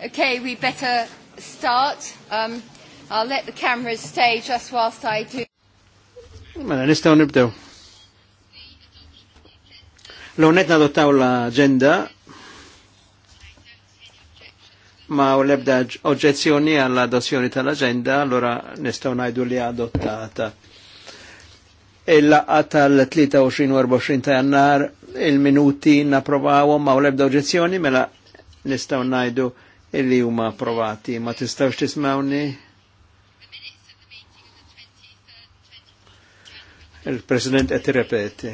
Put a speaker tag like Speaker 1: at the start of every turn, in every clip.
Speaker 1: Okay, we better start. Um, I'll let the cameras stay just whilst I do.
Speaker 2: Mela, nistaw nibdew. L-unet nadottaw l-agenda ma u lebda oġezzjoni għall-adozzjoni tal-agenda, allora nistaw najdu li adottata. Il-laqqa tal-23 u 24 ta' jannar, il-minuti naprovawom ma u lebda oġezzjoni, mela nistaw najdu illi huma approvati. Ma tistawx tismawni? Il-President qed irrepeti.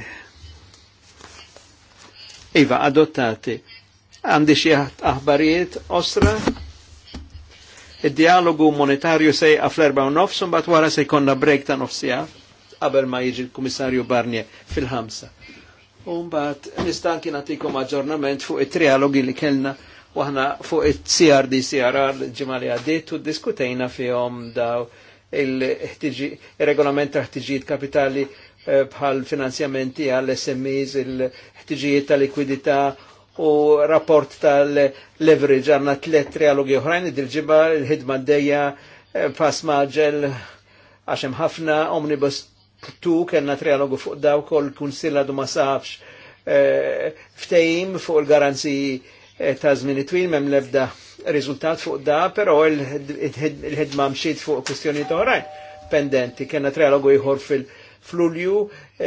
Speaker 2: Iva, adottati. Għandi xi aħbarijiet osra? Id-dialogu monetarju sej għafl-erba u nofs, un bat wara se jkonna break ta' nofsija, qabel ma jiġi l-Kummissarju Barnier fil-ħamsa. Un bat nistanki natikom aġġornament fuq it-trialogi li kellna Waħna aħna fuq il-CRD, CRR ġimali għaddit u diskutejna fihom daw il-regolament ta' ħtiġijiet kapitali eh, bħal finanzjamenti għall smes il-ħtiġijiet ta' likwidità u rapport tal-leverage għanna tlet trialogi oħrajn id ġibba il-ħidma d-dejja eh, pass maġel għaxem ħafna omnibus tu kena trialogu fuq daw kol kunsilla du ma eh, ftejim fuq il-garanziji ta' żmien twil mem lebda rizultat fuq da, però il-ħidma mxiet fuq kustjoni oħrajn pendenti. Kena trialogu jħor fil-Lulju,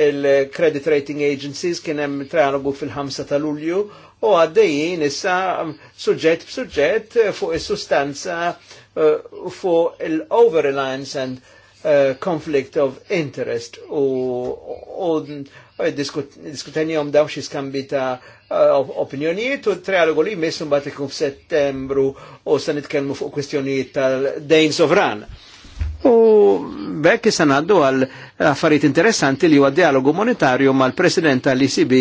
Speaker 2: il-Credit Rating Agencies kien hemm trialogu fil-5 ta' Lulju u għaddejjin issa suġġett b'suġġett fuq is-sustanza fuq il-over-reliance and conflict of interest u, u diskutenjom daw xi skambi ta' Eh, opinjonijiet u trialogu li jmiss mbagħad ikun f'Settembru u se nitkellmu fuq kwestjonijiet tal-dejn sovran. U bekk issa għaddu għal affarijiet interessanti li huwa dialogu monetarju mal-President tal-ECB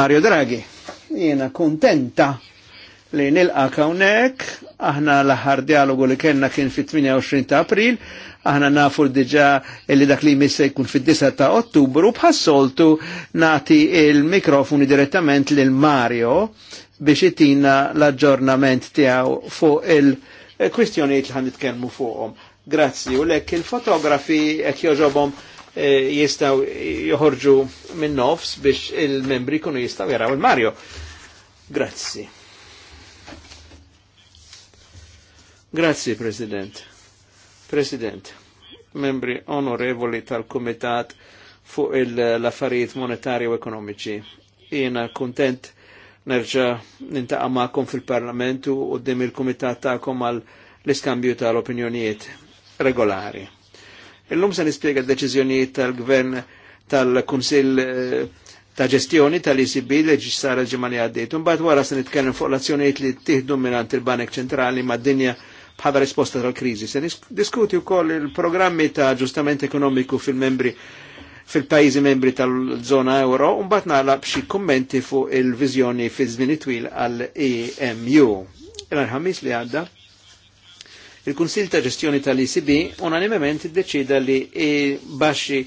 Speaker 2: Mario Draghi. Jena kontenta li nilqa kawnek, aħna l-ħar dialogu li kena kien fit-28 ta' april, aħna nafu diġa li dak li jmissa jkun fit-9 ta' ottubru, bħassoltu nati il-mikrofoni direttament lil Mario biex itina l-aġġornament tiegħu fuq il kwistjoniet li għandit kelmu fuqhom. Grazzi, u lek il-fotografi ek joġobom eh, jistaw joħorġu minn nofs biex il-membri kunu jistaw jaraw il-Mario. Grazzi. Grazie President. President, membri onorevoli tal-Komitat fuq l-affarijiet monetari u ekonomiċi. Jiena kontent nerġa nintaqa' magħkom fil-Parlamentu u qudiem il-Kumitat tagħkom għal l-iskambju tal-opinjonijiet regolari. Illum se nispjega d-deċiżjonijiet tal-Gvern tal-Kunsill eh, ta' ġestjoni tal-ECB leġi sara ġimani għaddejt. Mbagħad wara se nitkellem fuq l-azzjonijiet li ttieħdu minn il-Banek Ċentrali mad-dinja bħala risposta tal krizi Se diskuti wkoll il-programmi ta' ġustament ekonomiku fil-membri fil-pajjiżi membri fil pajzi membri tal zona euro un mbagħad nagħlaq bxie kommenti fuq il vizjoni fil żmien twil għall-EMU. Il-ħamis li għadda il-Kunsil ta' ġestjoni tal-ECB unanimement id-deċida li baxi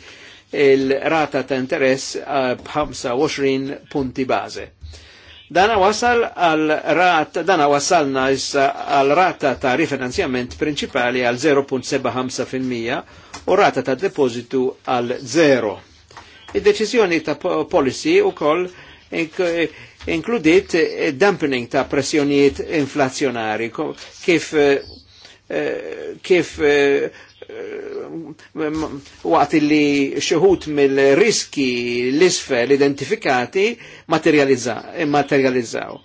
Speaker 2: il-rata ta' interess b'25 punti base Dana wasal għal rat, dana wasalna għal rata ta' rifinanzjament principali għal 0.75% u rata ta' depositu għal 0. Id-deċizjoni ta' policy u koll inkludit dampening ta' pressjonijiet inflazzjonari kif eh, kif eh, Eh, waqt li xeħut mill-riski l-isfel identifikati eh, materializzaw.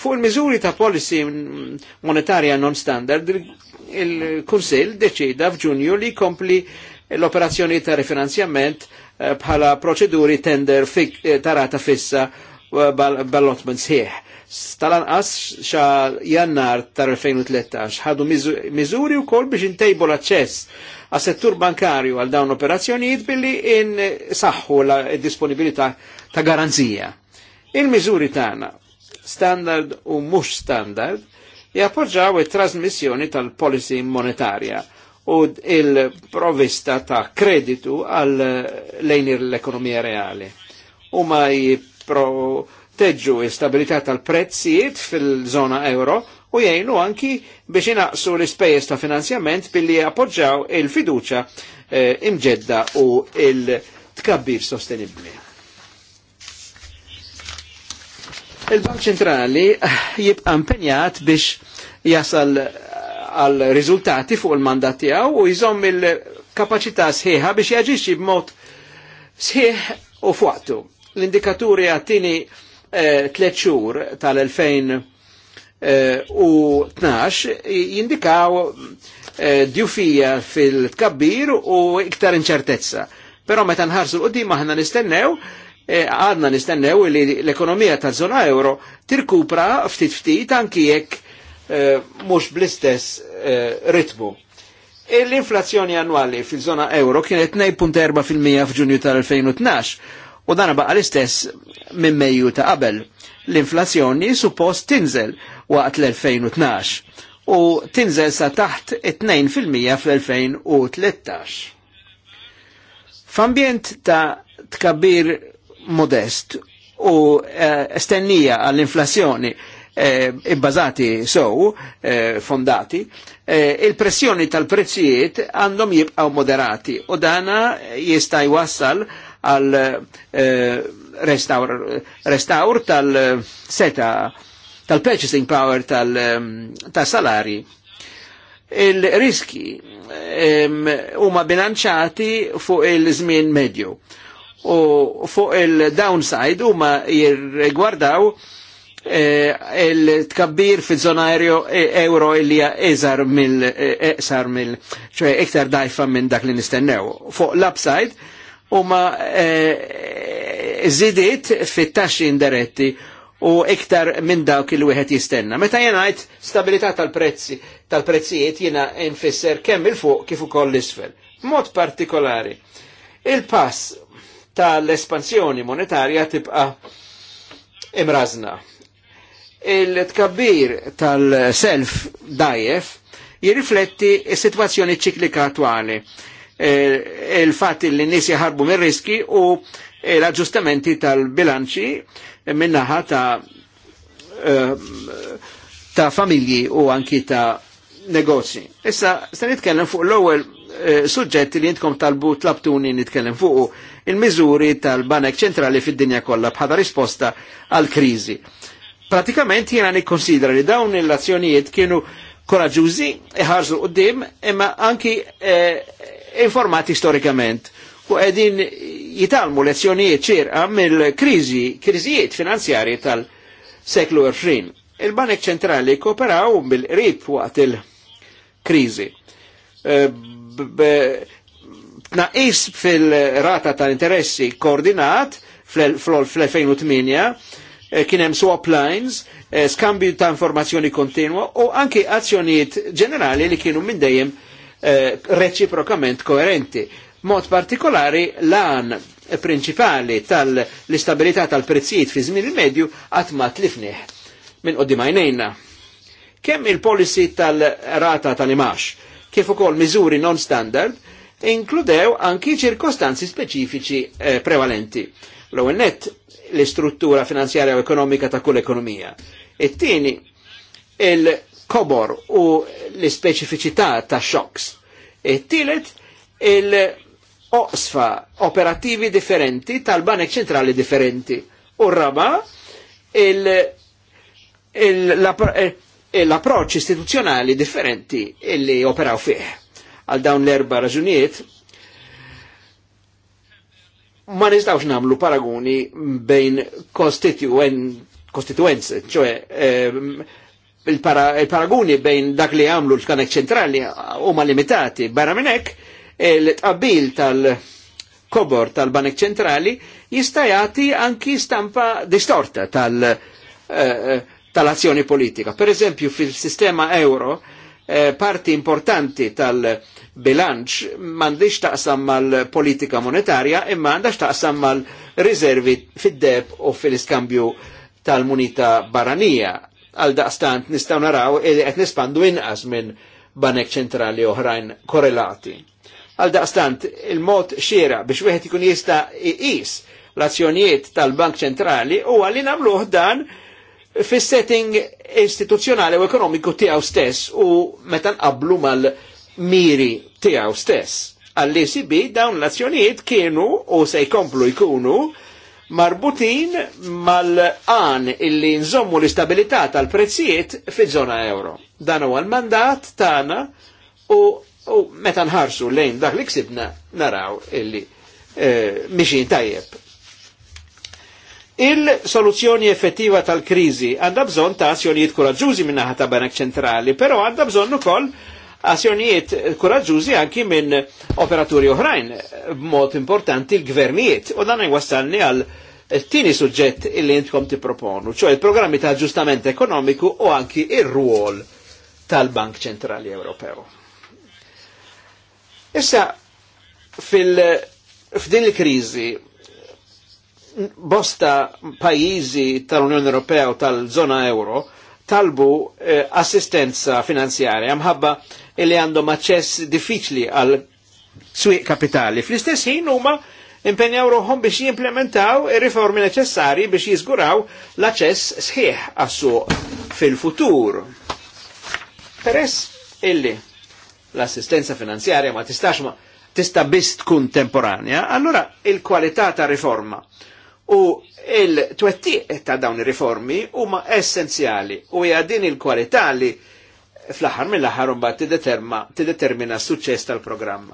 Speaker 2: Fuq il-miżuri ta' policy monetarja non-standard, il-Kunsil deċida f'Ġunju li kompli l-operazzjoni ta' rifinanzjament eh, bħala proċeduri tender tarata fissa ballotment sħiħ stalanqas xa jannar tar-2013 ħadu u kol biex intejbu l-aċċess għas settur bankarju għal dawn operazzjonijiet billi in saħħu la disponibilità ta' garanzija. il mizuri tagħna standard u mhux standard jappoġġaw it-trasmissjoni tal-policy monetarja u il-provista ta' kreditu għal lejnir l-ekonomija reali. U ma jipro teġġu l-istabilità tal-prezzijiet fil-żona euro u jgħinu anki biex inaqsu l-ispejjeż ta' finanzjament billi appoġġaw il-fiduċa eh, imġedda u il-tkabbir sostenibbli. Il-Bank Ċentrali jibqa' impenjat biex jasal eh, għal riżultati fuq il-mandat tiegħu u jżomm il-kapaċità sħiħa biex jaġixxi b'mod sħiħ u fuqtu. L-indikaturi għattini Eh, tliet xhur tal-2012 jindikaw eh, djufija fil-tkabbir u iktar inċertezza. Però meta nħarsu qudiem aħna nistennew eh, għadna nistennew li l-ekonomija ta' zona euro tirkupra ftit ftit anki jekk mhux bl-istess ritmu. E l-inflazzjoni annwali fil-zona euro kienet 2.4% f'Ġunju tal-2012 U dan baqa l-istess minn Mejju ta' qabel. L-inflazzjoni suppost tinżel waqt l-2012 u tinżel sa taħt 2% fl-2013. F'ambjent ta' tkabbir modest u eh, stennija għall-inflazzjoni E, ibbażati sow, e, eh, fondati, e, il-pressjoni tal-prezzijiet għandhom jibqaw moderati u dana jista' jwassal għal eh, restaur tal-seta tal-purchasing power eh, tal-salari. Il-riski um, huma bilanċati fuq il-żmien medju u fuq il-downside huma jirregwardaw il-tkabbir fi zona euro e, illi eżar mill eqsar e, mill ċoħe iktar dajfa minn dak li nistennew. Fuq l-upside, huma żidiet eh, fit-taxxi indiretti u iktar minn dawk il wieħed jistenna. Meta jena għajt stabilità tal-prezzi, tal-prezzijiet jena infisser kemm il-fuq kif ukoll l-isfel. Mod partikolari, il-pass tal-espansjoni monetarja tibqa imrażna. Il-tkabbir tal-self dajef jirrifletti s-situazzjoni ċiklika attwali. Eh, il-fat li nisi ħarbu mir riski u eh, l aġustamenti tal-bilanċi minnaħa ta' eh, ta' familji u anki ta' negozji. Issa, se nitkellem fuq l-ewwel suġġett li jintkom talbu tlabtuni nitkellem fuq il mizuri tal-Banek ċentrali fid-dinja kollha bħala risposta għal kriżi. Pratikament jiena nikkonsidra li dawn l-azzjonijiet kienu koraġużi, iħarżu qudiem, imma anki informati storikament u għedin jitalmu lezzjonijiet ċirqa mill-krizi, krizijiet finanzjari tal-seklu 20. Il-Banek ċentrali kooperaw bil-rib waqt il-krizi. E, tnaqis fil-rata tal-interessi koordinat fl-2008 e, kienem swap lines, e, skambju ta' informazzjoni kontinua u anki azzjonijiet ġenerali li kienu minn dejjem Eh, reċiprokament koerenti. Mod partikolari lan prinċipali tal-istabilità tal-prezzijiet fi żmien il-medju qatt ma tlifnih minn qoddim għajnejna. Kemm il-policy tal-rata tal-imax kif ukoll miżuri non-standard inkludew anki ċirkostanzi speċifiċi eh, prevalenti. L-ewwel net l-istruttura finanzjarja u ekonomika ta' kull ekonomija. It-tieni il kobor u l-speċifiċità ta' xoks. E it il-oqsfa operativi differenti tal-banek ċentrali differenti. U raba eh, l-approċ istituzjonali differenti illi operaw fih. Għal dawn l-erba raġunijiet, ma nistawx namlu paragoni bejn konstituenze, ċoħe eh, il-paraguni bejn dak li għamlu l-kanek ċentrali huma limitati. Barra minnek, il-tqabbil tal-kobor tal-banek ċentrali jistajati anki stampa distorta eh, eh, tal-azzjoni politika. Per eżempju fil-sistema euro eh, parti importanti tal-bilanċ mandiċ taqsam mal-politika monetarja imma għandax taqsam mal-rizervi fid-deb u fil-iskambju tal-munita barranija għal daqstant nistaw naraw li qed nispandu inqas minn banek ċentrali oħrajn korrelati. Għal daqstant il-mod xiera biex wieħed ikun jista' iqis l-azzjonijiet tal-Bank ċentrali u li nagħmluh dan fis-setting istituzzjonali u ekonomiku tiegħu stess u meta nqablu mal-miri tiegħu stess. Għall-ECB dawn l-azzjonijiet kienu u se jkomplu jkunu marbutin mal-qan illi nżommu l-istabilità tal-prezzijiet fi zona euro. Dan huwa l-mandat tagħna u, u meta nħarsu lejn dak li ksibna naraw illi e, mixin tajjeb. Il-soluzzjoni effettiva tal-krizi għandha bżonn ta' azzjonijiet kuraġġużi minnaħa ta' Banek Ċentrali, però għandha bżonn ukoll azzjonijiet koraġġużi anki minn operaturi oħrajn b'mod importanti l-gvernijiet. U dan jwassalni għal tini suġġett jintkom ti proponu, ċo il-programmi ta' ġustament ekonomiku u anki il ruol tal-Bank Ċentrali Ewropew. Issa, fil-din il-krizi, bosta pajizi tal-Unjoni Ewropea u tal-Zona Euro, talbu eh, assistenza finanzjarja mħabba li għandhom aċċess diffiċli għal swieq kapitali. Fl-istess ħin huma impenjaw ruħhom biex jimplementaw ir-riformi neċessari biex jiżguraw l-aċċess sħiħ għas-suq fil-futur. Peress illi l-assistenza finanzjarja ma tistax ma tista biss tkun temporanja, allora il-kwalità ta' riforma U il-twettiq ta' dawn ir-riformi huma essenzjali u hija din il-kwalità li fl-aħħar mill-aħħar mbagħad tiddetermina s-suċċess tal-programm.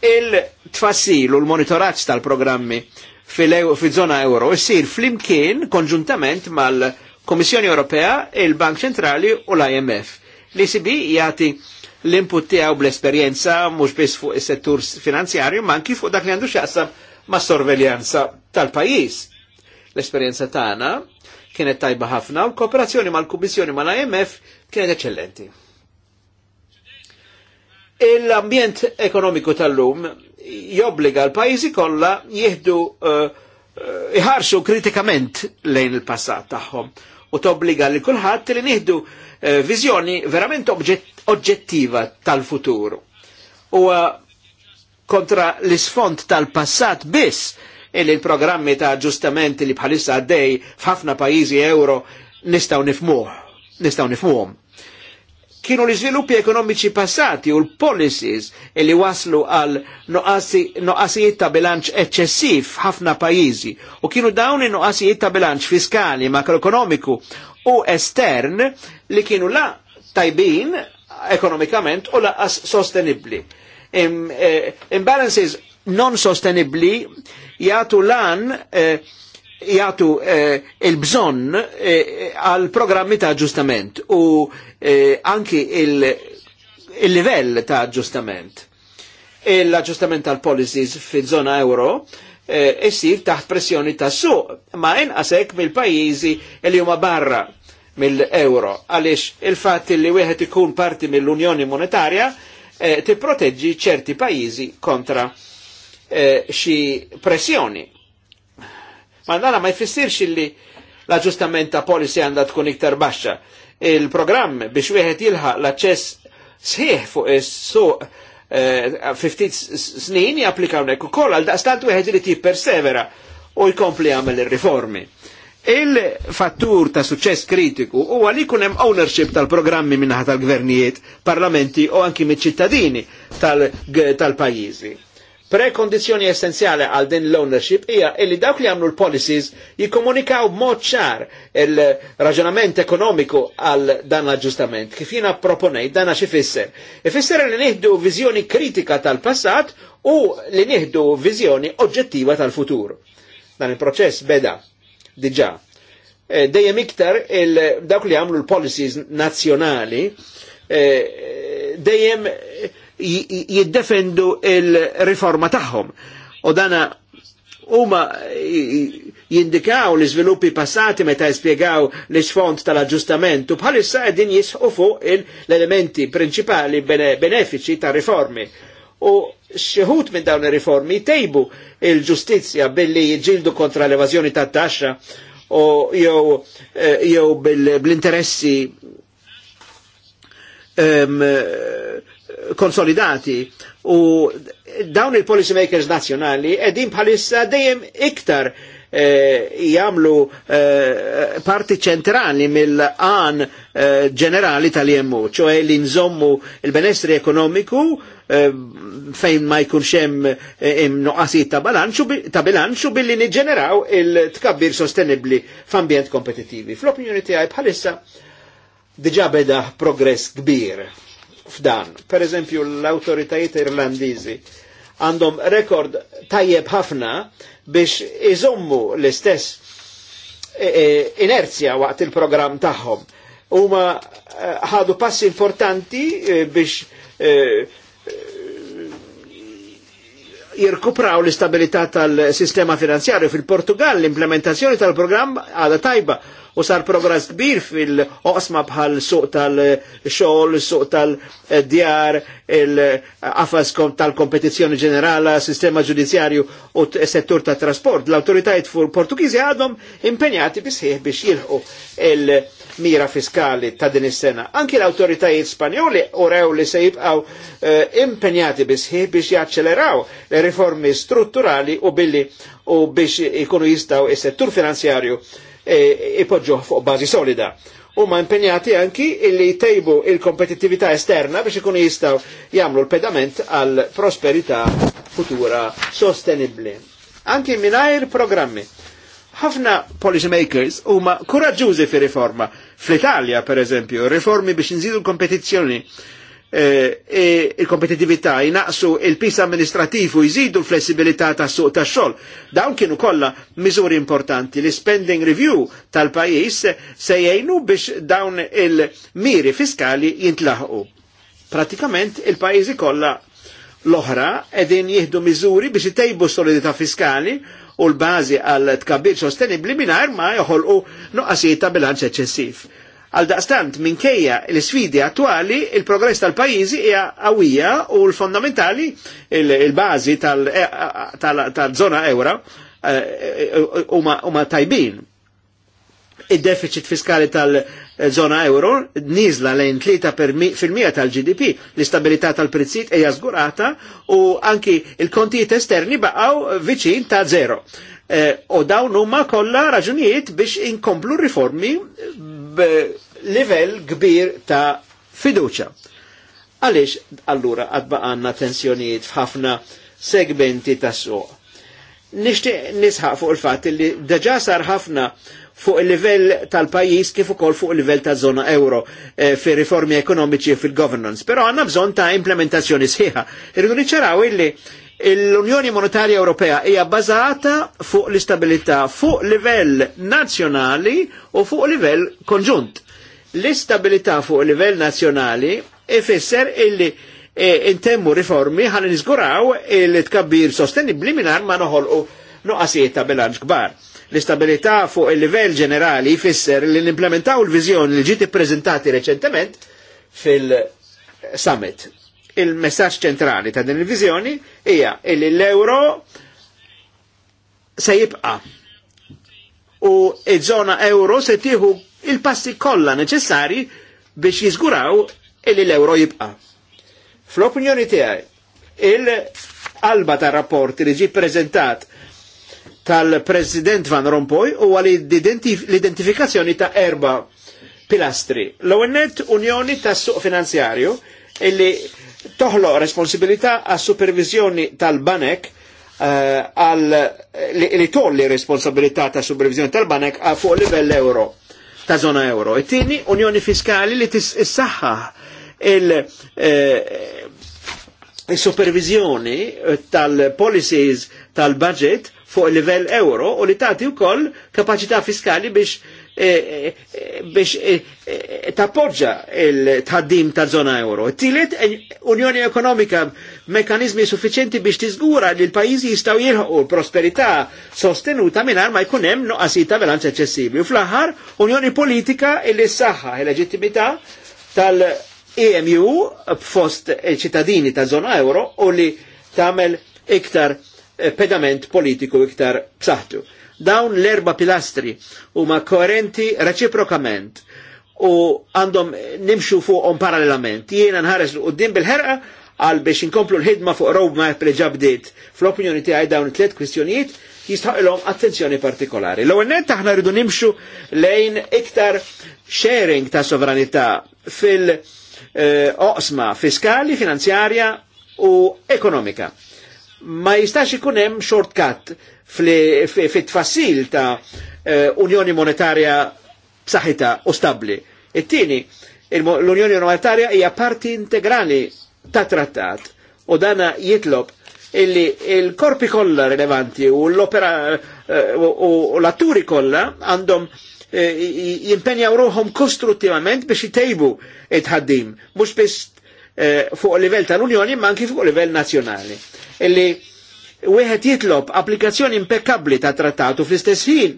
Speaker 2: Il-tfassil u l-monitoraġġ tal-programmi fil-żona euro jsir flimkien konġuntament mal-Komissjoni Ewropea, il-Bank Ċentrali u l-IMF. L-ECB jagħti l-input tiegħu bl-esperjenza mhux biss fuq is-settur finanzjarju, ma anki fuq dak li għandu x'jaqsam ma' sorveljanza tal-pajis. L-esperienza tagħna kienet tajba ħafna u kooperazzjoni mal-Kummissjoni mal-IMF kienet eċċellenti. L-ambjent ekonomiku tal-lum jobbliga l-pajjiżi kollha jieħdu uh, kritikament lejn il-passat tagħhom u tobbliga li kulħadd li nieħdu eh, viżjoni verament oġġettiva tal-futur. U kontra l-isfond tal-passat biss illi l-programmi ta' ġustament li bħalissa għaddej f'ħafna pajjiżi euro nistaw nifmuħ, nistaw nifmuħom. Kienu li sviluppi ekonomiċi passati u l-policies li waslu għal noqasijiet ta' bilanċ eccessiv ħafna pajjiżi u kienu dawni noqasijiet ta' bilanċ fiskali, makroekonomiku u estern li kienu la tajbin ekonomikament u laqas sostenibli. Eh, imbalances non sostenibli jgħatu lan eh, jgħatu eh, il bżon eh, għal programmi ta' ġustament u anki il-livell ta' ġustament. l ġustament tal-policies fi zona euro jisir taħt pressjoni ta' su ma' inqasek mill pajizi li huma barra mill-euro. Għalix il fat li wieħed ikun parti mill-Unjoni Monetarja ti tipproteġġi ċerti pajizi kontra Eh, xi pressjoni. Ma dana ma jfissirx li l-aġustament ta' policy għandha tkun iktar baxxa. Il-programm biex wieħed jilħaq l-aċċess sħiħ fuq is-suq 50 eh, snin japplikaw hawnhekk ukoll għal daqstant wieħed li jippersevera u jkompli għamel ir-riformi. Il-fattur ta' suċċess kritiku huwa li jkun hemm ownership tal-programmi minnaħa tal-gvernijiet, parlamenti u anki miċ-ċittadini tal-pajjiżi. Tal Prekondizjoni essenzjali għal din l-ownership hija illi dawk li għamlu l-policies jikkomunikaw mod ċar il-raġunament ekonomiku għal dan l-aġġustament. Kif jina proponej dan għax ifisser. Ifisser li nieħdu viżjoni kritika tal-passat u li nieħdu viżjoni oġġettiva tal-futur. Dan il-proċess beda diġa. E, Dejjem iktar dawk li għamlu l-policies nazzjonali e, dejjem jiddefendu il-riforma tagħhom. U dana huma jindikaw l-iżviluppi passati meta jispiegaw l-isfond tal-aġġustament u bħalissa qegħdin jisħu fuq l-elementi prinċipali benefiċi ta' riformi. U xieħut minn dawn ir-riformi tejbu il-ġustizzja billi jġildu kontra l-evażjoni tat-taxxa u jew eh, jew bl-interessi um, uh, konsolidati u dawn il-policy makers nazjonali edin bħalissa dejjem iktar eh, jamlu eh, parti ċentrali mill-għan eh, ġenerali tal jemmu ċoħe li nżommu il-benessri ekonomiku fejn ma jkun hemm imnuqqasijiet ta' bilanċu billi niġġeneraw il-tkabbir sostenibbli f'ambjent kompetitivi. Fl-opinjoni tiegħi bħalissa diġà beda progress kbir f'dan. Per eżempju, l-autoritajiet irlandiżi għandhom rekord tajjeb ħafna biex iżommu l-istess e, e, inerzja waqt il-programm tagħhom. Huma e, ħadu passi importanti biex jirkupraw l-istabilità tal-sistema finanzjarju fil-Portugal, l-implementazzjoni tal-programm għada tajba u sar progress kbir fil-oqsma bħal suq tal xol suq tal-djar, il-qafas tal kompetizjoni ġenerala, sistema ġudizjarju u settur tat trasport. L-autoritajiet Portugizi għadhom impenjati bisħieħ biex jilħu il-mira fiskali ta' din is-sena. Anki l-autoritajiet Spanjoli rew li se jibqgħu eh, impenjati bisħieħ biex jaċċeleraw riformi strutturali u billi u biex ikunu jistaw is-settur finanzjarju E, ipoġġuh fuq bażi solida u ma impenjati anki illi tejbu il-kompetittività esterna biex ikun jistaw jamlu l-pedament għal prosperità futura sostenibli. Anki minajr programmi. Ħafna policymakers huma kuraġġużi fi riforma. Fl-Italja, per eżempju, riformi biex nżidu l-kompetizzjoni Eh, e il-kompetitività, jnaqsu il-pis amministrativu, jżidu l-flessibilità ta' suq ta' xol. Dawn kienu kollha miżuri importanti. L-spending review tal-pajis se jgħinu biex dawn il-miri fiskali jintlaħqu. Pratikament il-pajizi kollha l-oħra edin jihdu miżuri biex jtejbu solidità fiskali u l-bazi għal tkabbir sostenibli minar ma joħolqu nuqqasijiet ta' bilanċ eċċessiv Għal daqstant minkejja l-sfidi attuali, il-progress tal-pajizi hija għawija u l-fondamentali il bazi tal e, zona euro eh, huma tajbin. il deficit fiskali tal zona euro nizla lejn 3% tal-GDP, l-istabilità tal prezzit hija zgurata u anki il-kontijiet esterni baqgħu viċin ta' zero. Eh, u dawn huma kollha raġunijiet biex inkomplu riformi b'livell kbir ta' fiduċa. Għaliex allura għadba għanna tensjonijiet f'ħafna segmenti ta' suq. Nishtiq nisħaq fuq il-fatt li daġa sar ħafna fuq il-livell tal-pajis kif ukoll fuq il-livell ta' zona euro e, fi riformi ekonomiċi fil-governance. Però għanna bżon ta' implementazzjoni sħiħa. Irridu niċċaraw illi l-Unjoni Monetarja Ewropea hija bazata fuq l-istabilità fuq livell nazzjonali u fuq livell konġunt. L-istabilità fuq livell nazzjonali ifisser illi e, intemmu riformi ħan nizguraw il-tkabbir sostenibli minar ma noħolqu noqasijiet ta' bilanċ kbar. L-istabilità fuq il-livell ġenerali jfisser li nimplementaw l-vizjoni li ġiet prezentati reċentement fil-summit il-messaġġ ċentrali ta' din il-viżjoni hija li l-euro se jibqa' u iż-żona euro se tieħu il-passi kollha neċessarji biex jiżguraw li l-euro jibqa'. Fl-opinjoni tiegħi, il-qalba ta' rapport li ġi preżentat tal-President Van Rompuy u l-identifikazzjoni ta' erba pilastri. L-ewwel Unjoni tas-Suq Finanzjarju illi Toħlo responsabilità għas supervizjoni tal-banek eh, għal li, li tolli responsabilità ta' supervizjoni tal-banek fuq livell euro ta' zona euro. It-tieni unjoni fiskali li tis-saxħa il-supervizjoni il eh, eh, tal-policies tal-budget fuq il livell euro u li tagħti wkoll kapacità fiskali biex Eh, eh, biex eh, tappoġġa il-tħaddim ta' zona euro. Tilet, Unjoni Ekonomika mekanizmi suffiċenti biex tiżgura li l-pajjiżi jistgħu jirħu prosperità sostenuta mingħajr ma jkun hemm noqasita bilanċ eċċessibbli. U fl-aħħar, Unjoni Politika illi saħħa il-leġittimità e tal-EMU fost ċittadini ta' zona euro u li tagħmel iktar pedament politiku iktar b'saħħtu. Dawn l-erba pilastri huma koerenti reċiprokament u għandhom nimxu fuqhom parallelament. Jiena nħares l-qoddim bil-ħerqa għal biex inkomplu l-ħidma fuq ma li ġabdiet fl-opinjoni tiegħi dawn it-tliet kwistjonijiet jistħaqilhom attenzjoni partikolari. L-ewwel net aħna rridu nimxu lejn iktar sharing ta' sovranità fil-oqsma eh, fiskali, finanzjarja u ekonomika ma jistax ikun hemm shortcut fit-tfassil ta' eh, Unjoni Monetarja b'saħħitha u stabbli. It-tieni, l-Unjoni Monetarja hija parti integrali ta' trattat u dana jitlob illi il-korpi kollha rilevanti u l-opera eh, u l-atturi kollha għandhom eh, jimpenjaw ruħom kostruttivament biex jitejbu it-ħaddim, mhux biss fuq livell tal-Unjoni, ma anki fuq livell nazzjonali li wieħed jitlob applikazzjoni impeccabli ta' trattatu fl-istess ħin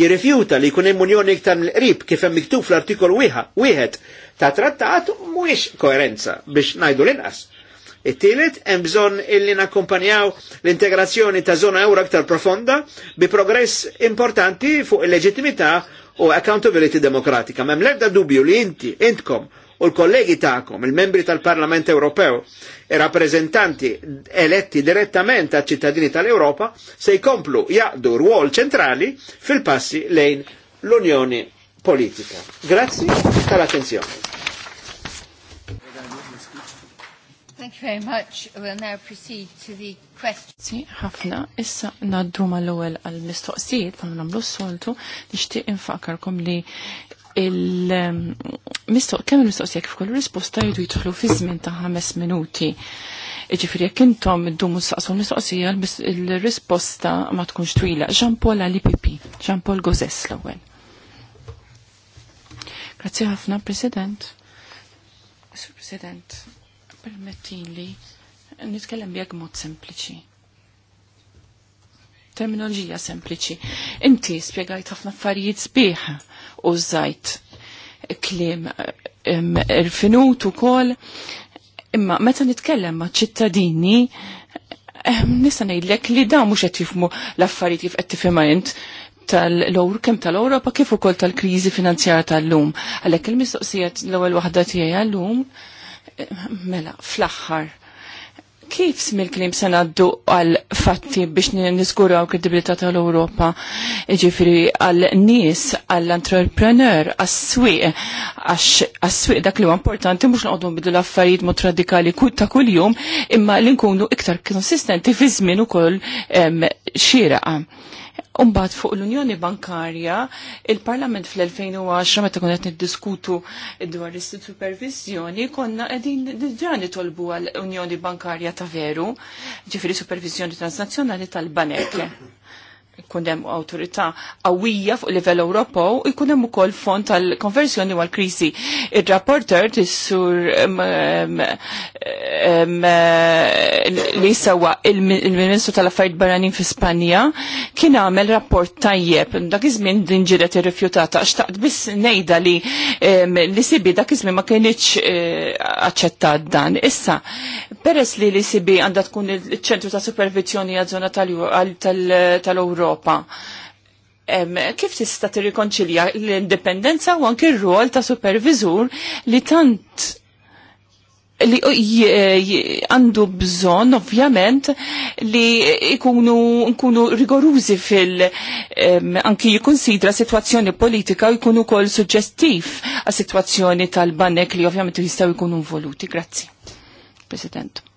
Speaker 2: jirrifjuta li jkun hemm unjoni iktar mill-qrib kif hemm miktub fl-artikol wieħed ta' trattat mhuwiex koerenza biex ngħidu l-inqas. It-tielet hemm bżonn illi nakkumpanjaw l-integrazzjoni ta' żona euro aktar profonda bi progress importanti fuq il-leġittimità u accountability demokratika. Mem l-ebda dubju li inti, intkom u l-kollegi ta'kom, il-membri tal-Parlament Ewropew, e rappresentanti eletti direttament għal ċittadini tal-Europa, se jkomplu jaqdu ruol ċentrali fil-passi lejn l-Unjoni Politika. Grazzi tal-attenzjoni.
Speaker 3: Thank you very much. We'll now proceed to the
Speaker 1: questions. ħafna, issa naddu ma l-ewel għal-mistoqsijiet, għan namlu s-soltu, nishtiq infakarkom li il-mistoq, ehm, kemm il-mistoqsija kif kull risposta jidu jitħlu fi żmien ta' ħames minuti. Ġifieri jekk intom iddumu saqsu l-mistoqsija, il-risposta ma tkunx twila. Jean Paul Ali Pipi, Jean Gozes l-ewwel. Grazzi ħafna, President. Mr. President permettili nitkellem jekk mod sempliċi. Terminoloġija sempliċi. Inti spjegajt ħafna affarijiet sbieħ u żajt kliem irfinut ukoll imma meta nitkellem ma' ċittadini nista' ngħidlek li dawn mhux qed jifmu l-affarijiet kif qed tal-lowr kem tal-Europa kif ukoll tal-kriżi finanzjara tal-lum. Għalhekk il mistoqsijiet l-ewwel waħda tiegħi għall-lum Mela, fl-axħar, kif smil-klim se naddu għal-fatti biex niskuraw kredibilità tal-Europa, ġifiri għal-nis, għall-entrepreneur, għas-swiq, għas-swiq dak li huwa importanti mhux noqogħdu nbidu l-affarijiet mod radikali ta' kuljum, imma li nkunu iktar konsistenti fi żmien ukoll xieraq Umbat fuq l-Unjoni Bankarja, il-Parlament fl-2010 meta qed niddiskutu dwar is-supervizjoni, konna qegħdin diġà nitolbu għall-Unjoni Bankarja ta' veru, ġifieri supervizjoni transnazzjonali tal-banek jkun hemm awtorità qawwija fuq livell Ewropew u jkun hemm ukoll fond tal-konversjoni u l-kriżi. Ir-rapporter tissur li sewwa il-Ministru tal-Affarijiet Barranin fi Spanja kien għamel rapport tajjeb. Dak iż-żmien din ġiret irrifjutata għax taqt biss ngħidha li li sibi dak iż-żmien ma kienx eh, aċċettat dan. Issa, peress li li sibi għandha tkun iċ ċentru ta' supervizjoni għaż-żona tal-Ewro fl-Ewropa. Kif tista' tirrikonċilja l-indipendenza u anke r-rol ta' supervizur li tant li għandu bżon ovvjament li ikunu nkunu rigorużi fil um, anki jikonsidra situazzjoni politika u jkunu kol suġġestiv għas situazzjoni tal-banek li ovvjament jistaw jkunu involuti. Grazzi. President.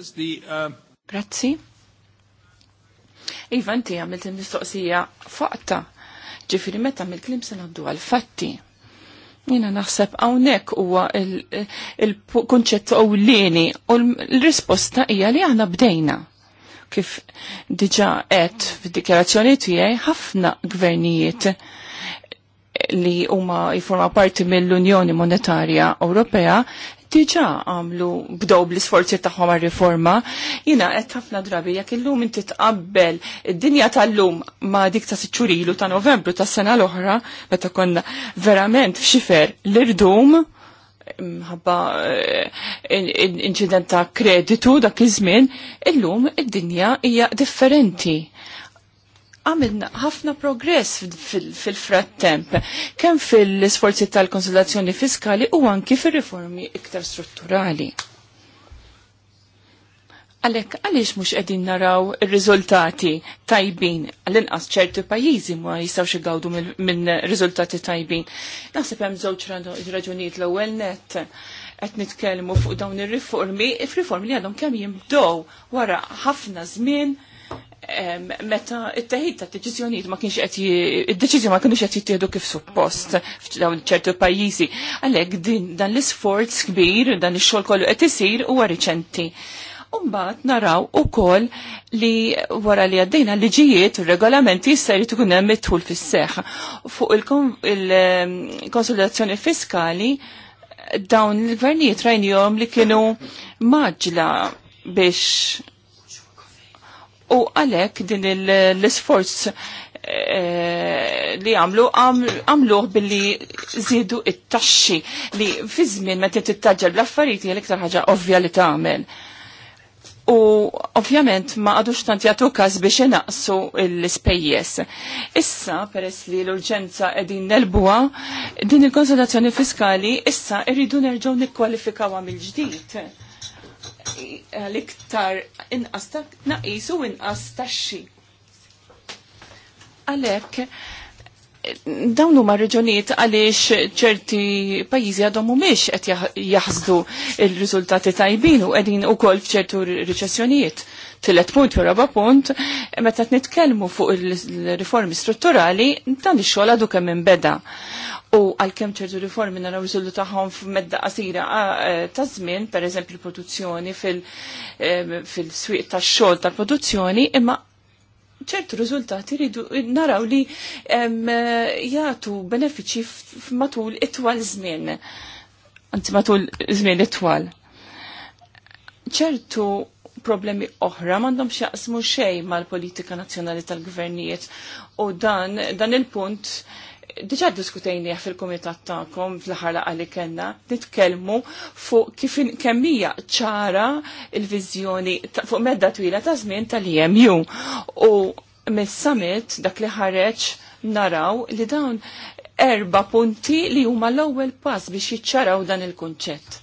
Speaker 2: Uh,
Speaker 1: Grazzi. Iva, inti għamilt il-mistoqsija faqta. Ġifiri, meta għamilt klim se għaddu għal-fatti. Jina naħseb għawnek huwa il kunċett il ewlieni u l-risposta hija li aħna bdejna. Kif diġa għed fid-dikjarazzjoni tiegħi ħafna gvernijiet li huma jiforma parti mill-Unjoni Monetarja Ewropea diġa għamlu bdow bl-isforzi tagħhom għal riforma jina qed ħafna drabi jekk illum inti tqabbel id-dinja tal-lum ma' dik ta' s-ċurilu ta' Novembru ta' sena l-oħra meta konna verament f'xifer l-irdum mħabba eh, inċident ta' kreditu dak iż-żmien, illum id-dinja hija differenti għamilna ħafna progress fil-frattemp, kem kemm fil-sforzi tal-konsultazzjoni fiskali u anki fil-riformi iktar strutturali. Għalek, għalix mux edin naraw il-rizultati tajbin, għal-inqas ċerti pajizi ma jistawx igawdu minn rizultati tajbin. Naħseb hemm żewġ raġunijiet l-ewwel net qed nitkellmu fuq dawn ir-riformi, ir-riformi li għadhom kemm jimdow wara ħafna żmien meta it-teħid ta' deċizjoniet ma kienx qed id-deċiżjoni ma kienux qed jittieħdu kif suppost f'dawn ċertu pajjiżi. Għalhekk din dan l-isforz kbir, dan ix-xogħol kollu qed isir huwa riċenti. Umbat naraw u koll li wara li għaddejna liġijiet u regolamenti jissari tkun hemm mitħul fis-seħ. Fuq il-konsolidazzjoni fiskali dawn il-gvernijiet rajnijom li kienu maġla biex U għalek din l-sforz eh, li għamlu għamluħ billi zidu it-taxxi li fi żmien meta tittaġġel bl-affarijiet hija l-iktar ħaġa ovvja li tagħmel. U ovvjament ma għadux tant jagħtu każ biex inaqsu l-ispejjeż. Issa peress li l-urġenza qegħdin nelbuha, din il-konsolazzjoni fiskali issa rridu nerġgħu nikkwalifikawha mill-ġdid l-iktar inqas ta' naqis u inqas tax-xi. Għalhekk dawn huma reġunijiet għaliex ċerti pajjiżi għadhom mhumiex qed jaħsdu r riżultati tajbin u qegħdin ukoll f'ċertu riċessjonijiet. Tillet punt u raba punt, meta nitkellmu fuq il-riformi strutturali, dan ix-xogħol għadu kemm inbeda u għal-kem ċertu riformi naraw riżultu taħħom f'medda qasira e, ta' żmien, per eżempju l-produzzjoni e, fil-swieq fil tax-xogħol tal-produzzjoni, imma ċertu riżultati ridu naraw li e, jagħtu benefiċi matul itwal żmien. Anzi matul żmien itwal. ċertu problemi oħra mandom xaqsmu xejn mal-politika nazzjonali tal-gvernijiet u dan dan il-punt diġa diskutejnija fil-komitat ta'kom fl-ħar laqa li kena, nitkellmu fuq kif kemmija ċara il-vizjoni fuq medda twila ta' żmien tal-EMU. U mis-summit dak li ħareġ naraw li dawn erba punti li huma l-ewwel pass biex jiċċaraw dan il-kunċett.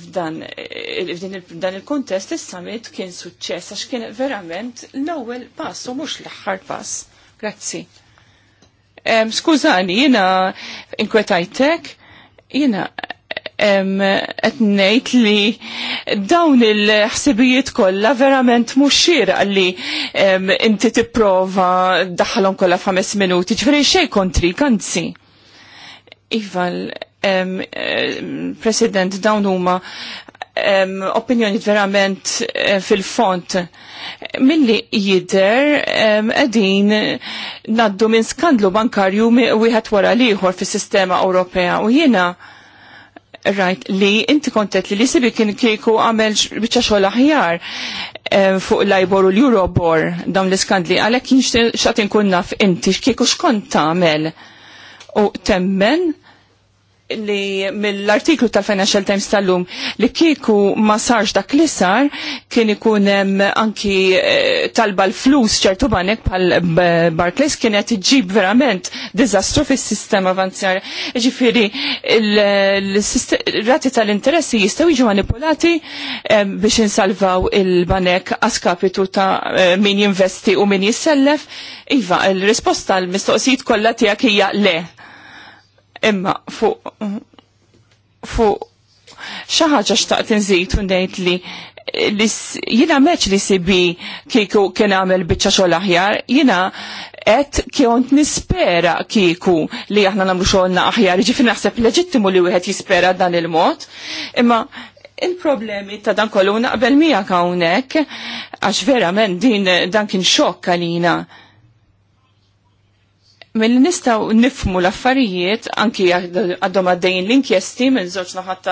Speaker 1: F'dan eh, il-kontest is-summit kien suċċess għax kien verament l-ewwel pass u mhux l-aħħar pass. Grazzi. Skużani, jina inkwetajtek, jina etnejt li dawn il-ħsibijiet kollha verament mhux għalli um, inti tipprova daħalon kollha f'ħames minuti, ġveri xejn kontri kanzi. Iva, President, dawn huma um, opinjoni verament uh, fil-font. Milli jider għedin um, naddu minn skandlu bankarju wieħed wara liħor fis sistema Ewropea u jiena rajt li inti kontet li li sibi kien kieku għamel bieċa xogħol aħjar um, fuq l u l-Eurobor dawn l-iskandli għalhekk jien xatin kunnaf naf inti kieku xkont tagħmel u temmen li mill-artiklu tal-Financial Times tal-lum li kieku ma sarx dak li sar kien ikun anki eh, talba l-flus ċertu banek pal Barclays kienet ġib verament dizastru fis sistema avanzjar. Ġifiri, l rati tal-interessi jistaw iġu manipulati eh, biex insalvaw il-banek askapitu ta' eh, min jinvesti u min jissellef. Iva, il-risposta l-mistoqsijiet kollha tiegħek hija le Imma fuq fuq xi ħaġa xtaqt inżid u ngħid li jina meċ li sibi kiku kien għamil bicċa xol aħjar, jina et kjont nispera kiku li aħna namlu xolna aħjar, ġifin jiġifieri naħseb leġittimu li wieħed jispera dan il-mod, imma il-problemi ta' dan kollu naqbel mija kawnek, għax verament din dan kien xokk għalina mill nistaw nifmu l-affarijiet, anki għaddu għaddejn l-inkjesti minn zoċ naħat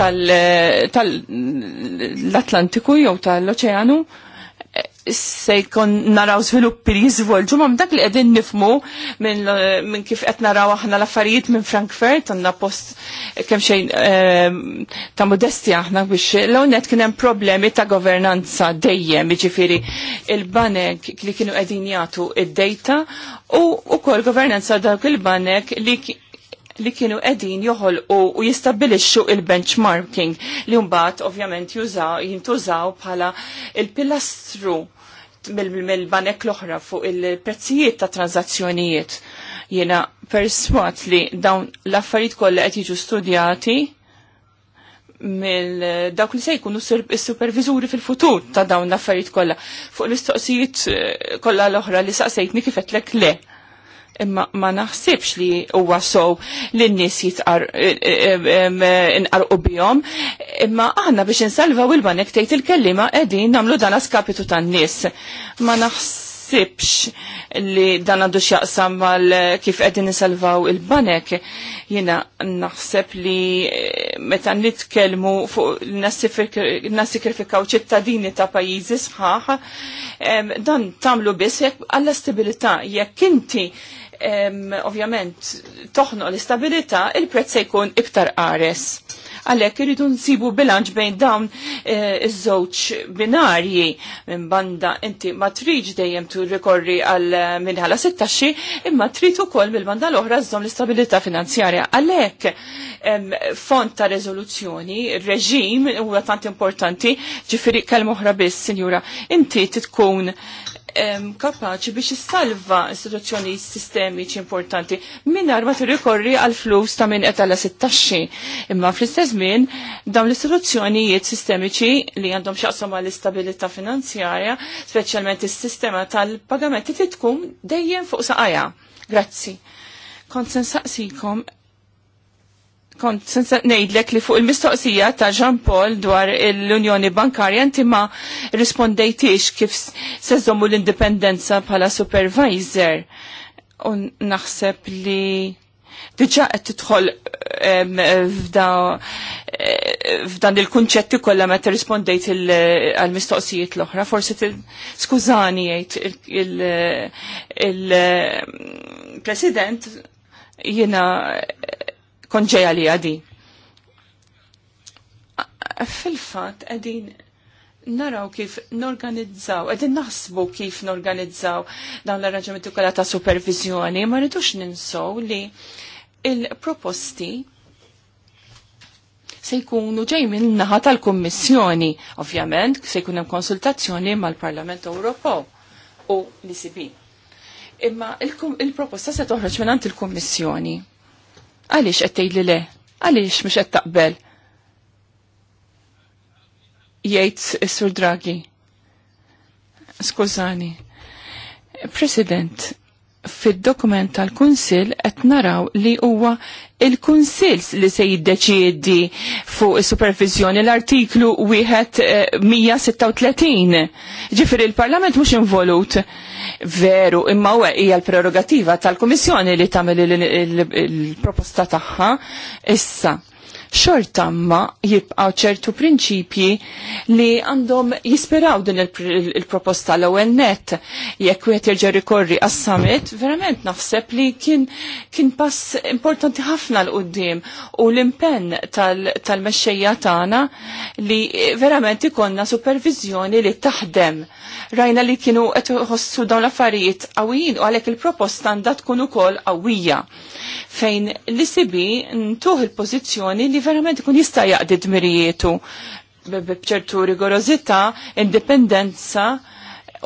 Speaker 1: tal-Atlantiku jew tal-Oċeanu, tal se jkun naraw sviluppi li jizvolġu ma' dak li qegħdin nifmu minn eh, min kif qed naraw aħna l-affarijiet minn Frankfurt għanna post kemm xejn eh, ta' modesti aħna biex l-għonet kien hemm problemi ta' governanza dejjem jiġifieri il-banek li kienu qegħdin jagħtu id-dejta u wkoll governanza dawk il-banek li li kienu edin joħol u, jistabilixxu il-benchmarking li mbagħad ovvjament jużaw jintużaw bħala il-pilastru mill-banek l-oħra fuq il-prezzijiet ta' tranzazzjonijiet. Jiena perswat li dawn l-affarijiet kollha qed jiġu studjati mill dawk li se jkunu s-supervizuri fil-futur ta' dawn l-affarijiet kollha. Fuq l-istoqsijiet eh, kollha l-oħra li saqsejtni kif le imma ma naħsibx li huwa sow li n-nies jitqar eh, eh, eh, u bihom, imma aħna biex insalvaw il-banek tgħid il-kellima qegħdin nagħmlu dan skapitu tan-nies. Ma naħsibx li dan għandu x'jaqsam mal kif qegħdin insalvaw il-banek. Jiena naħseb li meta nitkellmu fuq nassikrifikaw ċittadini ta' pajjiżi sħaħ, dan tagħmlu biss għall-stabilità jekk inti ovvjament toħno l-istabilita, il-prezz se jkun iktar qares. Għalhekk iridu nsibu bilanċ bejn dawn eh, iż-żewġ binarji minn banda inti ma triġ dejjem tu rikorri għal eh, minħala 16 imma trid ukoll mill-banda l-oħra żżomm l-istabilità finanzjarja. Għalhekk font ta' reżoluzzjoni, reġim huwa tant importanti, ġifieri kelm oħra biss, Sinjura, inti titkun kapaċi biex jissalva istituzzjoni sistemiċi importanti minnar ma t-rikorri għal flus ta' minn qed 16. Imma fl-istess żmien dawn l-istituzzjonijiet sistemiċi li għandhom xaqsom għall istabilità finanzjarja, speċjalment is-sistema tal-pagamenti tkun dejjem fuq saqajja. Grazzi. Kont kont sensa nejdlek li fuq il-mistoqsija ta' Jean Paul dwar l-Unjoni Bankarja inti ma rispondejtiex kif sezzomu l-indipendenza bħala supervisor. U naħseb li diġa qed tidħol eh, f'dan il-kunċetti kollha meta rispondejt għall-mistoqsijiet l-oħra, forsi skużani jgħid il-President jiena konġeja li għadi. Fil-fat, għedin naraw kif norganizzaw, edin naħsbu kif norganizzaw dawn l-arranġamenti kolla ta' supervizjoni, ma rridux ninsow li il-proposti se jkunu ġej minn naħa tal-Kummissjoni, ovvjament se jkun hemm konsultazzjoni mal-Parlament Ewropew u l-ICB. Imma il-proposta se toħroġ minn il-Kummissjoni. Għaliex qed li le? Għaliex mhux qed taqbel? Jgħid s sur Draghi. Skużani. President, fid-dokument tal-Kunsil qed naraw li huwa il kunsils li se jiddeċiedi fuq is-supervizjoni l-artiklu 136. Eh, Ġifir il-Parlament mhux involut veru imma u hija l-prerogativa tal-Kummissjoni li tagħmel il-proposta tagħha issa xorta ma jibqaw ċertu prinċipji li għandhom jisperaw din il-proposta l ewwel net jekk wieħed jerġa' rikorri għas-summit, verament naħseb li kien kien pass importanti ħafna l qudiem u l-impenn tal-mexxejja tagħna li verament ikonna supervizjoni li taħdem. Rajna li kienu qed iħossu dawn l-affarijiet qawwijin u għalhekk il-proposta għandha tkun ukoll qawwija fejn l-isibi ntuħ il-pożizzjoni li verament ikun jista' jaqdi dmirijietu bċertu rigorozita, indipendenza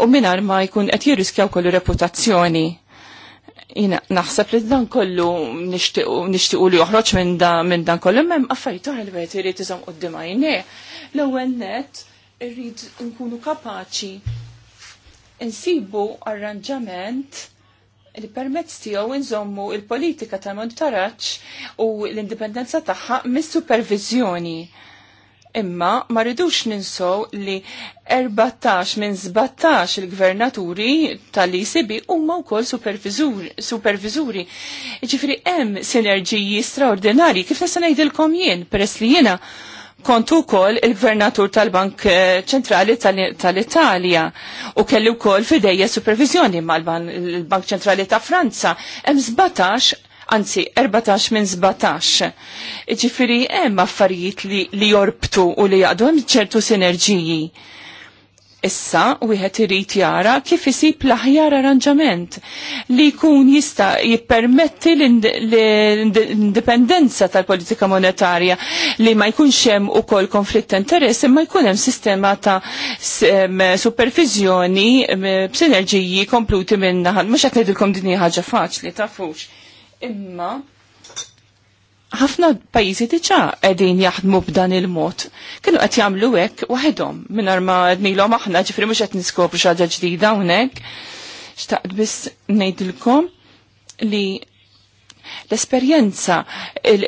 Speaker 1: u minar ma jkun qed jirriskjaw kollu reputazzjoni. Jina naħseb li dan kollu nixtiequ li joħroġ minn min dan kollu m'hemm affarijiet oħra li wieħed irid iżomm quddiem għajnej L-ewwel net irrid nkunu kapaċi insibu arranġament il permezz tiegħu inżommu il-politika tal-monitoraġġ u l-indipendenza tagħha mis-supervizjoni. Imma ma rridux ninsow li 14 minn 17 il-gvernaturi tal-ECB huma wkoll supervizuri. Ġifieri hemm sinerġiji straordinarji kif nista' ngħidilkom jien peress li jiena kontu kol il-gvernatur tal-Bank eh, ċentrali tal-Italja u kelli kol fideja supervizjoni mal-Bank ċentrali ta' Franza. Hemm żbatax, anzi 14 minn 17. Ġifiri hemm affarijiet li, li jorbtu u li jaqdu hemm ċertu sinerġiji Issa, wieħed irid jara kif isib l-aħjar arranġament li jkun jista' jippermetti l-indipendenza tal-politika monetarja li ma jkunx hemm ukoll konflitt ta' interess imma jkun hemm sistema ta' supervizjoni b'sinerġiji kompluti minn naħal. Mhux qed ngħidilkom din hija ħaġa faċli tafux. Imma ħafna pajjiżi diġà qegħdin jaħdmu b'dan il-mod. Kienu qed jagħmlu hekk waħedhom mingħajr ma qednilhom aħna ġifri mhux qed niskopru xaġa ġdida hawnhekk. Xtaqt biss ngħidilkom li l-esperjenza,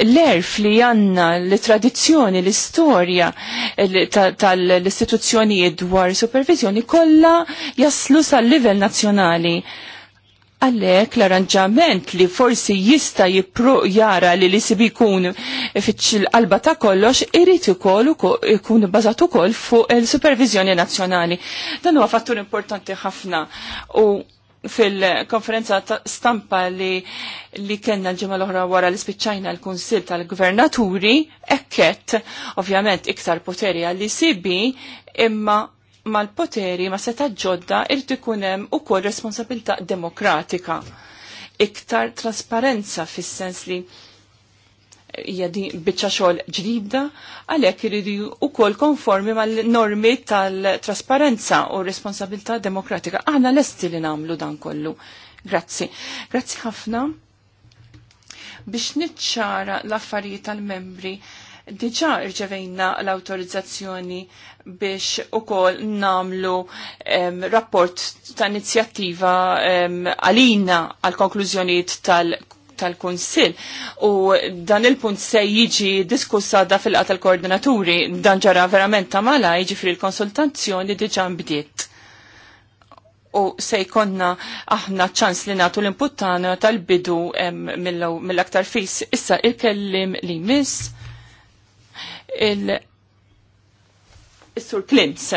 Speaker 1: l-erf li għanna, l-tradizzjoni, l-istoria tal-istituzzjonijiet dwar supervizjoni kollha jaslu sal-livell nazzjonali Għallek l-arranġament li forsi jista jipru jara li li sibi kun fitx l-qalba ta' kollox irrit ukoll ikun bazat ukoll fuq il-supervizjoni nazzjonali. Dan huwa fattur importanti ħafna u fil-konferenza stampa li, li kena l-ġemma l-oħra wara li spiċċajna l konsil tal-Gvernaturi, ekket, ovvjament, iktar poteri għalli sibi, imma mal-poteri ma seta ġodda irti ikun hemm ukoll responsabilità demokratika. Iktar trasparenza fis-sens li hija din biċċa xogħol ġdida għalhekk u kol konformi mal-normi tal-trasparenza u responsabilità demokratika. Aħna lesti li nagħmlu dan kollu. Grazzi. Grazzi ħafna biex niċċara l-affarijiet tal-membri diġa rġevejna l-autorizzazzjoni biex u kol namlu em, rapport ta' inizjattiva għalina għal-konklużjoniet tal- tal u dan il-punt se jiġi diskussada fil-qa tal-koordinaturi dan ġara verament ta' mala jiġi fil konsultazzjoni diġa bdiet u se jkonna aħna ċans li natu l imputtana tal-bidu mill-aktar fis issa il-kellim li miss il- Sur Klintz.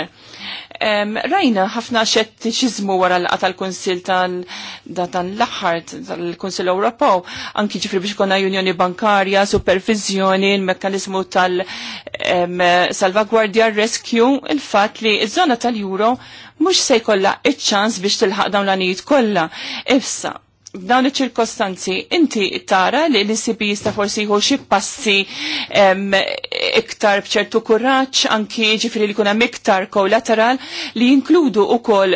Speaker 1: Um, rajna ħafna xettiċizmu wara l tal konsil tal-Laħar, tal konsil Ewropew, anki ġifri biex konna Unjoni Bankarja, Supervizjoni, l mekkanizmu tal-Salvagwardja, um, Rescue, il-fat li iż-żona tal-Euro mux se jkolla iċ-ċans biex tilħaq dawn l-anijiet kollha. Ifsa, F'dawn iċ-ċirkostanzi, inti tara li l-ICP jista' forsi jħu xi passi iktar bċertu kuraġġ anki ġifri li kuna iktar kollateral li jinkludu ukoll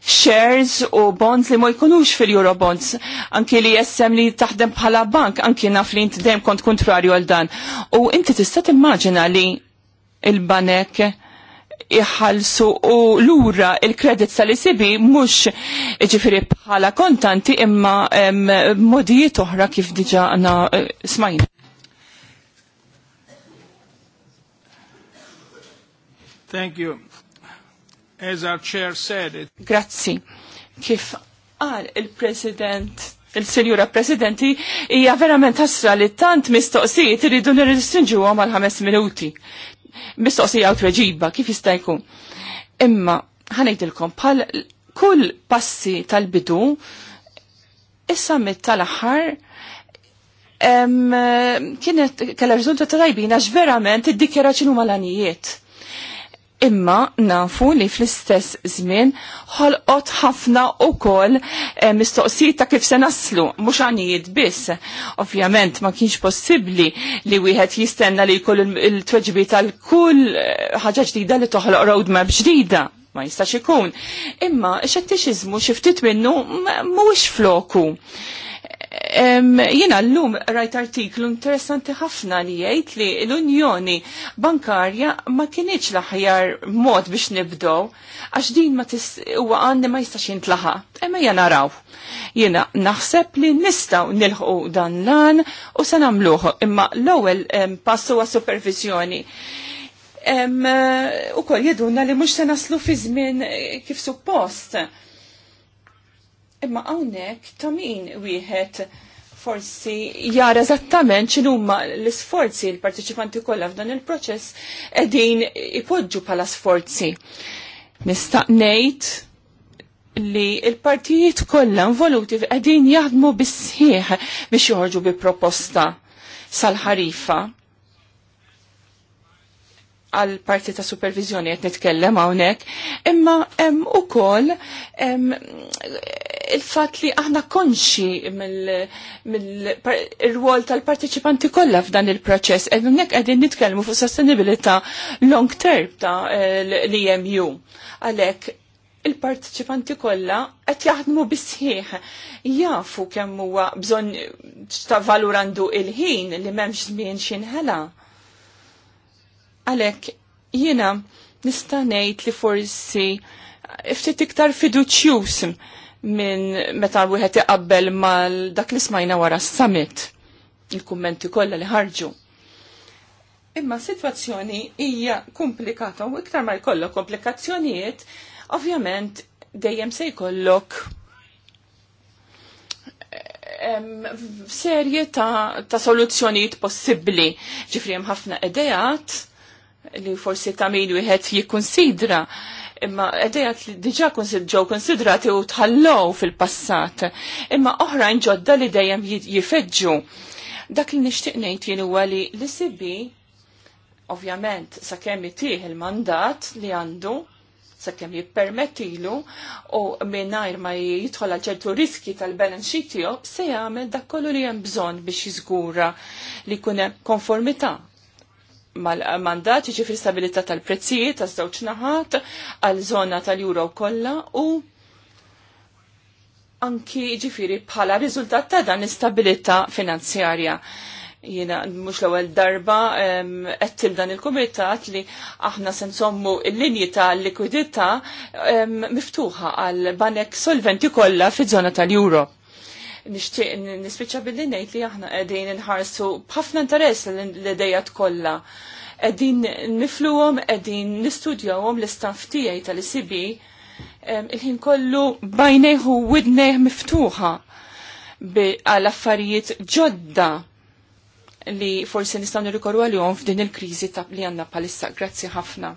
Speaker 1: shares u bonds li ma jkunux fil-Eurobonds, anki li jessem li taħdem bħala bank, anki naf li inti dejjem kont kontrarju għal dan. U inti tista' timmaġina li il-banek iħalsu u lura il-kredit tal-isibi mux ġifiri bħala kontanti imma modijiet oħra kif diġa għana eh, smajn.
Speaker 2: Thank you. As our chair said it.
Speaker 1: Grazzi. Kif għal il-president il-senjura presidenti hija verament ħasra li tant mistoqsijiet iridu għom għal ħames minuti mistoqsija u tweġiba kif jista' jkun. Imma ħanejdilkom bħal kull passi tal-bidu issa mit tal-aħħar kienet kalla rizultat tajbin għax verament id-dikjerazzjoni mal-anijiet imma nafu li fl-istess żmien ħolqot ħafna ukoll e, eh, mistoqsijiet ta' kif se naslu, mhux għanijiet biss. Ovvjament ma kienx possibbli li wieħed jistenna li jkollu il-tweġbi tal-kull eh, ħaġa ġdida li toħloq roadmap ġdida ma jistax ikun. Imma xettixiżmu xi ftit minnu mhuwiex floku. Jena l-lum rajt artiklu interessanti ħafna li jgħid li l-Unjoni Bankarja ma kienieċ l-aħjar mod biex nibdow, għax din ma tis huwa għandi ma jistax jintlaħa. Emma jena naraw. Jena naħseb li nistaw nilħu dan lan u se nagħmluh imma l-ewwel passu huwa supervizjoni. U koll jeduna li mhux se naslu fi żmien eh, kif suppost Imma hawnhekk ta' min wieħed forsi jara eżattament x'inhuma l-isforzi l-partiċipanti kollha f'dan il-proċess qegħdin ipoġġu bħala sforzi. Nista' ngħid li l-partijiet kollha involuti qegħdin jaħdmu bis-sħiħ biex joħorġu bi proposta sal-ħarifa għal parti ta' supervizjoni qed nitkellem hawnhekk, imma hemm ukoll il-fat li aħna konxi mill-rwol tal-parteċipanti kollha f'dan il-proċess, ed nek qegħdin nitkellmu fuq sostenibilità long term ta' l-EMU. Għalhekk il-parteċipanti kollha qed jaħdmu bisħieħ jafu kemm huwa bżonn ta' valur għandu il-ħin li m'hemmx żmien xinħela. Għalhekk jiena nista' ngħid li forsi ftit iktar fiduċjus minn meta wieħed iqabbel mal dak li smajna wara s-summit, il-kummenti kollha li ħarġu. Imma s-sitwazzjoni hija komplikata u iktar ma jkollok komplikazzjonijiet, ovvjament dejjem se jkollok serje ta', ta soluzzjonijiet possibbli. Ġifri hemm ħafna idejat li forsi ta' min wieħed jikkunsidra imma edejat li diġa ġew konsidrati u tħallow fil-passat, imma oħrajn ġodda li dejjem jifeġġu. Dak li nixtieq ngħid jien huwa li l-sibi ovvjament sakemm itih il-mandat li għandu sakemm jippermettilu u mingħajr ma jidħol ċertu riski tal-balance sheet tiegħu se jagħmel dak kollu li hemm bżonn biex jiżgura li jkun hemm konformità mal-mandat jiġi fil-stabilità tal-prezzijiet ta' żewġ naħat għal żona tal-Euro kollha u anki ġifiri bħala riżultat ta' dan l-istabilità finanzjarja Jiena mhux l ewwel darba qed dan il kumitat li aħna se nsommu l-linji ta' likwidità miftuħa għal banek solventi kollha fi żona tal-Euro nixtieq nispiċċa billi ngħid li aħna qegħdin inħarsu b'ħafna interess l-idejat kollha. Qegħdin nifluhom, qegħdin nistudjawhom l-istanf tiegħi tal sibi il-ħin kollu bajnejhu widnejh miftuħa għal affarijiet ġodda li forsi nistgħu nirrikorru għal-jom f'din il-kriżi ta' li għanna palissa. Grazzi ħafna.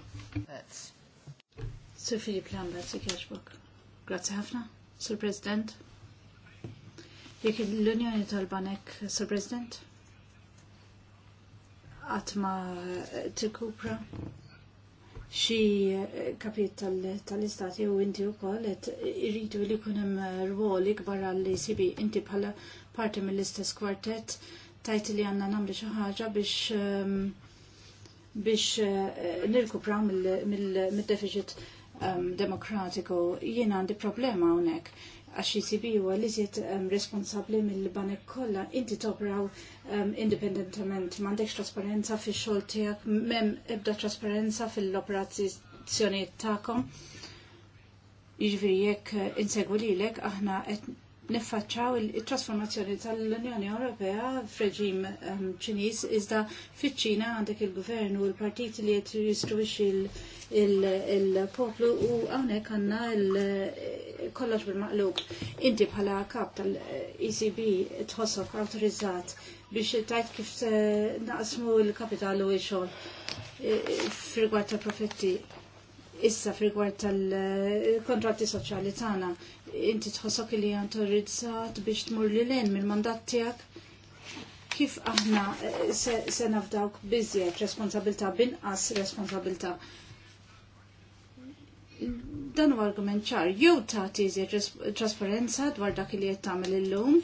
Speaker 3: Sir Filip Lambert, Grazzi ħafna, Sir President. Jek l-Unjoni tal-Banek, Sir President? Atma eh, t-kupra? Xi eh, kapit tal-istati u inti u koll, irridu li kunem eh, rwol ikbar għall-ECB, inti bħala parti mill-istess kwartet, tajt li għanna namri xaħġa biex ehm, biex nirkupra mill-deficit ehm, demokratiku. Jien għandi problema unek għax ECB huwa li siet um, ehm, responsabli mill-banek kollha inti topraw um, indipendentament m'għandekx trasparenza fix-xogħol tiegħek, m'hemm ebda trasparenza fil-operazzjonijiet tagħkom. Jiġifieri jekk insegwu lilek aħna qed niffaċċaw il-trasformazzjoni tal-Unjoni Ewropea f'reġim ehm, ċiniż iżda fiċ-Ċina għandek il-gvern u l-partit li qed jistruwix il-poplu u hawnhekk għandna kollox bil-maqlub. Inti bħala kap tal-ECB tħossok awtorizzat biex tajt kif naqsmu l-kapitalu u xogħol e, f'rigward tal-profetti issa f'rigward tal-kontratti eh, soċjali tagħna inti tħossok li jantorizzat biex tmur li l-en mill-mandat tijak kif aħna eh, se, se nafdawk bizziet responsabilta binqas responsabilta dan u argument ċar jew ta' tiżiet trasparenza dwar dak li qed tagħmel illum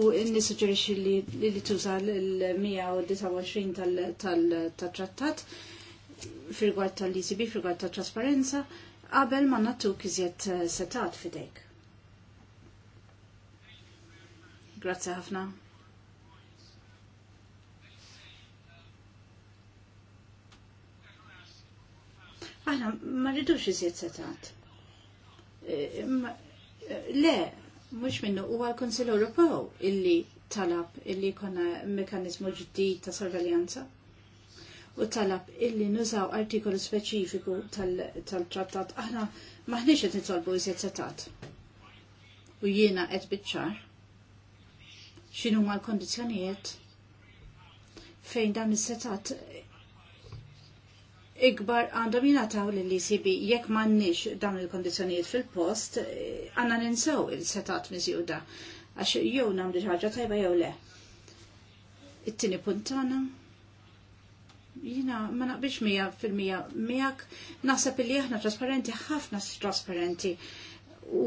Speaker 3: u nissuġġerixxi li li tuża l-129 tal-trattat fil-gwart tal-ECB, fil-gwart tal-trasparenza. tal ecb fil tal trasparenza tal fil gwart tal trasparenza qabel ma natuk iżjed eh, setat fidejk. Grazzi ħafna. Aħna ma rridux iżjed setat. Eh, eh, le, mhux minnu huwa l-Kunsill Ewropew illi talab illi jkollna mekanizmu ġdid ta' sorveljanza u talab illi nużaw artikolu speċifiku tal-trattat, tal aħna maħniex qed nitolbu iżjed setat. U jiena qed biċċar Xinu ma l-kondizzjonijiet fejn dawn is-setat ikbar għandhom jingħataw li sibi jekk m'għandniex dawn il-kondizzjonijiet fil-post, eh, għandna ninsew il-setat miżjuda għax jew nagħmlu ħaġa tajba jew le. It-tieni puntana jina ma naqbix mija fil-mija Mijak naħseb li aħna trasparenti ħafna trasparenti u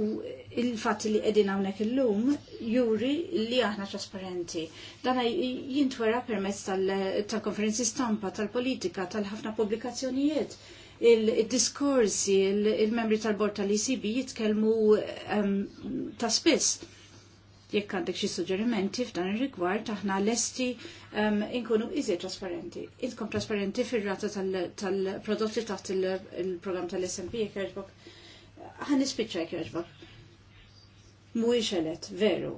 Speaker 3: il fat li qegħdin hawnhekk illum juri li aħna trasparenti. Dan jintwera permezz tal-konferenzi stampa, tal-politika, tal-ħafna pubblikazzjonijiet il-diskorsi, il-membri tal-bord tal icb jitkelmu ehm, ta' spiss jekk għandek xi suġġerimenti f'dan ir-rigward aħna lesti ehm, inkunu iżjed trasparenti. Intkom trasparenti fir-rata tal-prodotti taħt il-programm tal-SMP jekk jogħġbok. Ħan nispiċċa jekk jogħġbok. Mhuwiex elett, veru,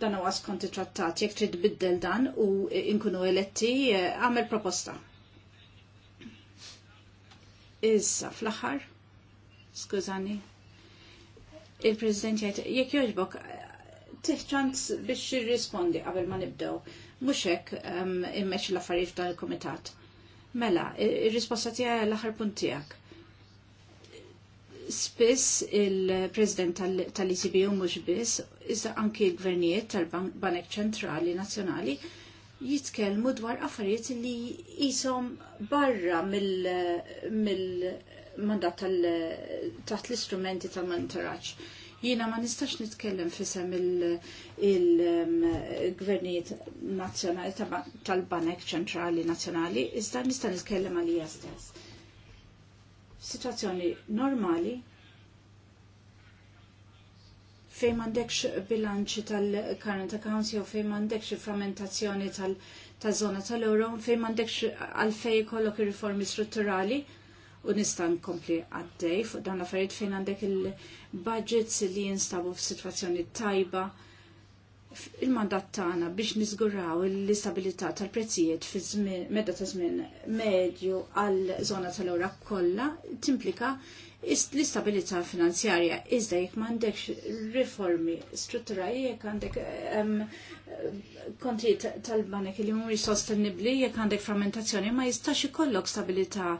Speaker 3: dan huwa skont it-trattat jekk trid biddel dan u inkunu eletti għamel proposta. Issa fl-aħħar, skużani, il-President jgħid jekk jogħġbok tiħċans biex jirrispondi qabel ma nibdew. Mhux hekk l-affarijiet f'dan il-kumitat. Mela, ir-risposta tiegħi l-aħħar punt tiegħek. Spiss il-President tal icb u mhux biss, iżda anki l-gvernijiet tal-Banek Ċentrali Nazzjonali jitkellmu dwar affarijiet li jisom barra mill-mandat mil, tal-istrumenti tal-monitoraġġ. Tal Jiena ma nistax nitkellem fisem il-gvernijiet il nazzjonali tal-Banek ċentrali nazzjonali, iżda nista' nitkellem għalija stess. Situazzjoni normali fejn m'għandekx bilanċi tal-current accounts jew fejn m'għandekx frammentazzjoni tal-żona tal-euro, fejn m'għandekx għalfej kollok il-reformi strutturali, u nista' nkompli għaddej fuq dan l affarijiet fejn għandek il-budgets li jinstabu f'sitwazzjoni tajba il-mandat tagħna biex niżguraw l-istabilità tal-prezzijiet fi żmien meta ta' żmien medju għal żona tal-ewra kollha timplika l-istabilità finanzjarja. Iżda jekk m'għandekx riformi strutturali, jekk għandek ehm, konti tal-banek li mhumiex sostenibbli, jekk għandek frammentazzjoni, ma jistax ikollok stabilità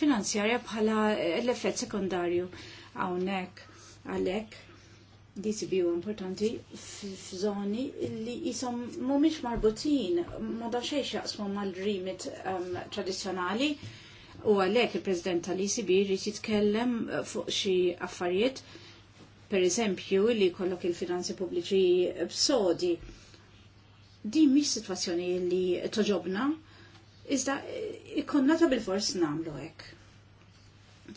Speaker 3: finanzjarja bħala l-effett sekundarju hawnhekk għalhekk li tibiu importanti f'żoni li jisom mumiex marbutin ma da xejn mal-rimit um, ehm, U għalhekk il-President tal-ECB rrit jitkellem eh, fuq xi affarijiet, per eżempju, li jkollok il-finanzi pubbliċi b'sodi. Din mhix sitwazzjoni li toġobna, iżda eh, ikkonna ta' bil-fors nagħmlu hekk.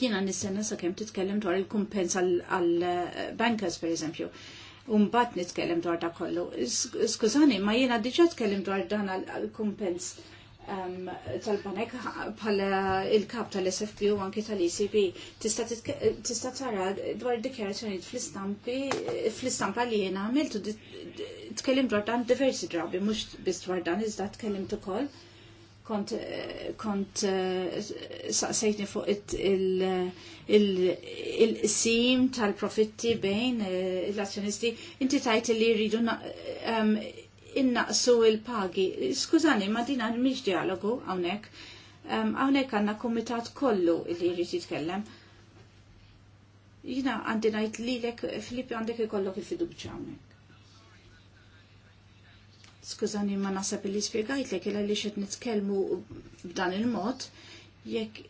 Speaker 3: Jiena nistenna sakemm titkellem dwar il-kumpens għal-bankers, eh, per eżempju. Umbat nitkellem dwar da kollu. Skużani, ma jiena diġa tkellem dwar dan għal-kumpens. għal kumpens tal-banek bħala il-kap tal-SFP u anki tal-ECB. Tista tara dwar dikjarazzjoni fl-istampi, fl-istampa li jena għamiltu, tkellim dwar dan diversi drabi, mux biz dwar dan, iżda tkellim ukoll. Kont, kont saqsejtni fuq il-sim tal-profitti bejn eh, l-azzjonisti, inti tajt li rridu innaqsu il-pagi. Skużani, ma dina għan miex dialogu għawnek. Għawnek għanna komitat kollu li jrid jitkellem. Jina għandi najt li lek, Filippi għandek ikollok il-fiduċa bċawnek. Skużani, ma nasab li spiegajt lek il li nitkellmu b'dan il-mod, jekk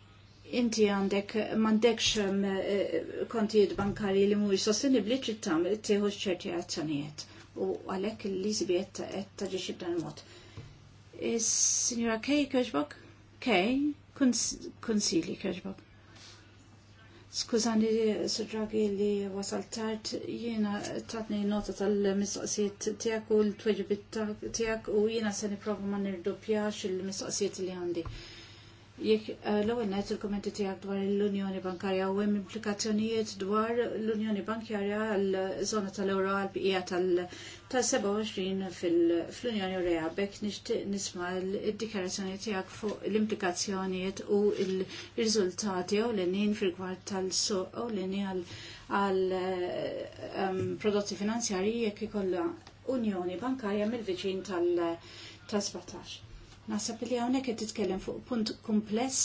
Speaker 3: inti għandek mandekx eh, kontijiet bankari li mhuwiex sostenibbli trid tagħmel tieħu ċerti azzjonijiet u għalek l-liżbi qed taġixxi b'dan il-mod. is Kej Kirchbok? Kej, konsili Kirchbok. Skużani, sudragi li wasal jina jiena tatni nota tal-mistoqsijiet tijak u l-tweġibit tijak u jiena se nipprova ma nirdoppjax il-mistoqsijiet li għandi. Jekk eh, l-ewwel ngħid il kumenti tiegħek dwar l-Unjoni Bankarja u hemm implikazzjonijiet dwar l-Unjoni Bankarja għall-żona tal-Ewro għal bqija tal-27 fl-Unjoni Ewropea bekk nixtieq nisma' d-dikjarazzjoni tiegħek fuq l-implikazzjonijiet u l-riżultati ewlenin fil-gwar tal-suq ewleni għal ehm, prodotti finanzjarji jekk ikollha Unjoni Bankarja mill-viċin tal-17. Nasab li għawnek qed titkellem fuq punt kumpless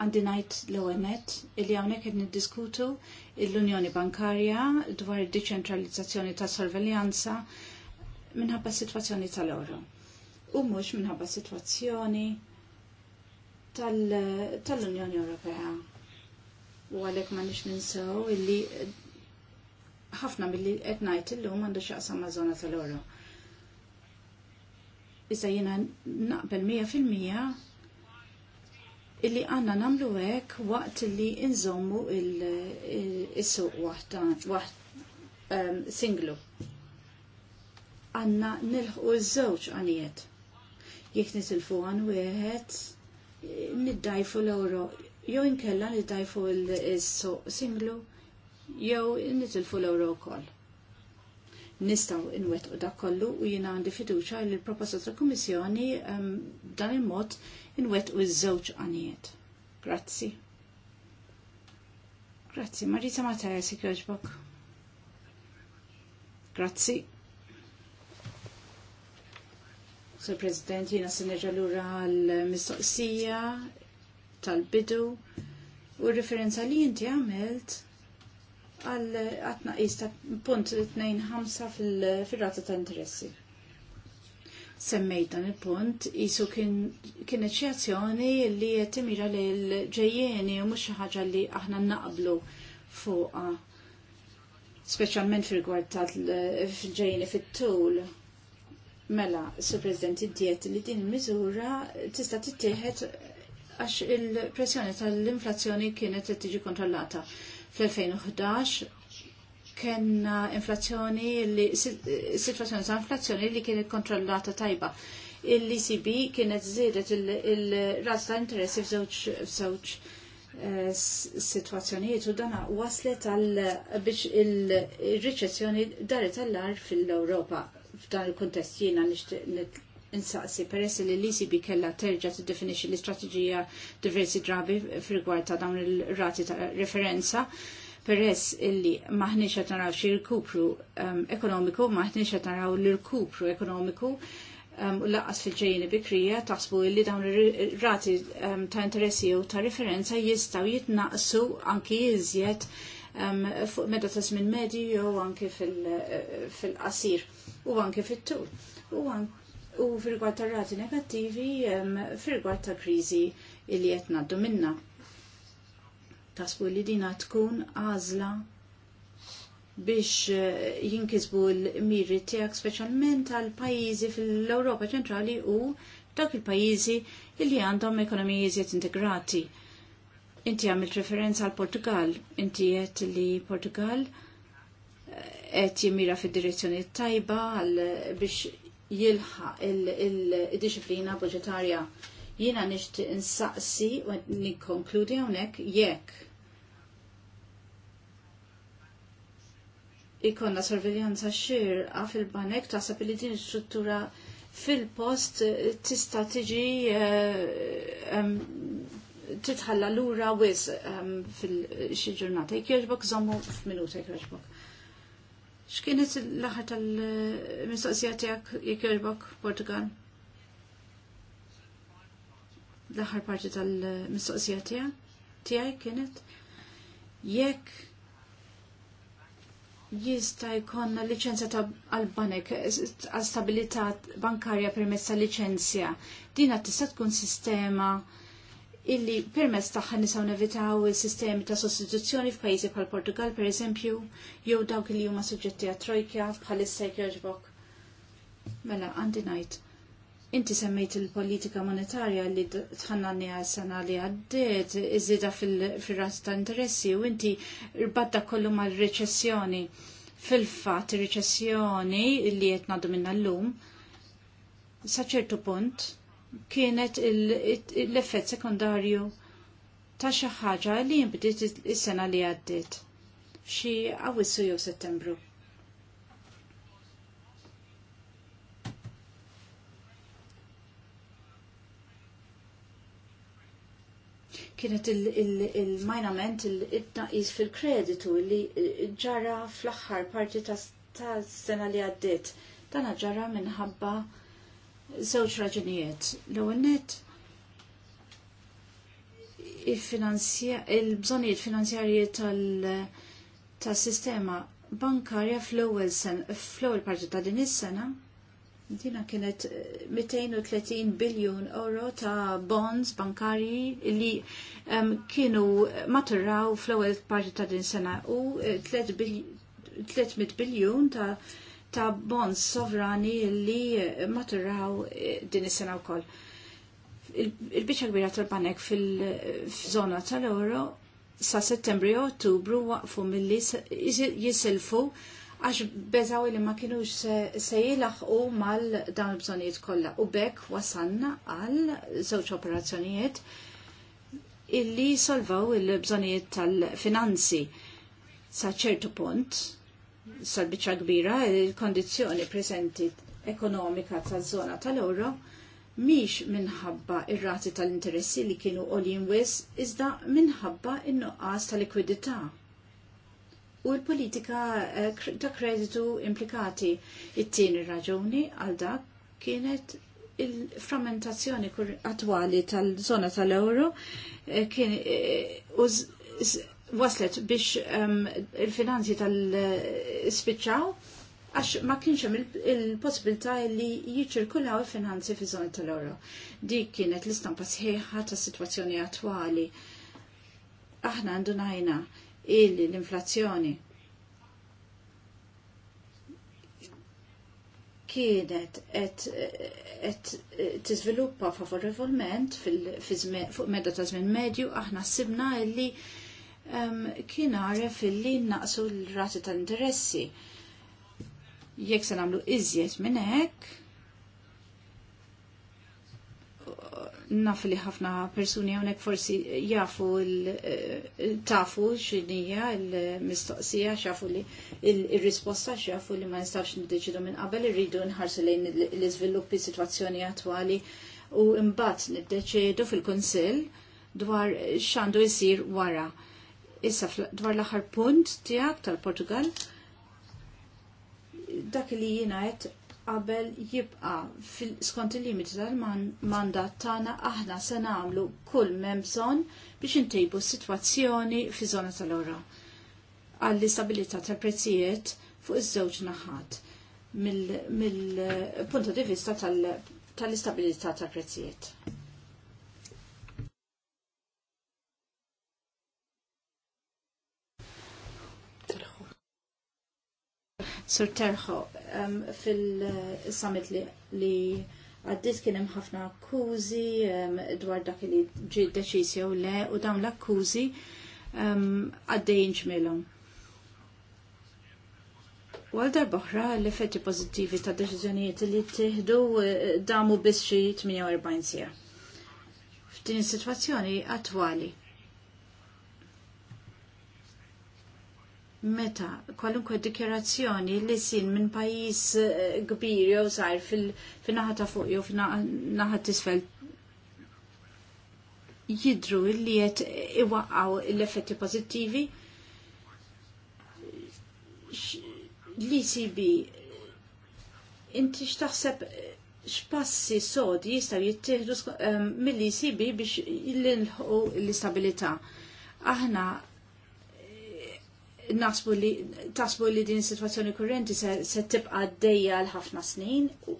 Speaker 3: għandi najt l-OMET illi għawnek qed niddiskutu l-Unjoni Bankarja dwar id-deċentralizzazzjoni ta' sorveljanza minħabba situazzjoni tal-oro. U mhux minħabba situazzjoni tal-Unjoni tal Ewropea. U għalek ma nix ninsaw illi ħafna mill-li l illum għandu xaqsa ma' zona tal-oro. Issa jiena naqbel 100% illi għanna namlu hekk waqt li nżommu il-suq waħda singlu. Għanna nilħu iż-żewġ għanijiet. Jekk nitilfu għan wieħed niddajfu l-euro, jew inkella niddajfu il-suq singlu, jew nitilfu l-euro wkoll nistaw inwet dak kollu u jiena għandi fiduċa li l-proposta ta' kummissjoni um, dan il-mod u iż-żewġ għanijiet. Grazzi. Grazzi, Marita Mataja, sikjoġbok. Grazzi. Sur President, jiena se lura għal-mistoqsija tal-bidu u r-referenza li inti għamilt għal għatna ta' punt 2.5 fil-rata ta' interessi. Semmejt dan il-punt, jisu kien eċjazzjoni li jettimira li l-ġejjeni u mux ħaġa li aħna naqblu fuqa, specialment fil-gwart ta' ġejjeni fit-tul. Mela, Sir President, id-diet li din il-miżura tista' tittieħed għax il-pressjoni tal-inflazzjoni kienet tiġi kontrollata fl-2011 kena inflazzjoni li situazzjoni ta' inflazzjoni li kienet kontrollata tajba. l ecb kienet zidet il raz ta' interessi f'żewġ eh, situazzjonijiet u dana waslet għal biex il-riċessjoni daret għall-ar fil-Europa f'dan il-kontest jiena nixtieq insaqsi peress li l-ECB kella terġa tiddefinixxi l-istrateġija diversi drabi f'rigward ta' dawn il-rati ta' referenza peress illi maħniex qed naraw xi rkupru um, ekonomiku, maħniex qed naraw l kupru ekonomiku um, u laqas fil-ġejjini bikrija taħsbu illi dawn ir-rati um, ta' interessi u ta' referenza jistgħu jitnaqsu anki iżjed um, fuq meta ta' żmien medju jew anke uh, fil-qasir u anke fit-tul. U anki u fil-gwad ta' rati negattivi fil-gwad ta' krizi li qed ngħaddu minna. Tasbu li dina tkun għażla biex eh, jinkisbu l-miri tiegħek speċjalment għal pajjiżi fil-Ewropa ċentrali u dak il-pajjiżi li għandhom ekonomiji jiet integrati. Inti għamilt referenza għal Portugal, inti qed li Portugal qed eh, jimira fil direzzjoni tajba għal biex jilħaq il-disciplina budgetarja. Jiena nixt insaqsi u nikkonkludi hawnhekk jekk ikonna sorveljanza għaf fil-banek ta' li din struttura fil-post tista' tiġi eh, titħalla lura wis fil-xi ġurnata. Jekk jogħġbok żommu f'minuta jekk jogħġbok. X'kienet l-aħħar tal-mistoqsija tiegħek jekk jorbok Portugal? L-aħħar parti tal-mistoqsija tiegħek tiegħi kienet jekk jista jkollna liċenzja ta' għall banek għal stabilità bankarja permezz tal-liċenzja. Din Dina tista' tkun sistema illi permess tagħha nisaw nevitaw il-sistemi ta' sostituzzjoni f'pajjiżi bħal Portugal per eżempju, jew dawk li huma suġġetti għat trojkja bħalissa jkjerġbok. Mela, għandi ngħid. Inti semmejt il-politika monetarja li tħannani għal sena li għaddiet, iżida fil-rast ta' interessi, u inti rbadda kollu mal reċessjoni Fil-fat, reċessjoni li qed ngħaddu minna llum, sa ċertu punt, kienet l-effett sekundarju ta' xi ħaġa li jinbdiet is-sena li għaddiet f'xi Awwissu jew Settembru. kienet il majnament il, tnaqis fil-kreditu li ġara fl-axħar parti ta' sena li għaddit. Dana ġara minħabba żewġ raġunijiet. L-ewwel net il-bżonijiet finanzjarji tal-sistema bankarja fl-ewwel sen fl-ewwel parti ta' din is-sena dina kienet 230 biljun euro ta' bonds bankarji li um, kienu maturaw fl-ewwel parti ta' din sena u 300 biljun ta' ta' bonds sovrani li maturaw eh, din is-sena wkoll. Il-biċċa kbira tal-banek fil-żona tal-euro sa' settembru u ottubru waqfu milli jisilfu għax beżaw li ma kienux se jilaħqu mal dawn il-bżonijiet kollha u bekk wasanna għal żewġ operazzjonijiet illi solvaw il-bżonijiet tal-finanzi sa' ċertu punt sal kbira il-kondizzjoni preżenti ekonomika taż-żona tal-Ewro miex minħabba ir-rati tal-interessi li kienu li wis iżda minħabba il nuqqas tal-likwidità. U l-politika eh, ta' kreditu implikati it-tieni raġuni għal dak kienet il-frammentazzjoni attwali tal-zona tal-euro eh, kien eh, waslet biex um, il-finanzi tal spiċaw għax ma kienx hemm il-possibilità li jiċirkulaw il-finanzi fi żoni tal-oro. Dik kienet l-istampa sħiħa tas-sitwazzjoni attwali. Aħna ndunajna illi l-inflazzjoni kienet et tiżviluppa favorevolment fuq medda ta' żmien medju aħna sibna illi li kien għaref illi naqsu l-rati ta' interessi. Jekk se nagħmlu iżjed minn hekk, naf li ħafna persuni hawnhekk forsi jafu eh, tafu x'inhija l-mistoqsija xafu li il-risposta xafu li ma nistax niddeċidu minn qabel irridu nħarsu lejn l-iżviluppi situazzjoni attwali u mbagħad niddeċidu fil-Kunsill dwar x'għandu jsir wara Issa dwar l-aħħar punt tiegħek tal-Portugal dak li jiena qed qabel jibqa' skont il-limiti tal-mandat tagħna aħna se nagħmlu kull memson biex intejbu s-sitwazzjoni fi żona tal-ora għall-istabilità tal-prezzijiet fuq iż-żewġ naħat mill-punta di vista tal-istabilità tal-prezzijiet. Sur Terħo, um, fil-summit li għaddit kien hemm ħafna akkużi um, dwar dak li ġi deċisja jew le u dawn l-akkużi um, għaddejn ġmilom. U għal darboħra l-effetti pożittivi ta' deċiżjonijiet li tieħdu uh, damu biss 48 sija. F'din is-sitwazzjoni attwali meta kwalunkwe dikjerazzjoni li sin minn pajis eh, kbir jew sajr fil-naħa ta' fuq jew fil-naħa tisfel jidru li jett iwaqqaw l-effetti pozittivi li sibi inti xtaħseb xpassi sodi jistaw jittihdu eh, mill-li sibi biex l-istabilita aħna nasbu li tasbu li din situazzjoni kurrenti se, se tibqa għaddejja għal ħafna snin u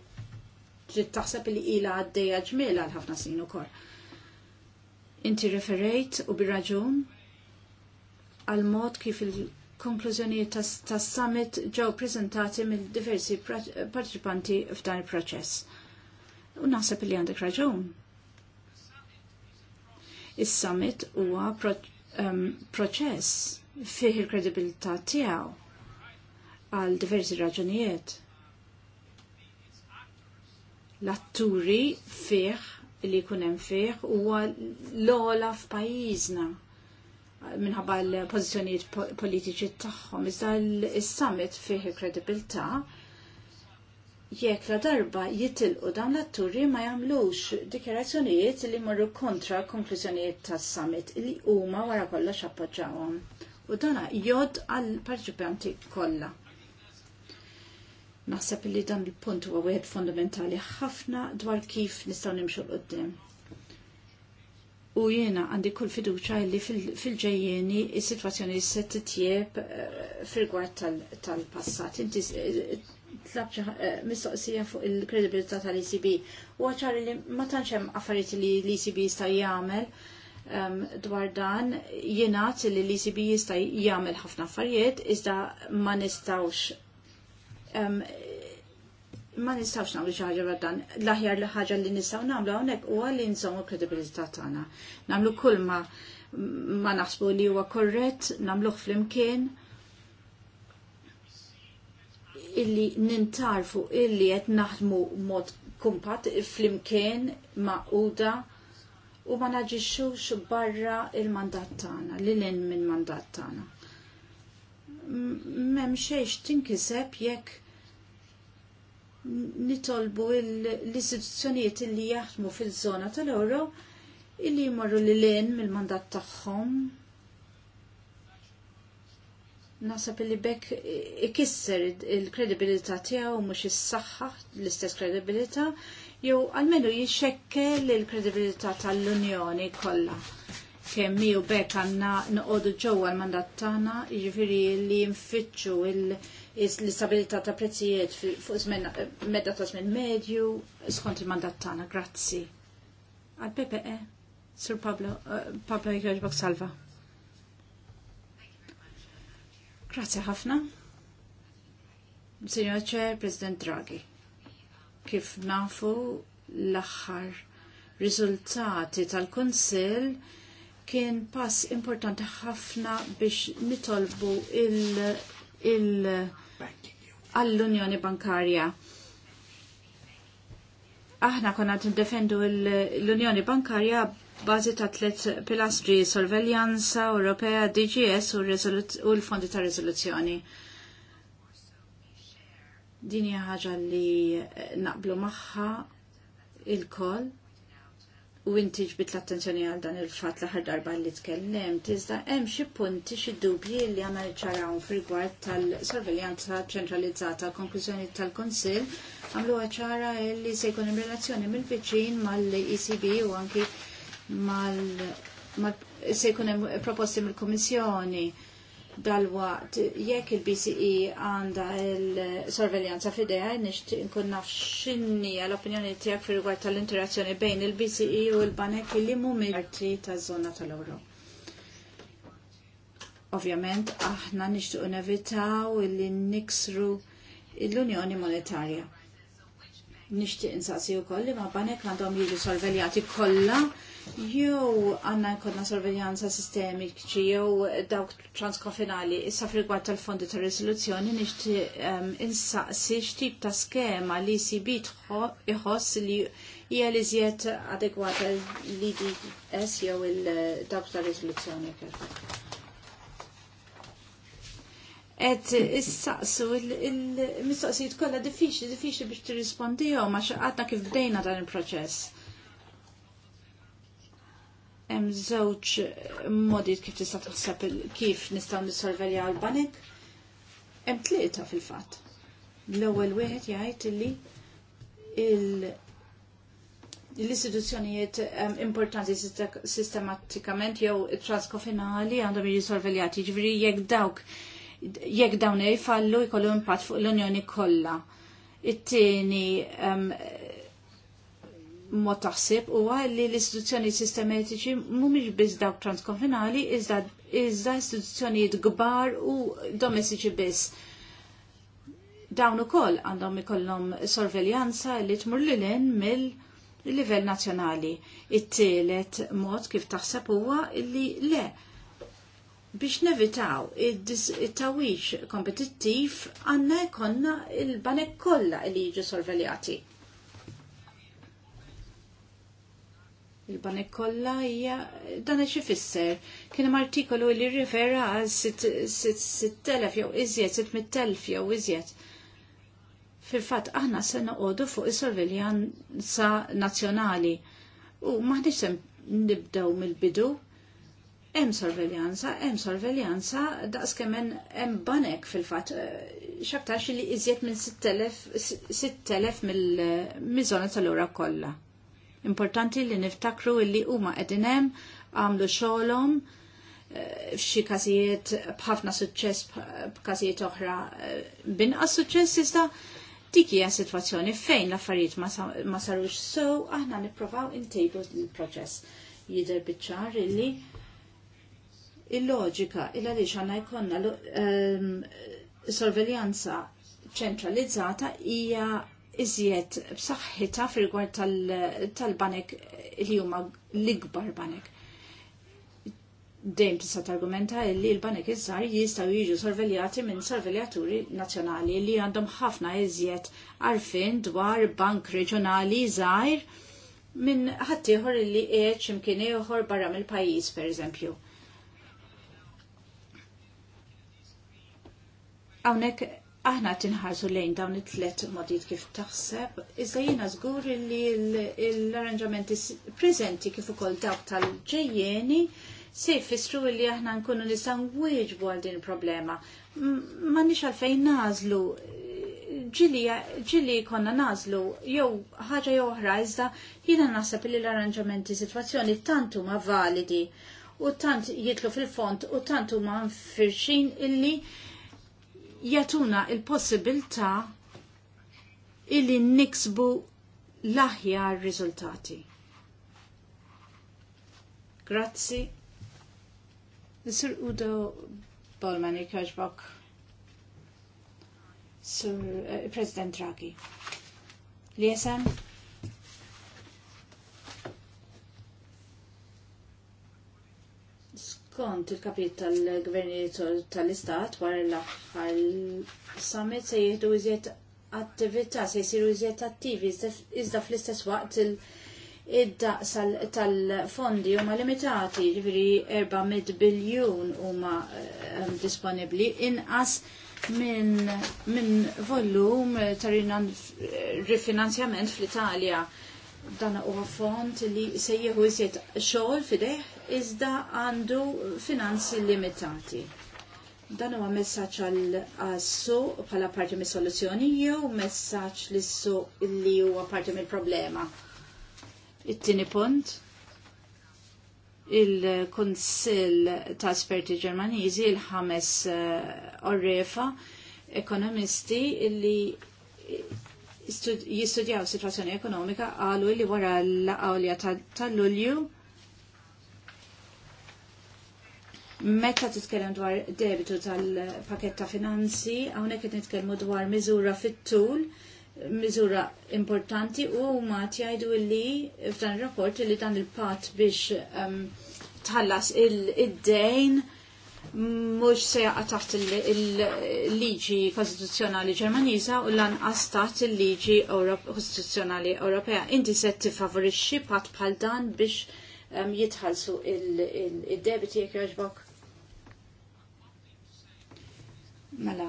Speaker 3: trid taħseb li ila għaddejja ġmiela għal ħafna snin ukoll. Inti referejt u bir-raġun għal mod kif il-konklużjonijiet tas-summit tas ġew preżentati mill diversi partiċipanti f'dan il-proċess. U naħseb li għandek raġun. Is-summit huwa proċess fih il-kredibilità tiegħu għal diversi raġunijiet. L-atturi fih li kunem fih huwa l-ola f'pajjiżna minħabba l-pozizjonijiet politiċi tagħhom. Iżda l-summit fih il-kredibilità jekk la darba jitilqu dawn l-atturi ma jagħmlux dikjarazzjonijiet li morru kontra konklużjonijiet tas-summit li huma wara kollox appoġġawhom u dana jod għal parċipanti kollha. Naħseb li dan il-punt huwa wieħed fundamentali ħafna dwar kif nistgħu nimxu qudiem. U jiena għandi kull fiduċa li fil-ġejjeni is-sitwazzjoni se titjieb eh, fil-gwart tal-passat. Inti eh, tlab eh, mistoqsija fuq il-kredibilità tal-ECB u għacħar li ma tantx hemm affarijiet li l-ECB jista' jagħmel um, dwar dan jenat li l-ECB jista jgħamil ħafna affarijiet iżda ma nistawx um, ma nistawx nagħmlu xi ħaġa dwar dan. L-aħjar ħaġa li nistgħu nagħmlu hawnhekk huwa li nżommu kredibilità tagħna. Nagħmlu kull ma ma naħsbu li huwa korrett, nagħmluh flimkien illi nintarfu illi qed naħdmu mod kumpat flimkien ma' uda u ma naġixxux barra il-mandat tagħna, li l-in minn mandat tagħna. M'hemm xejx tinkiseb jekk nitolbu l-istituzzjonijiet li jaħdmu fil-żona tal-Ewro illi jmorru li l-in mill-mandat tagħhom nasab li bekk ikisser il-kredibilità tiegħu mhux is-saħħa l-istess kredibilità jew għalmenu jixekkel l kredibilità tal-Unjoni kollha. Kemm mi u bekk għandna noqogħdu ġewwa l-mandat tagħna, jiġifieri li nfittxu l-istabilità ta' prezzijiet fuq medda ta' żmien medju skont il-mandat tagħna. Grazzi. Għal PPE, Sir Pablo, eh, Pablo Jgħiġbok Salva. Grazie ħafna. Signor Chair, President Draghi. Kif nafu l-axħar riżultati tal-Kunsill kien pass importanti ħafna biex nitolbu il-għall-Unjoni Bankarja aħna konna t-defendu l-Unjoni Bankarja bazi ta' tlet pilastri sorveljanza Ewropea, DGS u, l-fondi ta' rezoluzzjoni. Din hija ħaġa li eh, naqblu magħha il-koll u inti ġbit l-attenzjoni għal dan il-fat l darba li tkellem, tizda hemm xi punti xi dubji li għandna ċarawn fil-gwart tal-sorveljanza ċentralizzata konklużjoni tal konsil għamlu ċara li se jkun hemm relazzjoni mill-viċin mal-ECB u anki mal, mal se jkun hemm proposti mill-Kummissjoni dal-waqt jekk il-BCE għanda il-sorveljanza fideja, nishti nkun naf xinni għal-opinjoni tijak fil rigward tal-interazzjoni bejn il-BCE u l-banek li mumi parti ta' zona tal-Euro. Ovvjament, aħna u nevitaw li niksru l-Unjoni Monetarja. Nishti insaqsi u kolli ma' banek għandhom jiġu sorveljati kolla jew għanna nkodna sorveljanza sistemiċi jew dawk transkofinali issa frigwat tal-fondi ta' risoluzzjoni nixti ehm, insaqsi x'tip ta' skema li bit iħoss li hija li adegwata li di es jew il-dawk eh, ta' risoluzzjoni Et issaqsu il-mistoqsijiet kollha diffiċli diffiċli biex tirrispondihom għax għadna kif bdejna dan il-proċess hemm żewġ modi kif tista' taħseb kif nistgħu nissorvelja l-banek. Hemm tlieta fil-fatt. L-ewwel wieħed jgħid illi l-istituzzjonijiet ehm, importanti sistematikament jew transkofinali għandhom jirrisorveljati, ġifieri jekk dawk jekk dawn jfallu jkollu impatt fuq l-Unjoni kollha. It-tieni ehm, mod taħseb huwa li l-istituzzjoni sistematiċi mhumiex biss dawk transkonfinali iżda iżda istituzzjonijiet kbar u domestiċi biss. Dawn ukoll għandhom ikollhom sorveljanza li tmur lil mill livell nazzjonali. It-tielet mod kif taħseb huwa li le biex nevitaw it-tawix kompetittiv għanna jkollna il-banek kollha li jiġu sorveljati il-banek kolla hija dan xi fisser. Kien hemm artikolu li rifera għal 6,000 jew iżjed 600,000 jew iżjed. Fil-fatt aħna se noqogħdu fuq is-sorveljanza nazzjonali. U maħniex sem nibdew mill-bidu. Hemm sorveljanza, hemm sorveljanza daqs hemm banek fil-fatt eh, x'aktarx li iżjed minn 6,000 mill-miżona tal-ura kollha Importanti li niftakru illi huma qegħdin hemm għamlu xogħolhom eh, f'xi każijiet b'ħafna suċċess b'każijiet oħra eh, binqas suċċess iżda dik hija sitwazzjoni fejn l-affarijiet ma sarux so aħna nippruvaw intejbu l-proċess jidher biċ illi il-loġika il għaliex għandna jkollna ehm, sorveljanza ċentralizzata hija iżjed b'saħħitha fil-gwar tal-banek li huma l-ikbar banek dejjem tista' targumenta li l-banek iż-żgħar jistgħu jiġu sorveljati minn sorveljaturi nazzjonali li għandhom ħafna iżjed għarfien dwar bank reġjonali żgħir minn ħaddieħor li qiegħed x'imkien ieħor barra mill-pajjiż pereżempju. Hawnhekk aħna tinħarsu lejn dawn it-tlet modijiet kif taħseb, iżda jiena żgur li l-arranġamenti preżenti kif ukoll dawk tal-ġejjeni se jfissru li aħna nkunu nistgħu nwieġbu għal din il-problema. M'għandniex għalfejn nażlu ġili konna nażlu jew ħaġa jew oħra iżda jiena naħseb li l-arranġamenti sitwazzjoni tant huma validi u tant jitlu fil-font u tant huma mfirxin illi jatuna il-possibilta illi niksbu l-aħjar riżultati. Grazzi. Nisir Udo Bolman ikaġbok. Sur eh, President Draghi. Li Skont il-kapit tal-gvernijiet tal-istat wara l-aħħar summit se jieħdu iżjed attività, se jsiru iżjed attivi, iżda fl-istess waqt id-daqs tal-fondi huma limitati, ġifieri 400 biljun huma eh, disponibbli inqas minn min volum ta' rifinanzjament fl-Italja dan huwa fond li se jieħu iżjed xogħol fideh iżda għandu finanzi limitati. Dan huwa messaġġ għal għassu bħala parti mis-soluzzjoni jew messaġġ issu li huwa parti mill-problema. It-tieni punt il kunsill ta' Sperti Ġermaniżi il-ħames eh, orrefa ekonomisti li jistudjaw situazzjoni ekonomika għalu li wara l-għawlja tal-Lulju Meta titkellem dwar debitu tal-paketta finanzi, hawnhekk qed nitkellmu dwar miżura fit-tul, miżura importanti u ma jgħidu li f'dan ir-rapport li dan il-pat biex um, tħallas il-dejn mhux se jaqa' taħt il-liġi kostituzzjonali Ġermaniża u lanqas taħt il-liġi kostituzzjonali Ewropea. Inti se tifavorixxi pat bħal dan biex um, jitħallsu id debiti jekk jogħġbok. Mela,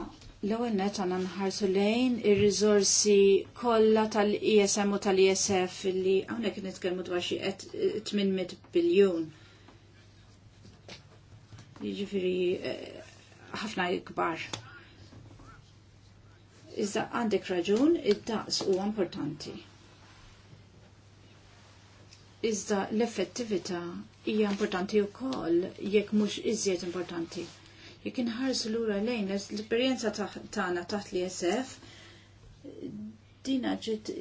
Speaker 3: l-ewwel net għandna nħarsu lejn ir-riżorsi kollha tal-ISM u tal-ISF li hawnhekk nitkellmu dwar xi 800 biljun. Jiġifieri eh, ħafna kbar. Iżda għandek raġun, id-daqs huwa importanti. Iżda l-effettività hija importanti wkoll jekk mhux iżjed importanti. Jek inħarsu lura lejn l esperienza tagħna taħt li jesef, dina ġiet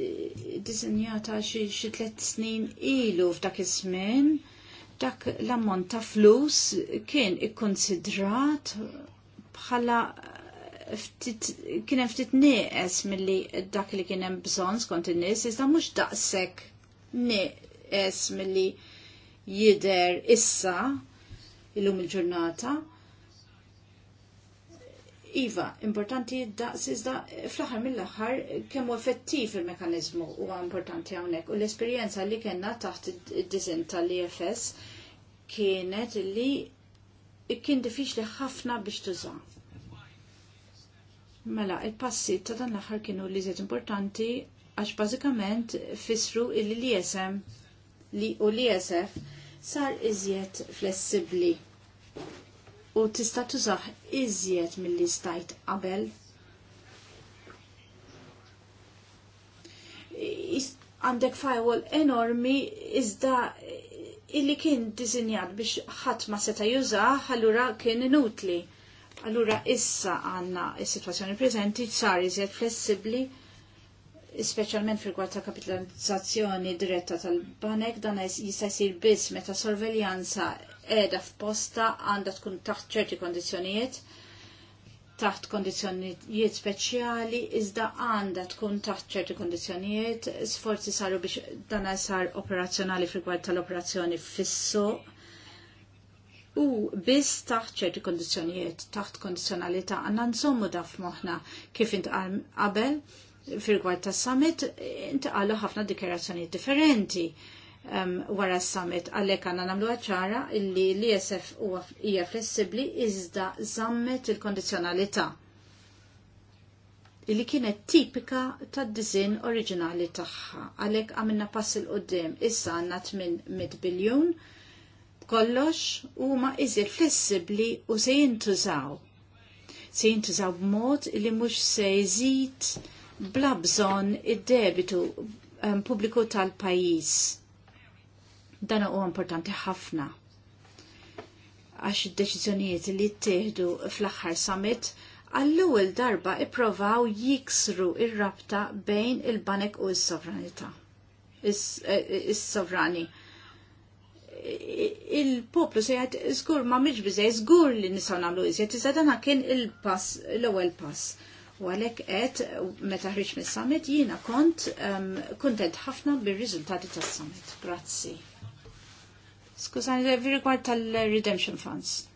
Speaker 3: disinjata xi tliet snin ilu f'dak iż-żmien dak l-ammont ta' flus kien ikkonsidrat bħala kien hemm ftit nieqes milli dak li kien hemm bżonn skont in-nies iżda mhux daqshekk nieqes milli jidher issa illum il-ġurnata. il ġurnata Iva, importanti da sizda fl-aħħar mill-aħħar kemm effettiv il-mekanizmu huwa importanti hawnhekk u l-esperjenza li kellna taħt id dizin tal-IFS kienet li kien diffiċli ħafna biex tuża. Mela, il-passi ta' dan l-aħħar kienu li żiet importanti għax bażikament fissru il ism li u l isf sar iżjed flessibli u tista' tużaħ iżjed milli stajt qabel. Għandek firewall enormi iżda illi kien dizinjat biex ħadd ma seta' jużaħ allura kien inutli. Allura issa għanna is-sitwazzjoni preżenti sar iżjed flessibbli specialment fil ta' kapitalizzazzjoni diretta tal-banek dan jista' jsir biss meta sorveljanza edha f'posta għandha tkun taħt ċerti kondizjonijiet taħt kondizjonijiet speċjali iżda għandha tkun taħt ċerti kondizjonijiet sforzi saru biex dana sar operazzjonali frigward tal-operazzjoni fissu. u biss taħt ċerti kondizjonijiet taħt kondizjonalità għandna nżommu daf moħna kif int qabel fil-gwad ta' summit intqalu ħafna dikjerazzjoni differenti um, wara s-summit għalek għanna namlu ċara illi l u hija flessibli iżda zammet il-kondizjonalità illi kienet tipika tad dizin oriġinali tagħha. Għalek għamilna pass il qoddim issa għanna 800 biljun kollox u ma iżjed flessibli u se jintużaw. Se jintużaw b'mod li mhux se jżid bla bżonn id-debitu um, pubbliku tal-pajjiż Dan huwa importanti ħafna għax id-deċiżjonijiet li ttieħdu fl-aħħar summit għall-ewwel darba ipprovaw jiksru ir-rabta bejn il-banek u s-sovranità. Eh, is-sovrani. Il-poplu se jgħid żgur ma mhix biżej żgur li nisgħu nagħmlu iżjed iżda dan kien il-pass l-ewwel pass. U għalhekk qed meta ħriġ mis-summit jiena kont ehm, kontent ħafna bir-riżultati tas-summit. Grazzi. Skużani, vi rigward tal-redemption funds.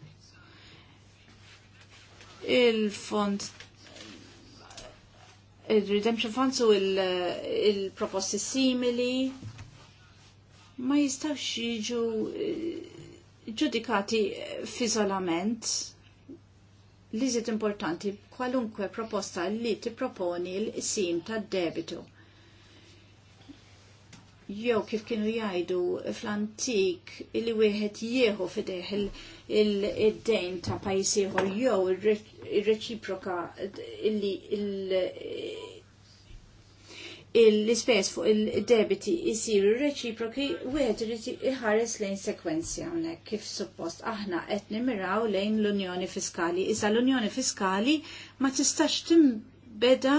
Speaker 3: Il-fond il-redemption funds u il-proposti il simili ma jistawx jiġu eh, ġudikati f'iżolament li zit importanti kwalunkwe proposta li tipproponi l-sim tad-debitu jew kif kienu jgħidu fl-antik li wieħed jieħu fideħ il-dejn ta' pajis ieħor jew ir-reċiproka illi l-ispess fuq il-debiti jisiru reċiproki wieħed irid iħares lejn sekwenzja hawnhekk kif suppost aħna qed nimiraw lejn l-Unjoni Fiskali. Iżda l-Unjoni Fiskali ma tistax timbeda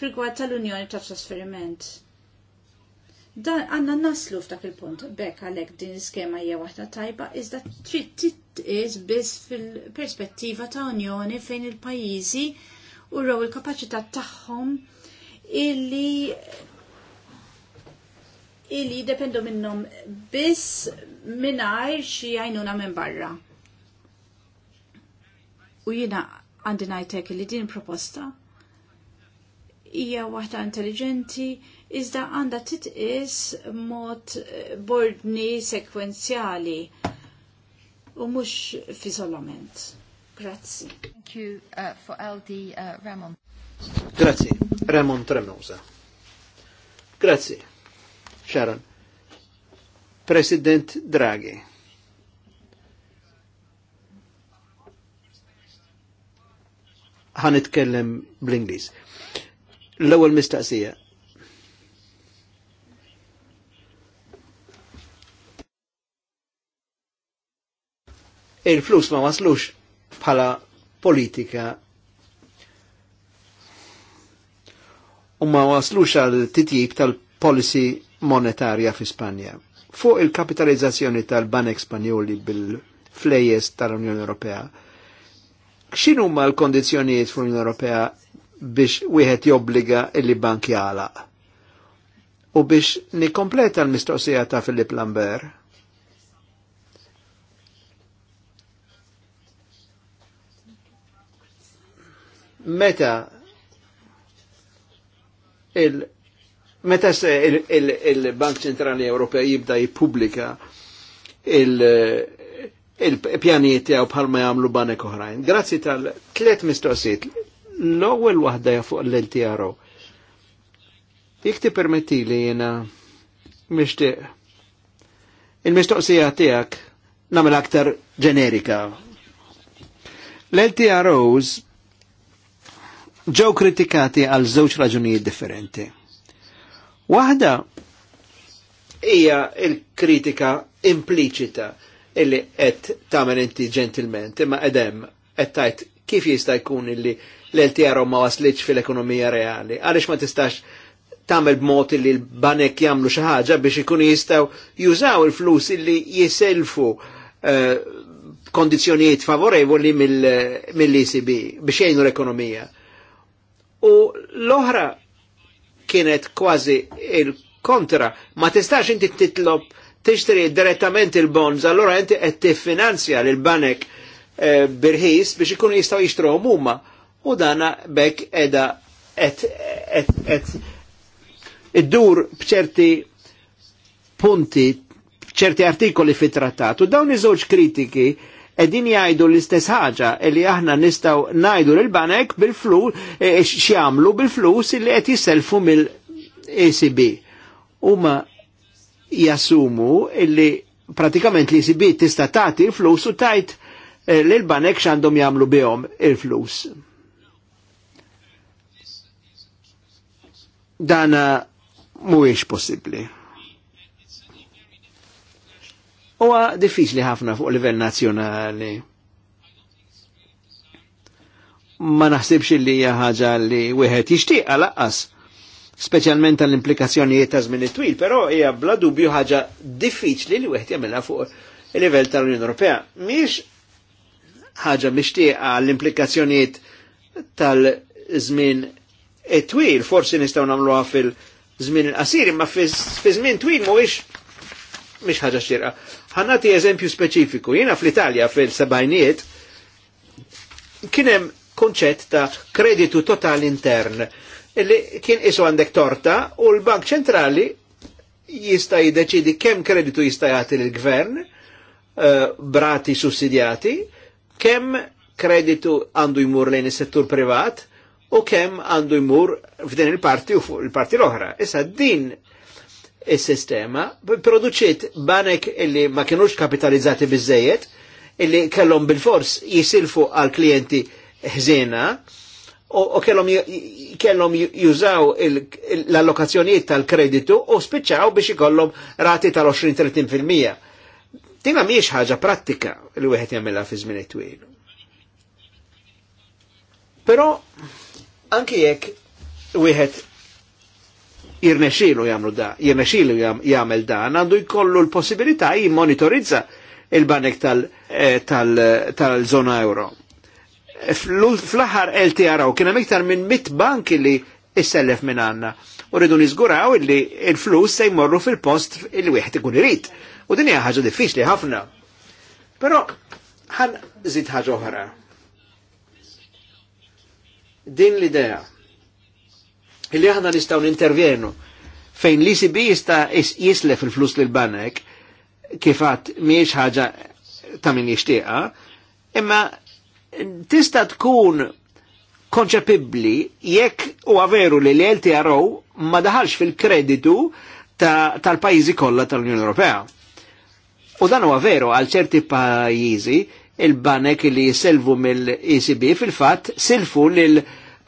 Speaker 3: fil-gwad tal-Unjoni ta' Trasferiment Dan għanna naslu f'dak il-punt bekk għalek din skema hija waħda tajba iżda trid titqis biss fil-perspettiva ta' Unjoni fejn il-pajjiżi u rew il-kapaċità tagħhom illi illi dependu minnhom biss mingħajr xi għajnuna minn barra. U jiena għandi ngħidlek li din proposta hija waħda intelligenti iżda għanda titqis mod eh, bordni sekwenzjali u mhux f'iżolament. Grazzi. Thank you uh, for LD uh, Ramon.
Speaker 2: Grazzi, Ramon Tremosa. Grazzi, Sharon. President Draghi. ħanitkellem bl-Inglis. L-ewwel mistaqsija, il-flus ma waslux bħala politika u ma waslux għal titjib tal-policy monetarja fi Spanja. Fuq il-kapitalizzazzjoni tal-banek Spanjoli bil-flejes tal-Unjoni Ewropea, xinu ma l-kondizzjonijiet fl-Unjoni Ewropea biex wieħed jobbliga illi bank jala? U biex nikompleta l-mistoqsija ta' Filip Lambert, meta il meta se il-Bank il, Centrali Ewropea jibda jippubblika il-pjanijiet il tiegħu bħalma jamlu banek oħrajn. Grazzi tal-tliet mistoqsijiet. L-ewwel waħda fuq l-LTRO. Jek ti permetti li jena mishtiq. Il-mistoqsija tijak namel aktar ġenerika. L-LTROs ġew kritikati għal żewġ raġunijiet differenti. Waħda hija il-kritika impliċita illi qed tagħmel inti ġentilment, imma edem qed tajt kif jista' jkun illi l-LTR ma waslitx fil-ekonomija reali, għaliex ma tistax tamel b'mod li l-banek jamlu xi ħaġa biex ikun jistgħu jużaw il-flus illi jiselfu uh, eh, kondizjonijiet favorevoli mill-ECB biex jgħinu l-ekonomija u l-oħra kienet kważi il-kontra. Ma tistax inti titlob tixtri direttament il-bonds, allora inti qed tiffinanzja l banek e, birħis biex ikunu jistgħu jixtruhom huma. U dana bekk edha qed iddur b'ċerti punti, b'ċerti artikoli fit-trattat. U dawn iż-żewġ kritiki edin jajdu l-istess ħaġa li aħna nistaw najdu l-banek e, e, bil-flus, xiamlu bil-flus li qed jiselfu mill-ECB. Uma jassumu li pratikament l-ECB tista tagħti l-flus u tajt e, li l-banek x'għandhom jagħmlu bihom il-flus. Dana mhuwiex possibbli huwa diffiċli ħafna fuq livell nazzjonali. Ma naħsibx li hija ħaġa li wieħed jixtieq laqqas, speċjalment tal-implikazzjonijiet ta' żmien twil, però hija bla dubju ħaġa diffiċli li wieħed jagħmilha fuq il-livell tal-Unjoni Ewropea. Mhix ħaġa mixtieqa l-implikazzjonijiet tal-żmien twil, forsi nistgħu nagħmluha fil- żmien il-qasir, imma fi żmien twil mhuwiex mish ħaġa xirqa. Ħannati eżempju speċifiku, jena fl-Italja fil-sebajniet kienem konċett ta' kreditu total intern illi kien isu għandek torta u l-Bank ċentrali jista' jiddeċidi kemm kreditu jista' jagħti lill-gvern uh, brati sussidjati, kemm kreditu għandu jmur lejn is-settur privat u kemm għandu jmur f'din il-parti u fuq il-parti l-oħra. Issa din il-sistema, produċiet banek illi ma kienux kapitalizzati bizzejiet, illi kellhom bil-fors jisilfu għal klienti ħżina, u kellhom jużaw l-allokazzjonijiet tal-kreditu u spiċċaw biex ikollhom rati tal-20-30%. Tina miex ħaġa prattika li wieħed jagħmilha fi żmien twil. Però anke jekk wieħed jirnexilu jamlu da, jirnexilu jamel dan, għandu jkollu l-possibilità jimmonitorizza il-banek eh, tal-zona euro. Fl-aħħar LTRO kien hemm iktar minn mit banki li issellef minn għandna. U rridu niżguraw li l-flus se jmorru fil-post il wieħed ikun irid. U din hija ħaġa diffiċli ħafna. Però ħan żid ħaġa oħra. Din l-idea illi aħna nistgħu nintervjenu fejn l si jista' jislef il-flus l banek kifat miex ħaġa ta' min jishtiqa, imma tista' tkun konċepibbli jekk u għaveru li l-LTRO ma daħalx fil-kreditu tal-pajizi ta kollha tal-Unjoni Ewropea. U dan huwa veru għal ċerti pajjiżi il-banek li jiselvu mill-ECB fil-fatt silfu lil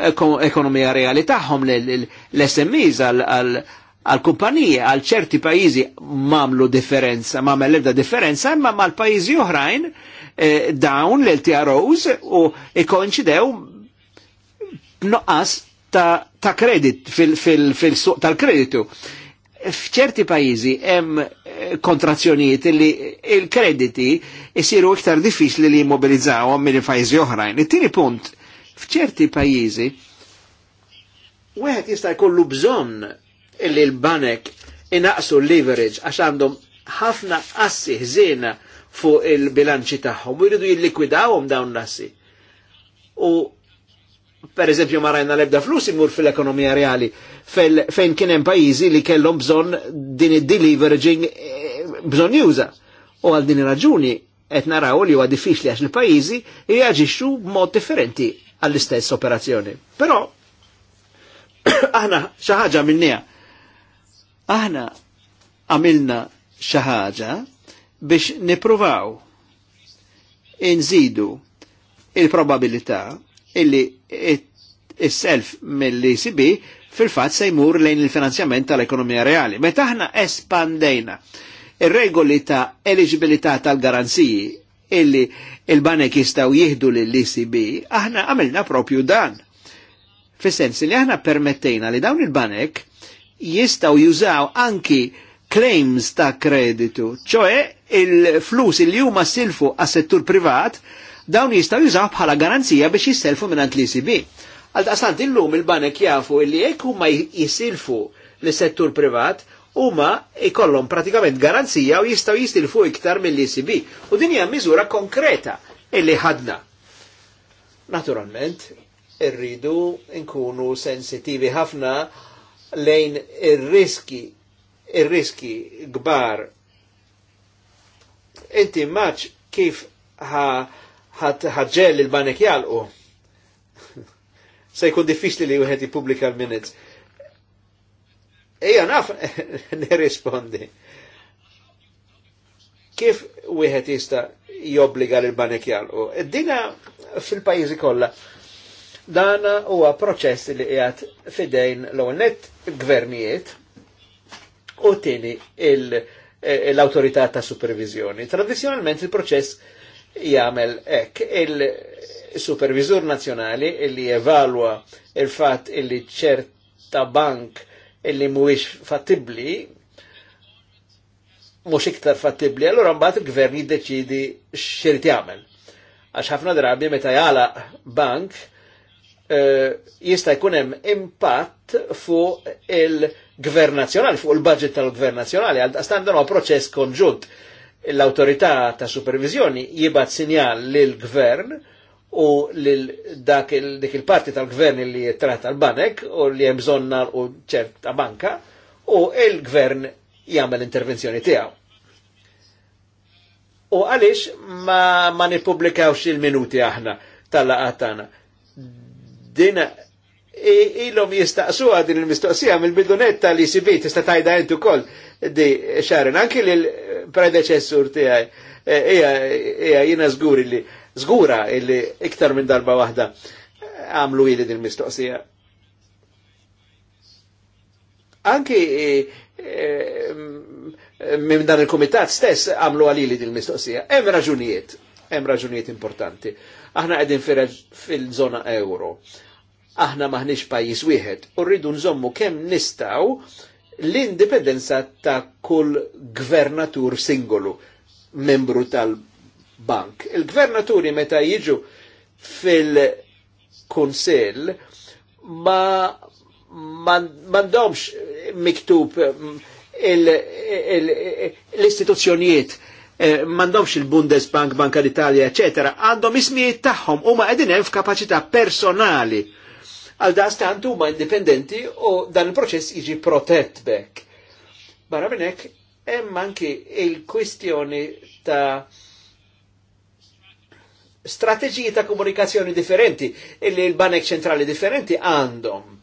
Speaker 2: ekonomija reali taħħom l-SMEs għal kumpanije għal ċerti pajjiżi mamlu differenza, mamlu l-ebda differenza, imma mal pajjiżi oħrajn eh, dawn l-LTROs u ikonċidew noqqas ta' kredit fil-suq tal-kreditu. F'ċerti pajjiżi hemm eh, kontrazzjonijiet li il-krediti jisiru iktar diffiċli li jimmobilizzawhom minn pajizi oħrajn. It-tieni punt F'ċerti pajjiżi wieħed jista' jkollu bżonn illi l-banek inaqsu l-leverage għax għandhom ħafna assi ħżiena fuq il-bilanċi tagħhom u jridu jillikwidawhom dawn l-assi. U per eżempju ma rajna lebda flus imur fil-ekonomija reali fejn kien hemm pajjiżi li kellhom bżonn din id-deleveraging eh, bżonn juża. U għal din raġuni qed naraw li huwa diffiċli għax il-pajjiżi jaġixxu b'mod differenti għall-istess operazzjoni. Però aħna xi ħaġa minnija. Aħna għamilna xi ħaġa biex nipruvaw inżidu il-probabilità illi is-self mill-ECB fil-fatt se jmur lejn il-finanzjament tal-ekonomija reali. Meta aħna espandejna ir-regoli ta' eligibilità tal-garanziji illi il-banek jistaw jihdu l-ECB, aħna għamilna propju dan. fis li aħna permettejna li dawn il-banek jistaw jużaw anki claims ta' kreditu, ċoe il-flus il huma silfu għas-settur privat, dawn jistaw jużaw bħala garanzija biex jisselfu minnant l-ECB. Għal-daqsant illum il-banek jafu illi jekk huma jisilfu l-settur privat, huma ikollhom pratikament garanzija u jistgħu jistilfu iktar mill-ECB. U din hija miżura konkreta illi ħadna. Naturalment, irridu nkunu sensitivi ħafna lejn ir-riski ir-riski kbar. Inti maċ kif ħagġel il-banek jalqu. Se jkun diffiċli li wieħed jippubblika l-minutes. Ija naf nirrispondi. Kif wieħed jista' jobbliga lil banek jalqu? Dina fil-pajjiżi kollha. Dan huwa proċess li qiegħed fidejn l net gvernijiet u tieni eh, l-autorità ta' supervizjoni. Tradizzjonalment il-proċess jagħmel hekk il-supervizur nazjonali illi evalwa il fat illi ċerta bank illi mhuwiex fattibbli mhux iktar fattibbli, allura mbagħad il-gvern jiddeċidi x'irid jagħmel. Għax ħafna drabi meta jala bank eh, jista' jkun hemm impatt fuq il-gvern nazzjonali, fuq il-budget tal-gvern nazzjonali, għal standan proċess konġunt l-autorità ta' supervizjoni jibat sinjal lil gvern u dak dik il-parti tal-gvern li jittratta tal banek u li hemm bżonn u ċerta banka u il-gvern jagħmel intervenzjoni tiegħu. U għaliex ma, ma nippubblikawx il-minuti aħna tal-laqgħat tagħna. Din ilhom jistaqsuha din il-mistoqsija mill bidunetta li icb tista' tajda intu ukoll di xarin anki lil predeċessur tiegħi hija e, e, e, jina zguri li Zgura illi iktar minn darba waħda għamlu ili din mistoqsija. Anki e, e, minn dan il-komitat stess għamlu għalili din mistoqsija. Hemm raġunijiet, hemm raġunijiet importanti. Aħna qegħdin fil-żona euro. Aħna maħniex pajjiż wieħed u rridu nżommu kemm nistgħu l-indipendenza ta' kull gvernatur singolu membru tal bank. Il-gvernaturi meta jiġu fil kunsell ma mandomx miktub mm, l-istituzzjonijiet eh, mandomx il-Bundesbank, Banka d'Italja, eccetera, għandhom ismijiet tagħhom huma qegħdin hemm f'kapaċità personali. Għal stant huma indipendenti u dan il-proċess jiġi protett bekk. Barra minn hekk hemm anki il-kwistjoni ta' strateġiji ta' komunikazzjoni differenti illi l-banek ċentrali differenti għandhom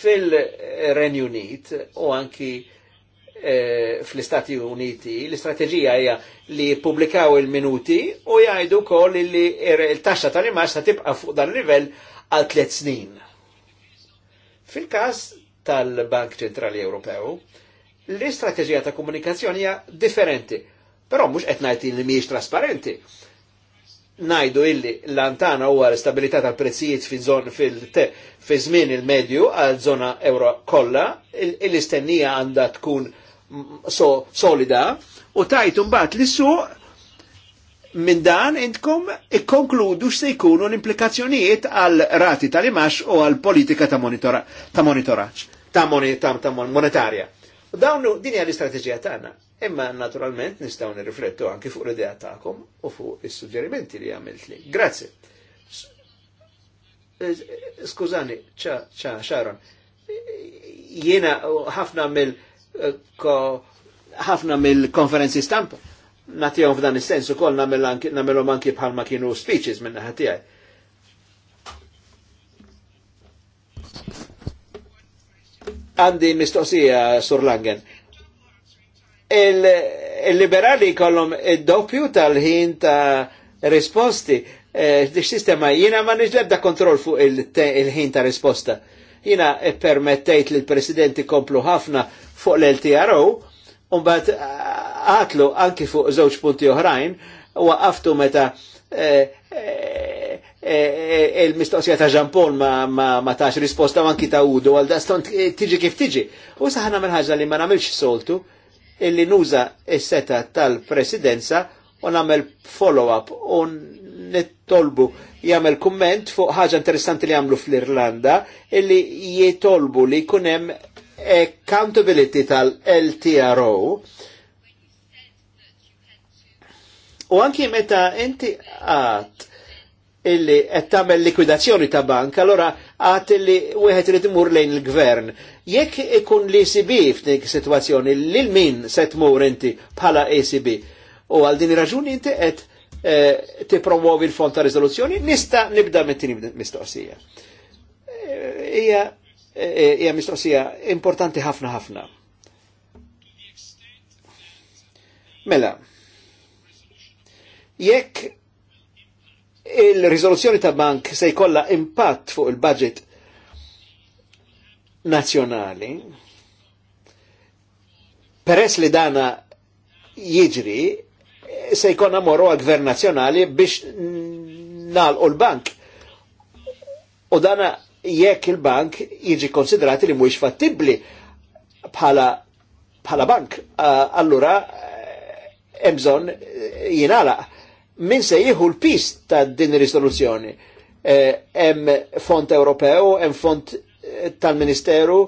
Speaker 2: fil-Renju Unit u anki eh, fl-Istati Uniti l-istrateġija hija li publikaw il-minuti u jgħidu kol li er- il-taxxa tal-imax ta' tibqa' fuq dan livell għal tliet snin. Fil-każ tal-Bank Ċentrali Ewropew, l-istrateġija ta' komunikazzjoni hija differenti. Però mhux qed ngħid li mhijiex trasparenti najdu illi l-antana huwa l-istabilità tal-prezzijiet fi żmien il-medju għal zona euro kollha, l-istennija għandha tkun so, solida u tajt mbagħad li su minn dan intkom ikkonkludu x'se jkunu l-implikazzjonijiet għal rati tal-imax u għal politika ta' monitoraġġ ta' monetarja. Dawnu din hija l-istrateġija tagħna Imma naturalment nistaw nirriflettu anki fuq l-idea ta'kom u fuq is-suġġerimenti li għamilt li. Grazzi. Skużani, ċa, Sharon, jiena ħafna mill eh, ħafna mill-konferenzi stampa natijom f'dan is sensu wkoll nagħmelhom anki bħalma kienu speeches minn naħa tiegħi. Għandi mistoqsija Sur Langen il-liberali kollom id-doppju tal-ħin ta' risposti. Eh, sistema jina ma nġlebda kontrol fuq il-ħin ta' risposta. Jina permettejt li l-presidenti komplu ħafna fuq l-LTRO, unbat għatlu anki fuq żewġ punti oħrajn, waqaftu meta eh, eh, il-mistoqsija ta' ġampol ma tax risposta ma kita ta' udu, għal-daston tiġi kif tiġi. U saħna minn li ma namilx soltu, illi nuża s-seta tal-presidenza u namel follow-up u nittolbu jagħmel kumment fuq ħaġa interessanti li għamlu fl-Irlanda illi jitolbu li jkun hemm accountability tal-LTRO u anki meta inti għat illi għettam tagħmel likwidazzjoni ta' bank, allora għat illi wieħed irid imur lejn il-gvern. Jekk ikun li ECB f'dik sitwazzjoni l min set mur inti bħala ECB u għal din raġuni inti għet eh, ti promuovi l-fond ta' rizoluzzjoni, nista' nibda mit-tieni mistoqsija. Eh, Ija, eh, hija mistoqsija importanti ħafna ħafna. Mela, jekk il-rizoluzzjoni ta' bank se jkollha impatt fuq il-budget nazzjonali, peress li dana jiġri se jkollna morru għal-gvern nazzjonali biex nalqu l-bank. U dana jekk il-bank jiġi konsiderati li mhuwiex fattibbli bħala bħala bank, allura eh, hemm bżonn jingħalaq min se jieħu l-pist ta' din risoluzzjoni. Hemm eh, font Ewropew, hemm font eh, tal-Ministeru,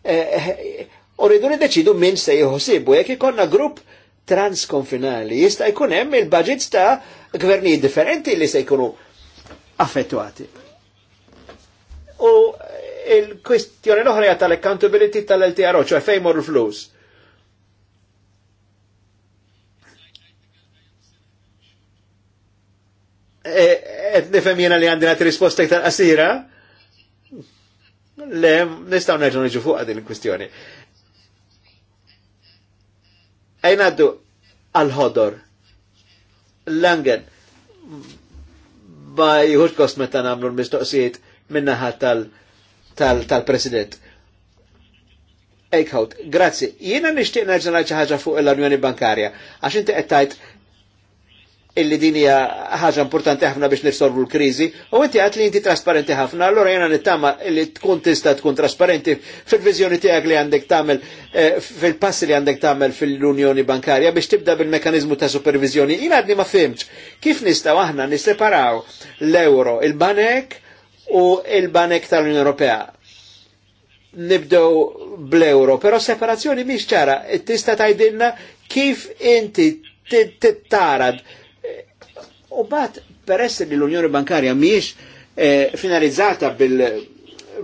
Speaker 2: eh, u rridu nideċidu min se jieħu sibu, jekk ikonna grupp transkonfinali, jista' jkun hemm il-budgets ta' gvernijiet differenti li se jkunu affettuati. U il-kwistjoni l-oħra tal-accountability tal-LTRO, ċoħ fejmur l-flus Eh, et nifem jena li għandina risposta iktar qasira? Le, nistaw nerġu nġu fuq din il-kwistjoni. Ejn għaddu għal-ħodor. Langen, ba jħuġ kost meta namlu l-mistoqsijiet minnaħa tal-president. Ejkħaut, grazzi. Jena nishtiq nerġa ħaġa fuq l-Unjoni Bankarja, għax inti qed illi din hija ħaġa importanti ħafna biex nifsolvu l-kriżi, u inti għat li inti trasparenti ħafna, allora jena nittama illi tkun tista tkun trasparenti fil-vizjoni tiegħek li għandek tagħmel eh, fil-passi li għandek tagħmel fil-Unjoni Bankarja biex tibda bil-mekanizmu ta' supervizjoni. Jien għadni ma fimx kif nistgħu aħna nisseparaw l-euro, il-banek u il-banek tal-Unjoni Ewropea. Nibdew bl-euro, però separazzjoni mhix ċara, tista' tgħidilna kif inti tittarad U bat, peress li l-Unjoni Bankarja miex eh, finalizzata bil-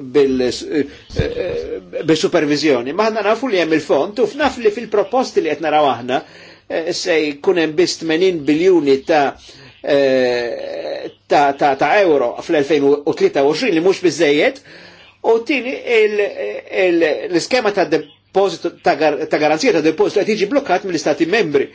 Speaker 2: bil-supervizjoni. Eh, eh, bil Maħna nafu li hemm il-fond u fnaf li fil-proposti li qed naraw aħna eh, se jkun hemm biss 80 biljuni ta' eh, ta', ta, ta euro fl-2023 li mhux biżejjed u tini l-iskema ta' deposito ta' garanzija ta' deposito qed jiġi blokkat mill-istati membri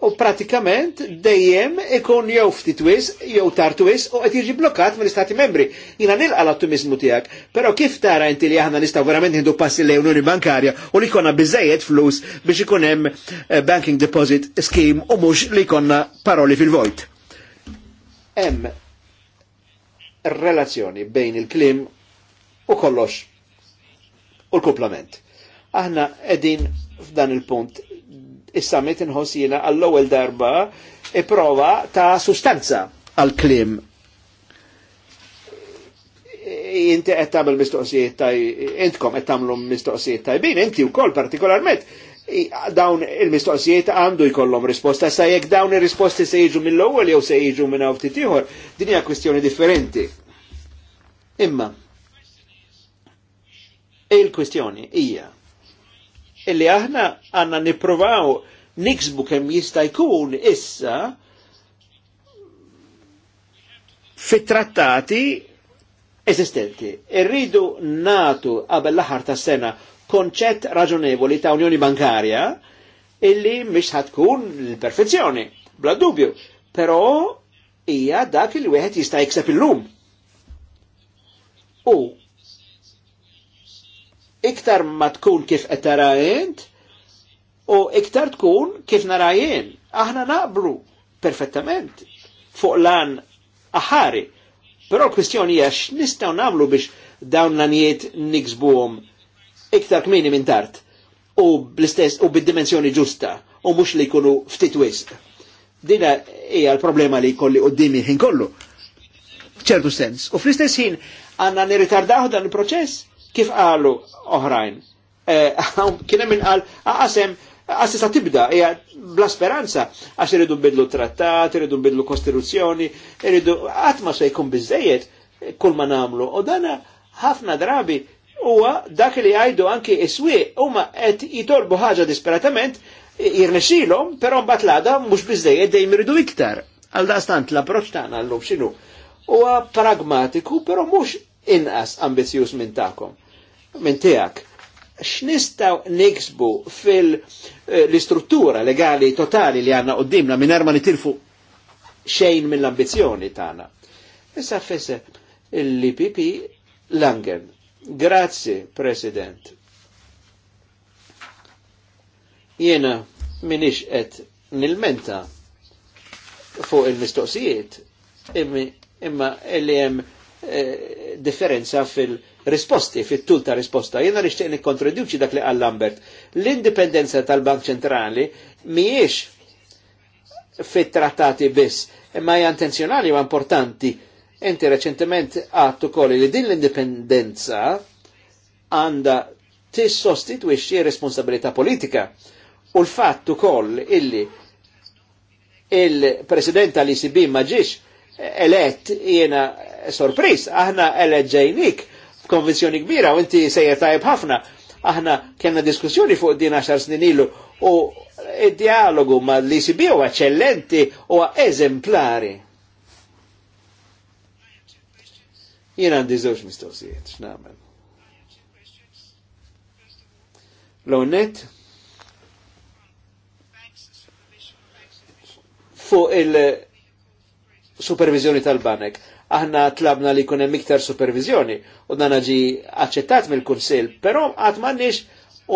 Speaker 2: u pratikament dejjem ikun jew ftit wis, jew tard wis, u qed jiġi blokkat mill-Istati membri. Jiena nilqa l-ottimizmu tiegħek, però kif tara inti li aħna nistgħu verament nieħdu passi lejn Unjoni Bankarja u li jkollna biżejjed flus biex ikun hemm eh, banking deposit scheme u mhux li jkollna paroli fil-vojt. Hemm relazzjoni bejn il-klim u kollox u l-kuplament. Aħna qegħdin f'dan il-punt is-summit inħossina għall-ewwel darba prova ta' sustanza għal-klim inti qed tagħmel mistoqsijiet taj intkom qed tagħmlu mistoqsijiet tajbin, inti wkoll partikolarment dawn il-mistoqsijiet għandu jkollhom risposta sa jekk dawn ir-risposti se jiġu mill-ewwel jew se jiġu minn hawn ftit ieħor, din hija kwistjoni differenti. Imma il-kwistjoni hija illi aħna għanna niprovaw niksbu kem jista' jkun issa fit-trattati esistenti. Irridu natu qabel laħar ta' sena konċett raġonevoli ta' Unjoni Bankarja illi mhix ħatkun l-perfezzjoni, bla dubju, pero ija dak il wieħed jista' jikseb lum U iktar ma tkun kif qed tara u iktar tkun kif nara Aħna naqblu perfettament fuq lan aħari. Però l-kwistjoni hija x'nistgħu nagħmlu biex dawn l-anijiet niksbuhom iktar kmini minn tard u bl-istess u bid-dimensjoni ġusta u mhux li jkunu ftit wisq. Dina hija l-problema li jkolli qudiemi ħin kollu. ċertu sens. U fl-istess ħin għandna nirritardaw dan il-proċess Kif qalu oħrajn? Eh, um, kien hemm għal, għasem, għasisa sa tibda, hija bla speranza, għax iridu bidlu trattat, iridu bidlu kostituzzjoni, iridu għatma se jkun bizzejiet kull ma namlu. U dana ħafna drabi huwa dak li għajdu anki iswi, huma qed jitolbu ħaġa disperatament, jirnexilhom, però mbagħad l-għada mhux biżejjed dejjem iridu iktar. Għal dastant l-approċċ tagħna llum x'inhu. Huwa pragmatiku, però mhux inqas ambizjuż minn takom, minn tiegħek. X'nistgħu niksbu fil-istruttura eh, legali totali li għandna qoddimna minn ma nitilfu xejn mill-ambizzjoni tagħna. Issa fisse l-IPP Langen. Grazzi, President. Jena minix qed nilmenta fuq il-mistoqsijiet imma li Eh, differenza fil-risposti, fil tul ta' risposta. Jena nixtieq nikkontroduċi dak li għall Lambert. L-indipendenza tal-Bank Ċentrali mhijiex fit-trattati biss, imma hija intenzjonali ma importanti. Enti reċentement għattu kolli li din l-indipendenza għanda tissostitwixxi responsabilità politika. U l-fatt ukoll illi il-president tal Sibi ma ġiex elett jiena sorpris, aħna eleġġejnik f'konvenzjoni kbira u inti sejjer tajb ħafna. Aħna kena diskussjoni fuq din 10 snin ilu u id-dialogu ma li icb u eccellenti u eżemplari. Jena għandi żewġ mistoqsijiet, x'namel. L-onnet fuq il- supervizjoni tal-banek aħna tlabna li kunem iktar supervizjoni u dan ġi accettat mill-Kunsil, però għat m'għandniex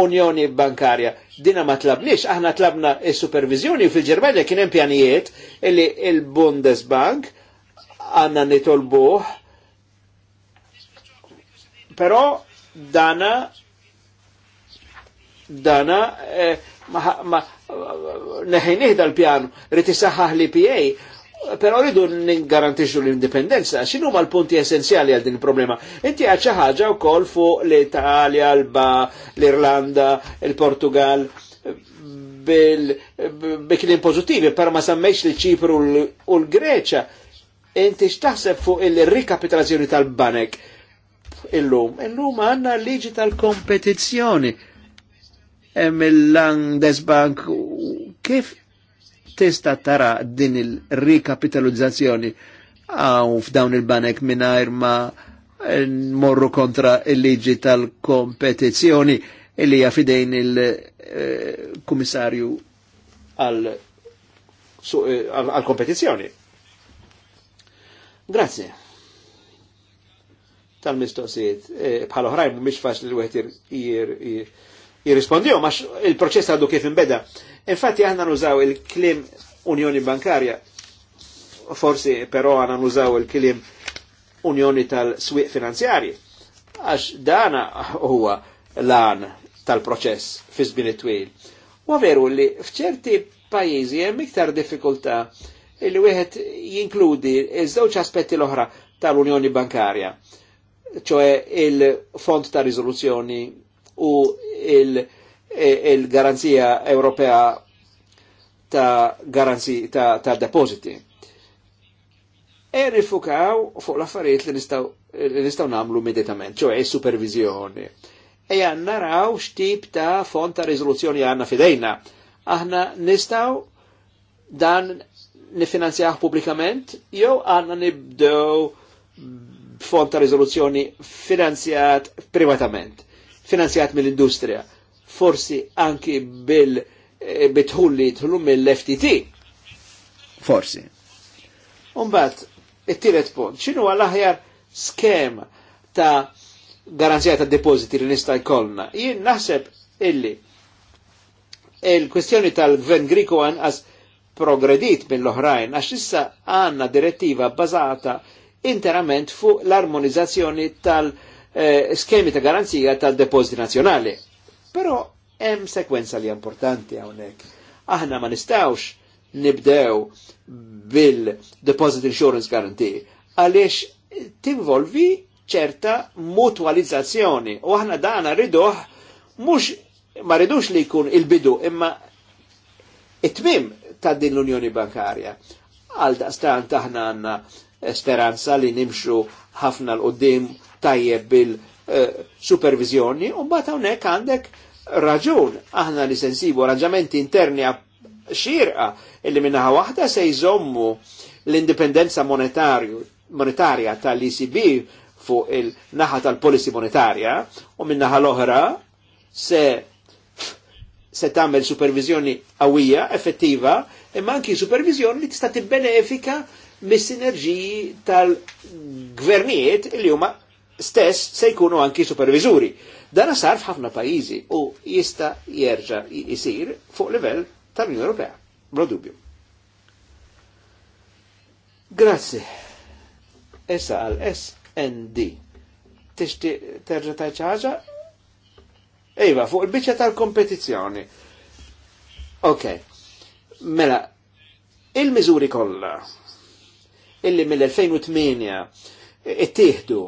Speaker 2: unjoni bankarja. Dina ma tlabniex, aħna tlabna il-supervizjoni fil ġermania kien hemm pjanijiet illi il-Bundesbank għandna nitolbuh. Però dana dana eh, ma, ma neħinih dal-pjanu, rriti saħħaħ l-IPA Pero rridu ningarantixu l-indipendenza, xinu ma l-punti essenzjali għal din il-problema? Inti għacċa ħagġa u kol fu l-Italja, l-Irlanda, ba l l portugal bil-klim pozitivi, per ma sammeċ li ċipru u l-Greċa. Inti xtaħseb fu il-rikapitalazzjoni tal-banek illum. Illum għanna liġi tal-kompetizjoni. Hemm il-Landesbank kif tista tara din il-rikapitalizzazzjoni għaw f'dawn il-banek minnajr ma eh, morru kontra il-liġi tal-kompetizjoni illi jafidejn il-komissarju eh, għal-kompetizjoni. Eh, Grazie. Tal-mistoqsijiet, bħal oħrajn mhumiex faċli l jir jirrispondiju, ma il-proċess għadu kif imbeda. Infatti għanna nużaw il-klim Unjoni Bankarja, forsi però għanna nużaw il-klim Unjoni tal-Swiq Finanzjari, għax dana huwa l-għan tal-proċess fi żmien twil. U veru li fċerti pajjiżi hemm iktar diffikultà li wieħed jinkludi iż-żewġ aspetti l-oħra tal-Unjoni Bankarja, ċoħe il font ta' riżoluzzjoni u il-garanzija il Ewropea ta' garanzi ta', ta depositi. E rifukaw fuq l-affarijiet li nistaw, li nistaw namlu immediatament, ċoħe supervizjoni. E naraw x'tip ta' fonta ta' għanna fidejna. Aħna nistaw dan nifinanzjaħ publikament, jew għanna nibdew fonta rizoluzjoni finanzjat privatament finanzjat mill-industrija, forsi anki bil eh, bitħulli jitħullu mill-FTT. Forsi. Umbat, it-tielet punt, xinu għal-aħjar skema ta' garanzija ta' depoziti li nista' jkollna. Jien naħseb illi il-kwestjoni tal-gvern Griku għanqas progredit mill-oħrajn għax issa għanna direttiva bazata interament fuq l-armonizzazzjoni tal eh, skemi ta' garanzija tal-depositi nazjonali. Però hemm sekwenza li importanti hawnhekk. Aħna ma nistawx nibdew bil-Deposit Insurance Guarantee għaliex tinvolvi ċerta mutualizzazzjoni u aħna dana riduħ mux ma ridux li jkun il-bidu imma it-tmim ta' din l-Unjoni Bankarja. Għal daqstan taħna għanna speranza li nimxu ħafna l-qoddim tajjeb bil-supervizjoni, u bata hawnhekk għandek raġun aħna li sensibu arranġamenti interni xirqa illi minnaħa waħda se jżommu l-indipendenza monetarja tal-ECB fuq il-naħa tal polisi monetarja u minnaħa l-oħra se se tagħmel supervizjoni għawija, effettiva, imma anki supervizjoni li tista' tibbenefika mis-sinerġiji tal-gvernijiet li huma stess se jkunu anki supervizuri. Dan sar f'ħafna pajjiżi u jista' jerġa' jisir fuq livell tal-Unjoni Ewropea, bla dubju. Grazzi. Issa għal SND. Tixti terġa ta' ċaġa? Ejva, fuq il-bicċa tal-kompetizjoni. Ok. Mela, il-mizuri kollha illi mill-2008 ittieħdu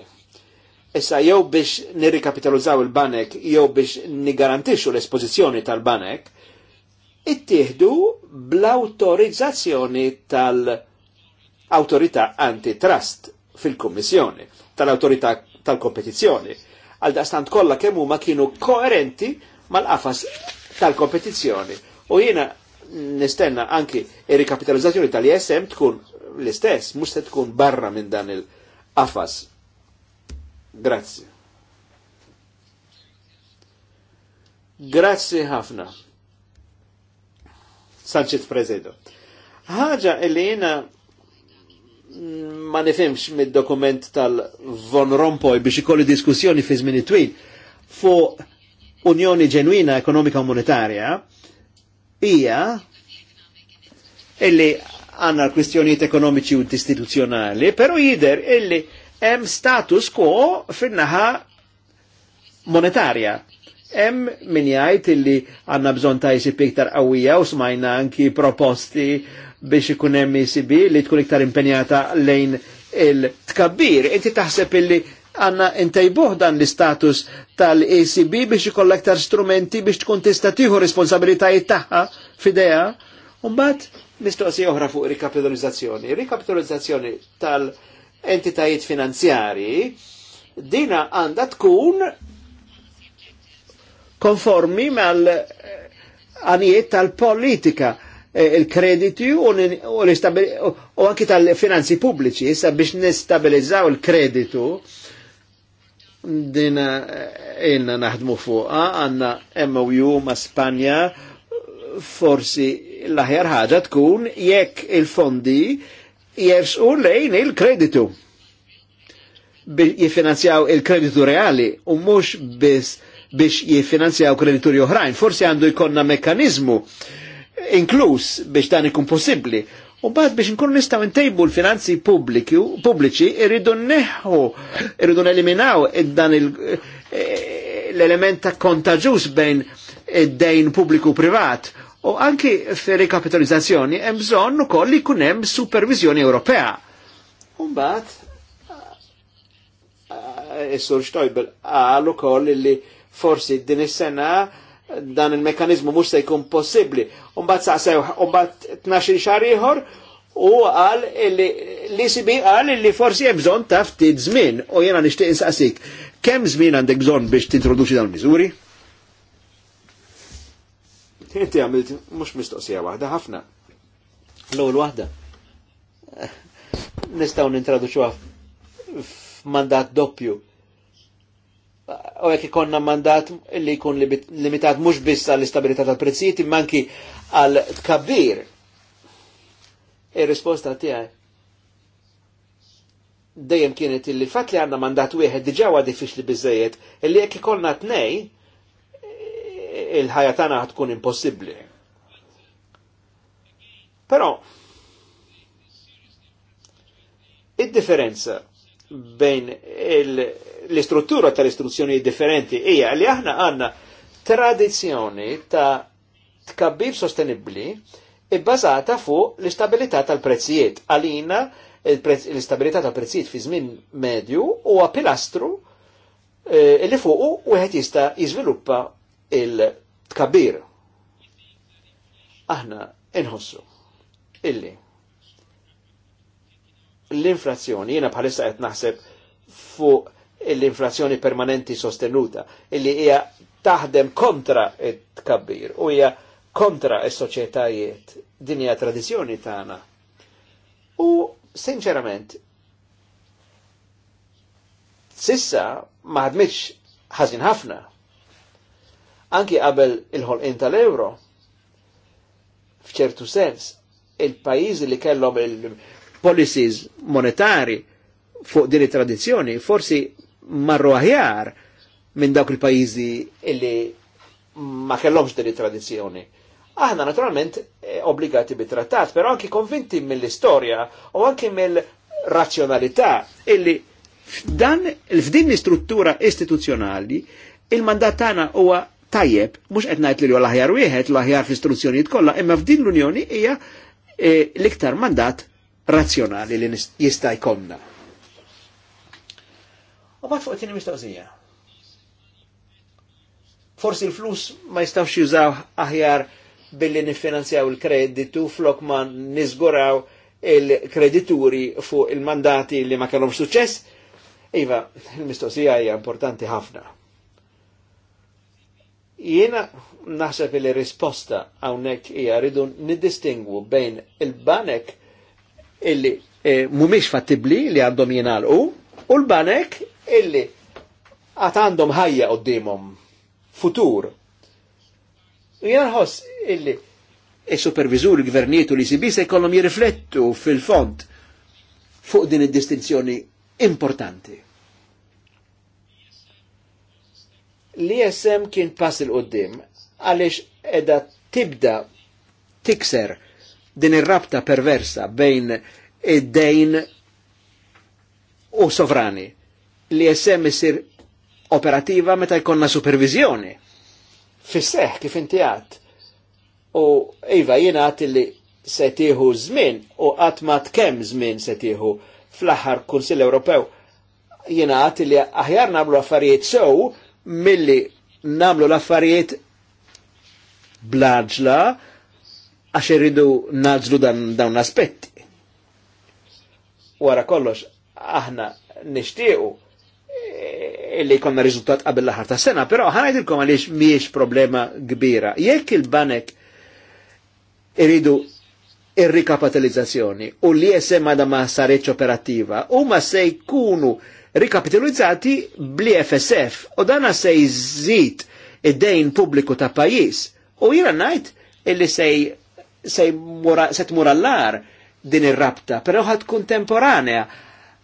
Speaker 2: Issa jew biex nirrikapitalizzaw il-banek jew biex nigarantixxu l-espożizzjoni tal-banek, ittieħdu bl-autorizzazzjoni tal-autorità antitrust fil-Kummissjoni, tal-autorità tal-kompetizzjoni. Għal daqstant kollha kemm huma kienu koerenti mal-qafas tal-kompetizzjoni. U jiena nistenna anki ir-rikapitalizzazzjoni tal-ISM tkun l-istess, mhux se tkun barra minn dan il-qafas Grazzi. Grazzi ħafna. Sanchez Prezedo. ħaġa li jena ma nifimx mid-dokument tal-Von Rompuy biex ikolli diskussjoni fi żmien twil fu Unjoni Ġenwina Ekonomika u Monetarja hija illi għanna l-kwistjonijiet ekonomiċi u istituzzjonali, pero jider illi hemm status quo fin-naħa monetarja. Hemm min jgħid illi għandna bżonn ta' ICP iktar qawwija u smajna anki proposti biex ikun hemm ICB li tkun iktar impenjata lejn il-tkabbir. Inti taħseb illi għanna intajbuħ dan l-istatus tal-ACB biex ikolla iktar strumenti biex tkun tista' tieħu responsabilitajiet tagħha f'idea. Mbagħad mistoqsija oħra fuq rikapitalizzazzjoni. Rikapitalizzazzjoni tal- entitajiet finanzjari, dina għanda tkun konformi mal eh, għanijiet tal-politika eh, il-krediti u anki tal-finanzi pubbliċi, issa biex nistabilizzaw il-kreditu, dina jenna eh, naħdmu fuqa, għanna MOU ma' Spanja, forsi l-ħajar ħaġa tkun jekk il-fondi jefsqu lejn il-kreditu biex jifinanzjaw il-kreditu reali u mux biex jifinanzjaw kredituri oħrajn. Forsi għandu jkonna mekkanizmu inkluż biex dan ikun possibbli. U bad biex nkun nistaw intejbu l-finanzi pubbliċi irridu neħu, irridu neliminaw dan eh, l-element ta' kontaġus bejn id-dejn pubbliku privat U anki f-rekapitalizzazzjoni hemm bżonn ukoll li jkun hemm supervizjoni Ewropea. Umbagħad Is-Sur eh, eh, Stoibel qal ukoll li forsi din is-sena dan il-mekkanizmu mhux se jkun possibbli. Umbagħad saqsew umbagħad tnaxin xahar ieħor u qal l-ICB qal li forsi hemm bżonn ta' ftit żmien u jiena nixtieq insaqsik. Kemm żmien għandek bżonn biex tintroduċi dawn miżuri? Inti għamilt mhux mistoqsija waħda ħafna. l wahda. waħda. Nistgħu nintraduċuha f'mandat doppju. U jekk ikonna mandat li jkun limitat mhux biss għall-istabilità tal-prezzijiet manki għal tkabbir. Ir-risposta tiegħek. dejjem kienet illi fatt li għandna mandat wieħed diġà diffiċli biżejjed, illi jekk ikollna t-nej, il-ħajja tagħna tkun impossibbli. Però id-differenza bejn l-istruttura tal-istruzzjoni differenti hija li aħna għandna tradizzjoni ta' tkabbib sostenibbli ibbażata e fuq l-istabilità tal-prezzijiet. Għalina l-istabilità tal-prezzijiet fi żmien medju huwa pilastru eh, li fuq wieħed jista' jiżviluppa il-tkabir. Aħna inħossu illi l-inflazzjoni, jiena bħalissa qed naħseb fuq l-inflazzjoni permanenti sostenuta, illi hija taħdem kontra it-tkabbir u hija kontra is soċjetajiet din hija tradizzjoni tagħna. U sinċerament sissa ma ħadmitx ħażin ħafna anki qabel il-ħolqin tal-euro. F'ċertu sens, il-pajjiżi li kellhom il-policies monetari fuq din it-tradizzjoni forsi marru aħjar minn dawk il pajizi illi ma kellhomx din it-tradizzjoni. Aħna naturalment eh, obbligati bit-trattat, però anki konvinti mill-istorja u anki mill-razzjonalità illi f'dan f'din l-istruttura istituzzjonali il-mandat tagħna huwa tajjeb, mhux qed ngħid li l-aħjar wieħed, l-aħjar fl istruzzjoni kollha, imma f'din l-Unjoni hija e, l-iktar mandat razzjonali li jista' jkollna. U mbagħad fuq it-tieni mistoqsija. Forsi l-flus ma jistawx jużaw aħjar billi nifinanzjaw il-kreditu flok ma nizguraw il-kredituri fuq il-mandati li ma kellhomx suċċess. Iva, il-mistoqsija hija importanti ħafna. Jiena naħseb li risposta għawnek hija rridu nidistingwu bejn il-banek illi e, mhumiex fattibli li għandhom jingħalqu u l-banek illi għat għandhom ħajja qudiemhom futur. Jiena nħoss illi il-supervizur, il gvernietu li si se jkollhom jirriflettu fil-font fuq din id-distinzjoni importanti. l jessem kien pass il-qoddim għaliex edha tibda tikser din ir-rabta perversa bejn id-dejn u sovrani. l jessem isir operativa meta jkonna supervizjoni. Fisseħ kif inti għat. U iva jiena għat li setiħu żmien u qatt ma kemm żmien setiħu fl-aħħar Kunsill Ewropew Jina għat li aħjar nablu affarijiet sew so, milli namlu l-affarijiet blaġla għax irridu naġlu dan dawn l-aspetti. Wara kollox, aħna nishtiqu eh, illi konna riżultat qabel l-ħar ta' sena, però ħanajdilkom għaliex miex problema kbira. Jekk il-banek iridu ir-rikapitalizzazzjoni u li jesem ma sareċ operattiva, u ma se jkunu rikapitalizzati bli FSF u dana se jżid id-dejn pubbliku ta' pajis. U jira najt illi sej sej mura, set murallar din ir-rabta, pero ħad temporanea,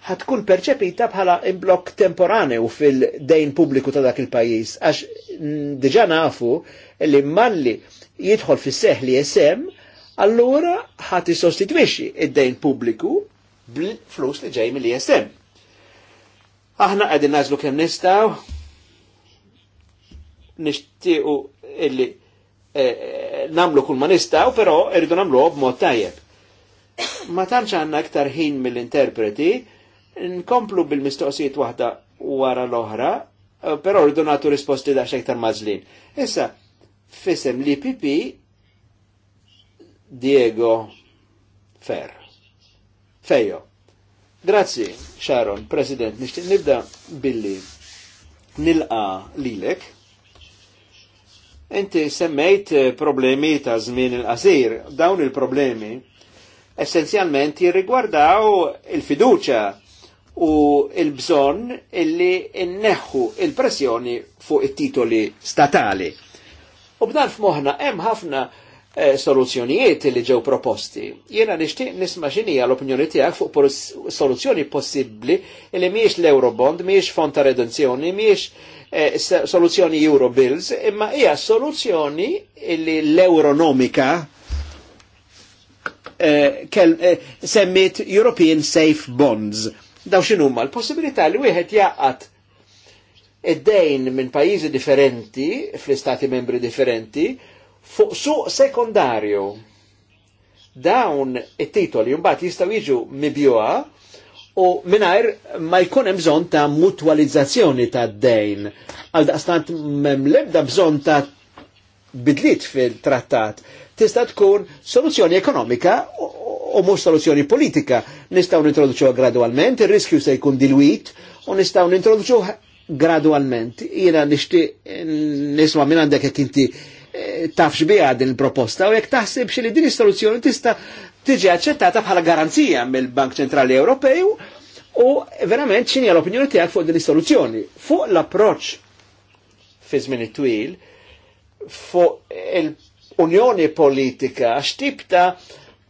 Speaker 2: ħad tkun perċepita bħala imblok temporaneu fil-dejn pubbliku ta' dak il-pajis, għax mm, diġa nafu illi malli jidħol fis seħ li jesem, allura ħat jisostitwixi id-dejn pubbliku bil-flus li ġej mill-ISM. Aħna għedin nazlu kem nistaw, nishtiqu illi eh, eh, namlu kull ma nistaw, pero irridu namlu b'mod tajjeb. Ma tantx għandna aktar ħin mill-interpreti, nkomplu bil-mistoqsijiet waħda wara l-oħra, eh, pero rridu nagħtu risposti da aktar mażlin. Issa, fissem li pipi Diego Fer. Fejo. Grazzi, Sharon, President, nishtiq nibda billi nilqa lilek. Inti semmejt eh, problemi ta' żmien il-qasir, dawn il-problemi essenzjalment jirrigwardaw il-fiduċa u il-bżon illi inneħħu il-pressjoni fuq it-titoli statali. U b'dan f'moħna hemm ħafna Eh, soluzzjonijiet li ġew proposti. Jiena nixtieq nisma' x'inhija l-opinjoni tiegħek fuq soluzzjoni possibbli li mhijiex l-Eurobond, mhijiex fond ta' redenzjoni, mhijiex eh, soluzzjoni Eurobills, imma hija soluzzjoni li l-euronomika eh, semmit European Safe Bonds. Daw x'inhuma l-possibilità li wieħed jaqat id-dejn minn pajjiżi differenti, fl-istati membri differenti, fuq suq sekondarju. Dawn it-titoli mbagħad jistgħu jiġu mibjuha u mingħajr ma jkun hemm bżonn ta' mutwalizzazzjoni ta' dejn. Għal daqstant m'hemm l-ebda bżonn ta' bidliet fil-trattat. Tista' tkun soluzzjoni ekonomika u mhux soluzzjoni politika. Nistgħu nintroduċuha gradwalment, ir-riskju se jkun dilwit u nistgħu nintroduċuha gradwalment. Jiena nixtieq nisma' minn għandek jekk inti tafx biha din il-proposta u jekk taħsibx li din is-soluzzjoni tista' tiġi aċċettata bħala garanzija mill-Bank Ċentrali Ewropew u verament x'inhi l-opinjoni tiegħek fuq din is-soluzzjoni. Fuq l-approċċ fi żmien twil fuq il-unjoni politika x'tib ta'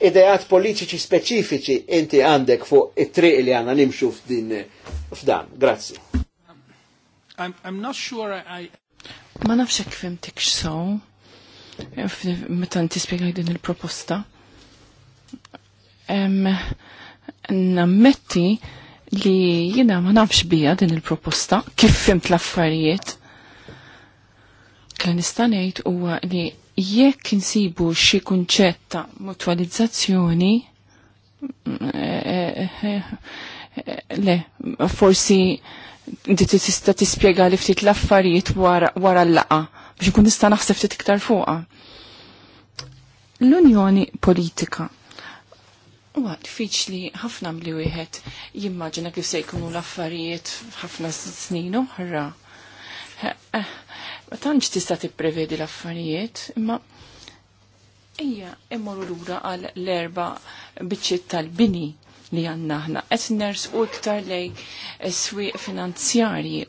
Speaker 2: ideat politiċi speċifiċi inti għandek fuq it-triq li għanna nimxu f'din f'dan. Grazzi.
Speaker 3: I'm, I'm not sure I...
Speaker 2: Ma nafxek
Speaker 1: fimtik x'sow meta tispjegaj din il-proposta. Nammetti li jina ma nafx bija din il-proposta, kif fimt l-affarijiet. Klanista ngħid huwa li jekk insibu xi kunċett ta' mutualizzazzjoni, eh, eh, eh, le, forsi tista tispjega li ftit l-affarijiet wara l-laqa biex ikun nista' naħseb ftit iktar fuqha. L-Unjoni Politika Huwa diffiċli ħafna mli wieħed jimmaġina kif se jkunu l-affarijiet ħafna snin oħra. Ma tantx tista' tipprevedi l-affarijiet, imma ejja immorru lura għal l-erba biċċiet tal-bini li għanna ħna. Qed nersqu iktar lej swieq finanzjarji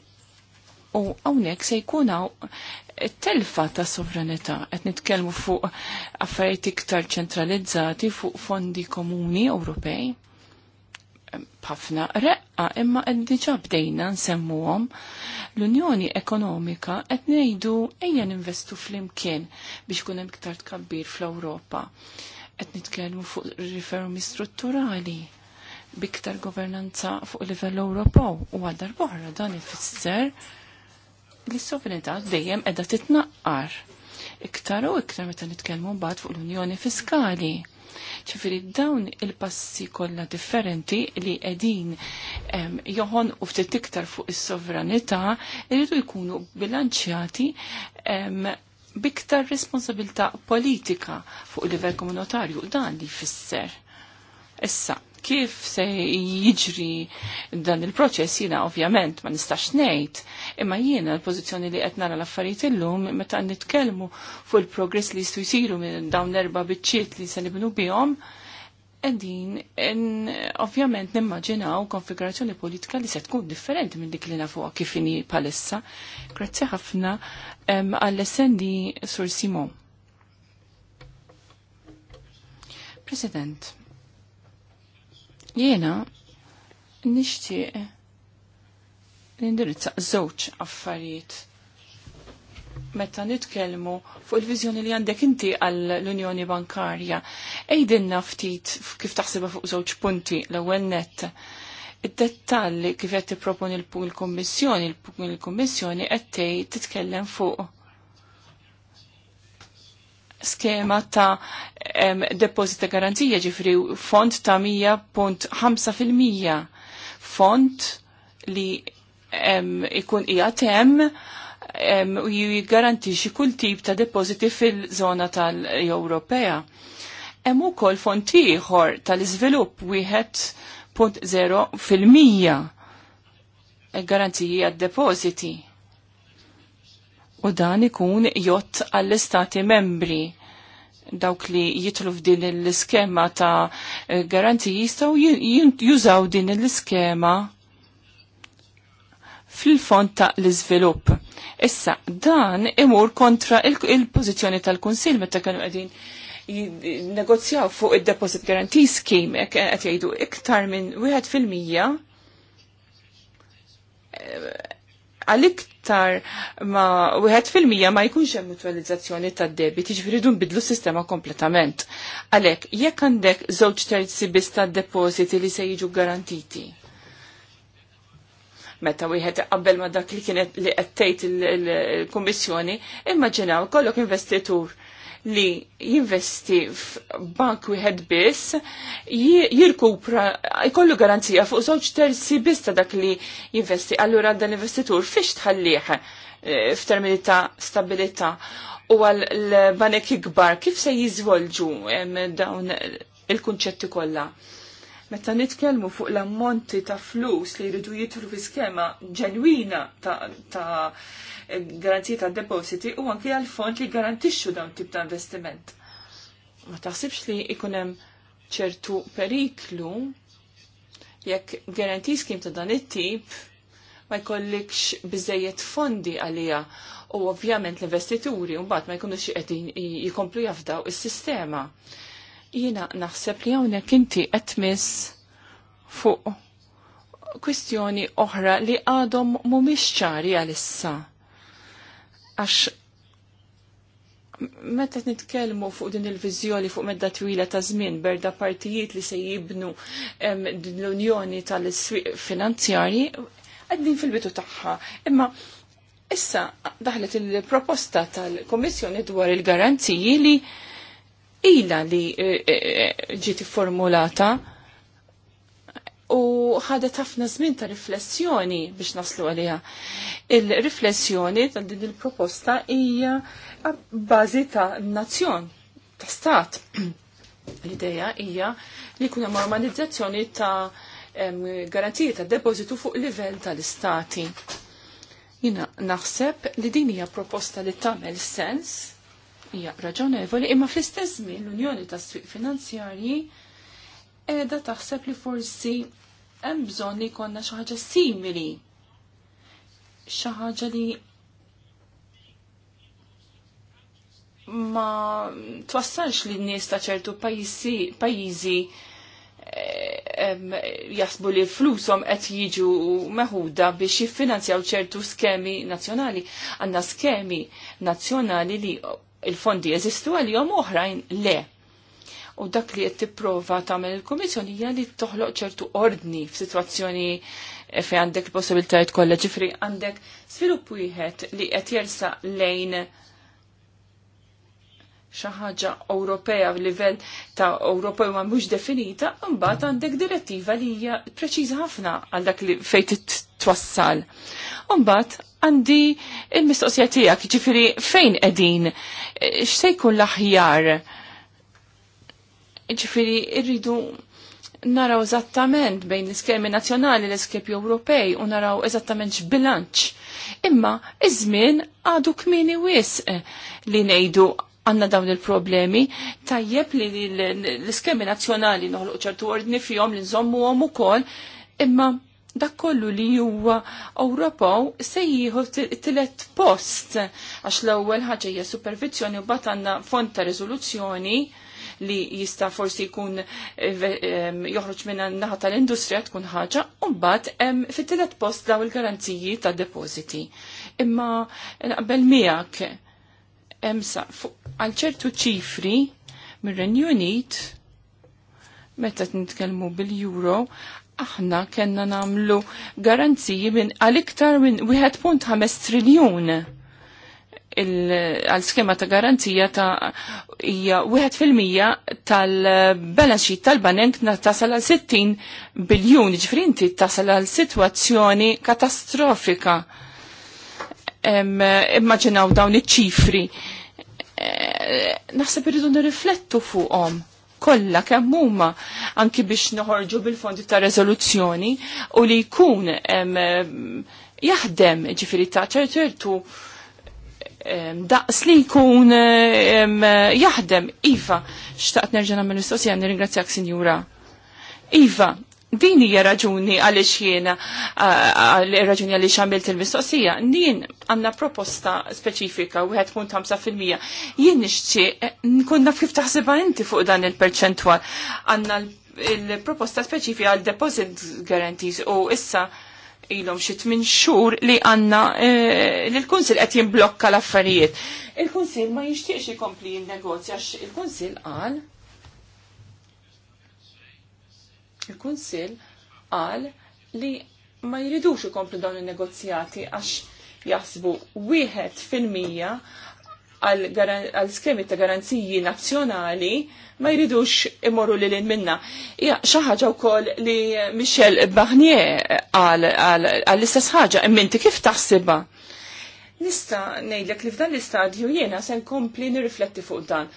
Speaker 1: u hawnhekk se jkun it-telfa ta' sovranità qed nitkellmu fuq affarijiet iktar ċentralizzati fuq fondi komuni Ewropej ħafna reqqa imma qed diġà bdejna nsemmuhom l-Unjoni Ekonomika qed ngħidu ejja ninvestu flimkien biex kun hemm iktar tkabbir fl-Ewropa. Qed nitkellmu fuq riformi strutturali biktar governanza fuq livell Ewropew u għal darb'oħra dan ifisser li sovranità dejjem qiegħda titnaqqar. Iktar u iktar meta nitkellmu mbagħad fuq l-Unjoni Fiskali. Ċifiri dawn il-passi kollha differenti li qegħdin joħon u ftit iktar fuq is-sovranità jridu jkunu bilanċjati biktar responsabilità politika fuq livell komunitarju dan li jfisser. Issa, Kif se jiġri dan il-proċess jina ovvjament ma nistax ngħid, imma jiena l-pożizzjoni li qed nara l-affarijiet illum meta nitkellmu fuq il-progress li jistgħu jsiru minn dawn erba' biċċiet li se nibnu bihom, qegħdin ovvjament nimmaġinaw konfigurazzjoni politika li se tkun differenti minn dik li nafuha kif inhi bħalissa. Grazzi ħafna għall-essendi Sur Simon. President, Jena nixtieq nindirizza żewġ affarijiet meta nitkellmu fuq il-viżjoni li għandek inti għall-Unjoni Bankarja, ejdinna ftit kif taħsibha fuq żewġ punti l-ewwel nett. Id-dettalli kif qed tipproponi l-Kummissjoni, il-Kummissjoni qed titkellem fuq skema ta' um, depozita garanzija ġifri font ta' 100.5% font li um, ikun ijat hemm u jgarantixi kull tip ta' depositi fil-zona tal-Ewropea. Hemm ukoll fonti ieħor tal-iżvilupp wieħed 0.0% e garanziji għad-depositi u dan ikun jott għall-istati membri dawk li jitlu f'din l-iskema ta' eh, garanziji jistaw jużaw din l-iskema fil-fond ta' l izvilup Issa, dan imur kontra il-pozizjoni il pozizjoni tal kunsil meta kienu qegħdin negozjaw fuq id-deposit guarantee scheme qed jgħidu iktar minn wieħed fil-mija għal-iktar ma wieħed fil-mija ma jkunx hemm mutualizzazzjoni tad-debit, jiġifieri dun bidlu sistema kompletament. Għalhekk jekk għandek żewġ terzi biss tad-depożiti li se jiġu garantiti. Meta wieħed qabel ma dak li kienet li qed tgħid il-kummissjoni, immaġinaw kollok investitur li jinvesti f'bank wieħed biss jirkupra jkollu garanzija fuq żewġ terzi biss ta' dak li jinvesti. Allura dan investitur fiex tħallih eh, f'termini ta' stabilità u għal l-banek ikbar kif se jiżvolġu dawn il-kunċetti kollha. Meta nitkellmu fuq l-ammonti ta' flus li jridu jitru fi skema ġenwina ta', ta garanzija ta' depositi u anke għal fond li garantisċu dawn tip ta' investiment. Ma taħsibx li ikunem ċertu periklu jekk garantijs kim ta' dan it-tip ma jkollikx biżejjed fondi għalija u ovvjament l-investituri mbagħad ma jkunux qegħdin jikomplu jafdaw is-sistema. Jiena naħseb li hawnhekk inti qed tmiss fuq kwistjoni oħra li għadhom mhumiex ċari għalissa. issa għax meta nitkellmu fuq din il-vizjoni fuq medda twila ta' żmien berda partijiet li se jibnu l-Unjoni tal-Iswiq Finanzjarji għaddin fil-bitu tagħha. Imma issa daħlet il-proposta tal-Komissjoni dwar il-garanziji li ila li eh, eh, eh, ġiet formulata u ħadet ħafna żmien ta' riflessjoni biex naslu għaliha. Il-riflessjoni ta' din il-proposta hija bażi ta' nazzjon, ta' stat. L-ideja hija li kuna normalizzazzjoni ta' garanzija ta' depozitu fuq livell tal-istati. Jina naħseb li din hija proposta li tagħmel sens, hija raġonevoli, imma fl-istess żmien l-Unjoni tas-Swieq Finanzjarji qiegħda taħseb li forsi hemm bżonn li jkollna xi ħaġa simili. Xi ħaġa li ma twassalx li n-nies ta' ċertu pajjiżi eh, jasbu li flusom qed jiġu meħuda biex jiffinanzjaw ċertu skemi nazzjonali. Għandna skemi nazzjonali li il-fondi jeżistu għal-jom oħrajn le. U dak li qed tipprova tagħmel il-Kummissjoni hija li toħloq ċertu ordni f'sitwazzjoni eh, fejn għandek il-possibilitajiet kollha ġifri għandek svilupp wieħed li qed jersa' lejn xi ħaġa Ewropea livell ta' Ewropew ma mhux definita, imbagħad għandek direttiva li hija preċiża ħafna għal dak li fejn twassal. mbagħad għandi il-mistoqsija tiegħek, ġifieri fejn qegħdin, eh, x'se jkun l-aħjar? Ġifiri, irridu naraw eżattament bejn l-iskemi nazzjonali l-iskemi Ewropej u naraw eżattament x'bilanċ. Imma iż-żmien għadu kmini wisq eh, li ngħidu għanna dawn il-problemi, tajjeb li l-iskemi nazzjonali noħloq ċertu ordni fihom li nżommu għom ukoll, imma dak kollu li huwa Ewropew se jieħu tlet post għax l-ewwel ħaġa hija supervizjoni u bagħad għandna fond ta' riżoluzzjoni li jista' forsi jkun eh, joħroġ minn naħa tal-industrija tkun ħaġa, unbat fit-tielet post daw il-garanziji ta' depositi. Imma qabel miegħek emsa għal ċertu ċifri mir-Renju Unit meta nitkellmu bil-euro aħna kellna nagħmlu garanziji minn għal iktar minn 1.5 triljun għal skema ta' garanzija ta' hija wieħed fil-mija tal-balance tal-banek tasal għal 60 biljun, ġifrinti inti tasal għal sitwazzjoni katastrofika. Immaġinaw dawn iċ-ċifri. E, naħseb irridu nirriflettu fuqhom kollha kemm huma anki biex noħorġu bil-fondi ta' rezoluzzjoni u li jkun jaħdem ġifiri ta' ċertu daqs li jkun jaħdem. Iva, xtaqt nerġa' nagħmel mistoqsija nirringrazzjak Sinjura. Iva, din hija raġuni għaliex jiena raġuni għaliex għamilt il-mistoqsija. Nien għandna proposta speċifika wieħed punt 5%. fil-mija. Jien nixtieq nkun naf kif taħsibha inti fuq dan il-perċentwal. Għandna l-proposta speċifika għal deposit guarantees u issa ilom xit minn xur li għanna eh, li l-Kunsil għet jimblokka l-affarijiet. Il-Kunsil ma jixtieqx il-negozja għax il-Kunsil għal. il-Kunsil għal li ma jridux ikomplu dawn il negozjati għax jasbu wieħed fil-mija għal skemi ta' garanziji nazzjonali ma jridux imorru li l-in minna. Ja, xaħġa u koll li Michel Barnier għal-istess ħaġa, imminti kif taħsiba? Nista nejlek li f'dan l-istadju jena sen kompli nirrifletti fuq dan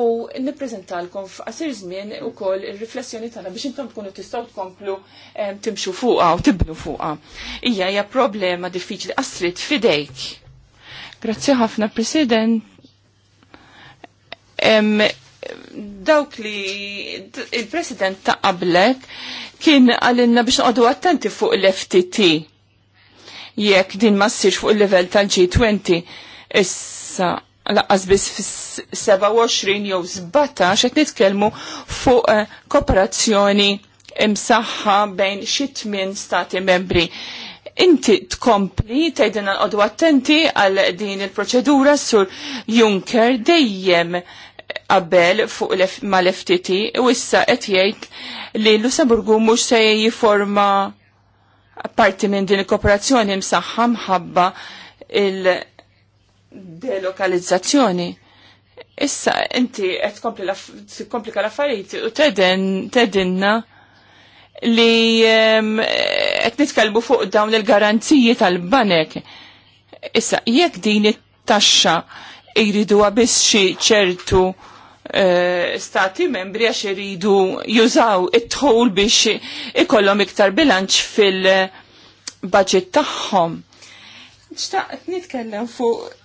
Speaker 1: u nipprezentalkom f'qasir żmien ukoll ir-riflessjoni tagħna biex intom tkunu tistgħu tkomplu ehm, timxu fuqha u tibnu fuqha. Hija hija problema diffiċli qasrit fidejk. Grazzi ħafna President dawk li il-president ta' qablek kien għalinna biex għadu attenti fuq l-FTT jekk din ma ssirx fuq il-level tal-G20 issa laqqas biss fis-27 jew 17 qed nitkellmu fuq eh, kooperazzjoni imsaħħa bejn xi tmien stati membri. Inti tkompli tgħidilna nqodu attenti għal din il-proċedura sur Juncker dejjem qabel fuq mal-FTT u issa qed jgħid li Lussemburgu mhux se jiforma parti minn din il-kooperazzjoni msaħħa mħabba il-delokalizzazzjoni. Issa inti qed tkomplika l-affarijiet u tedinna li qed nitkellmu fuq dawn il-garanziji tal-banek. Issa jekk din it-taxxa jiridu għabis xie ċertu eh, stati membri għax iridu jużaw it-tħol biex ikollhom iktar bilanċ fil-budget tagħhom. Xtaqt nitkellem fuq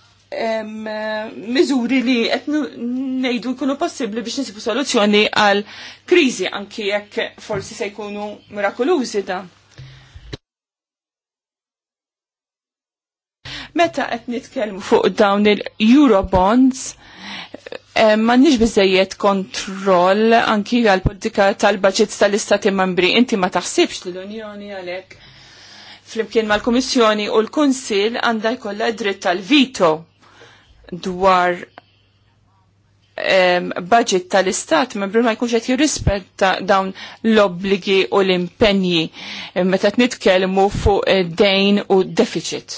Speaker 1: miżuri li qed ngħidu jkunu possibbli biex nisibu soluzzjoni għal kriżi anki jekk forsi se jkunu mirakolużi dan. Meta qed nitkellmu fuq dawn il-Eurobonds, eh, ma nix bizzejiet kontroll anki għal-politika tal-budget tal-istati membri. Inti ma taħsibx l-Unjoni għalek flimkien mal-Komissjoni u l-Kunsil għandha jkollha dritt tal-vito dwar eh, budget tal-istat membri ma jkunx qed jirrispetta dawn l-obbligi u l-impenji eh, meta nitkellmu fuq dejn u deficit.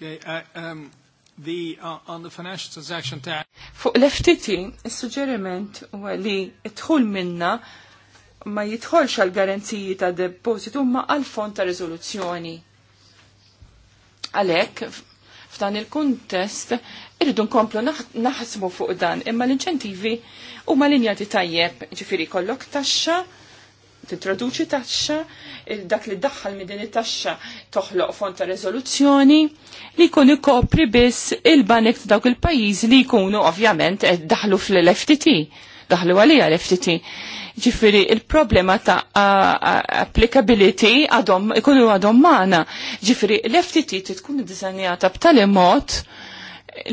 Speaker 2: Okay, uh, um, the, uh, on the financial transaction tax.
Speaker 1: Fuq l-FTT, il-suġġeriment huwa li idħul minna ma jidħolx għal garanziji ta' depositu ma għal fond ta' riżoluzzjoni. Għalek, f'dan il-kuntest, irridu nkomplu naħsmu fuq dan, imma l-inċentivi u ma linjati tajjeb, ġifiri kollok taxxa, titraduċi taxxa, dak li daħħal minn din it-taxxa toħloq fond ta' rezoluzzjoni li jkun ikopri biss il-banek ta' dawk il-pajjiżi li jkunu ovvjament daħlu fl-FTT, daħlu għalija l-FTT. Ġifiri, il-problema ta' applicability għadhom ikunu għadhom maħna. Ġifiri, l-FTT tkun iddiżanjata b'tali mod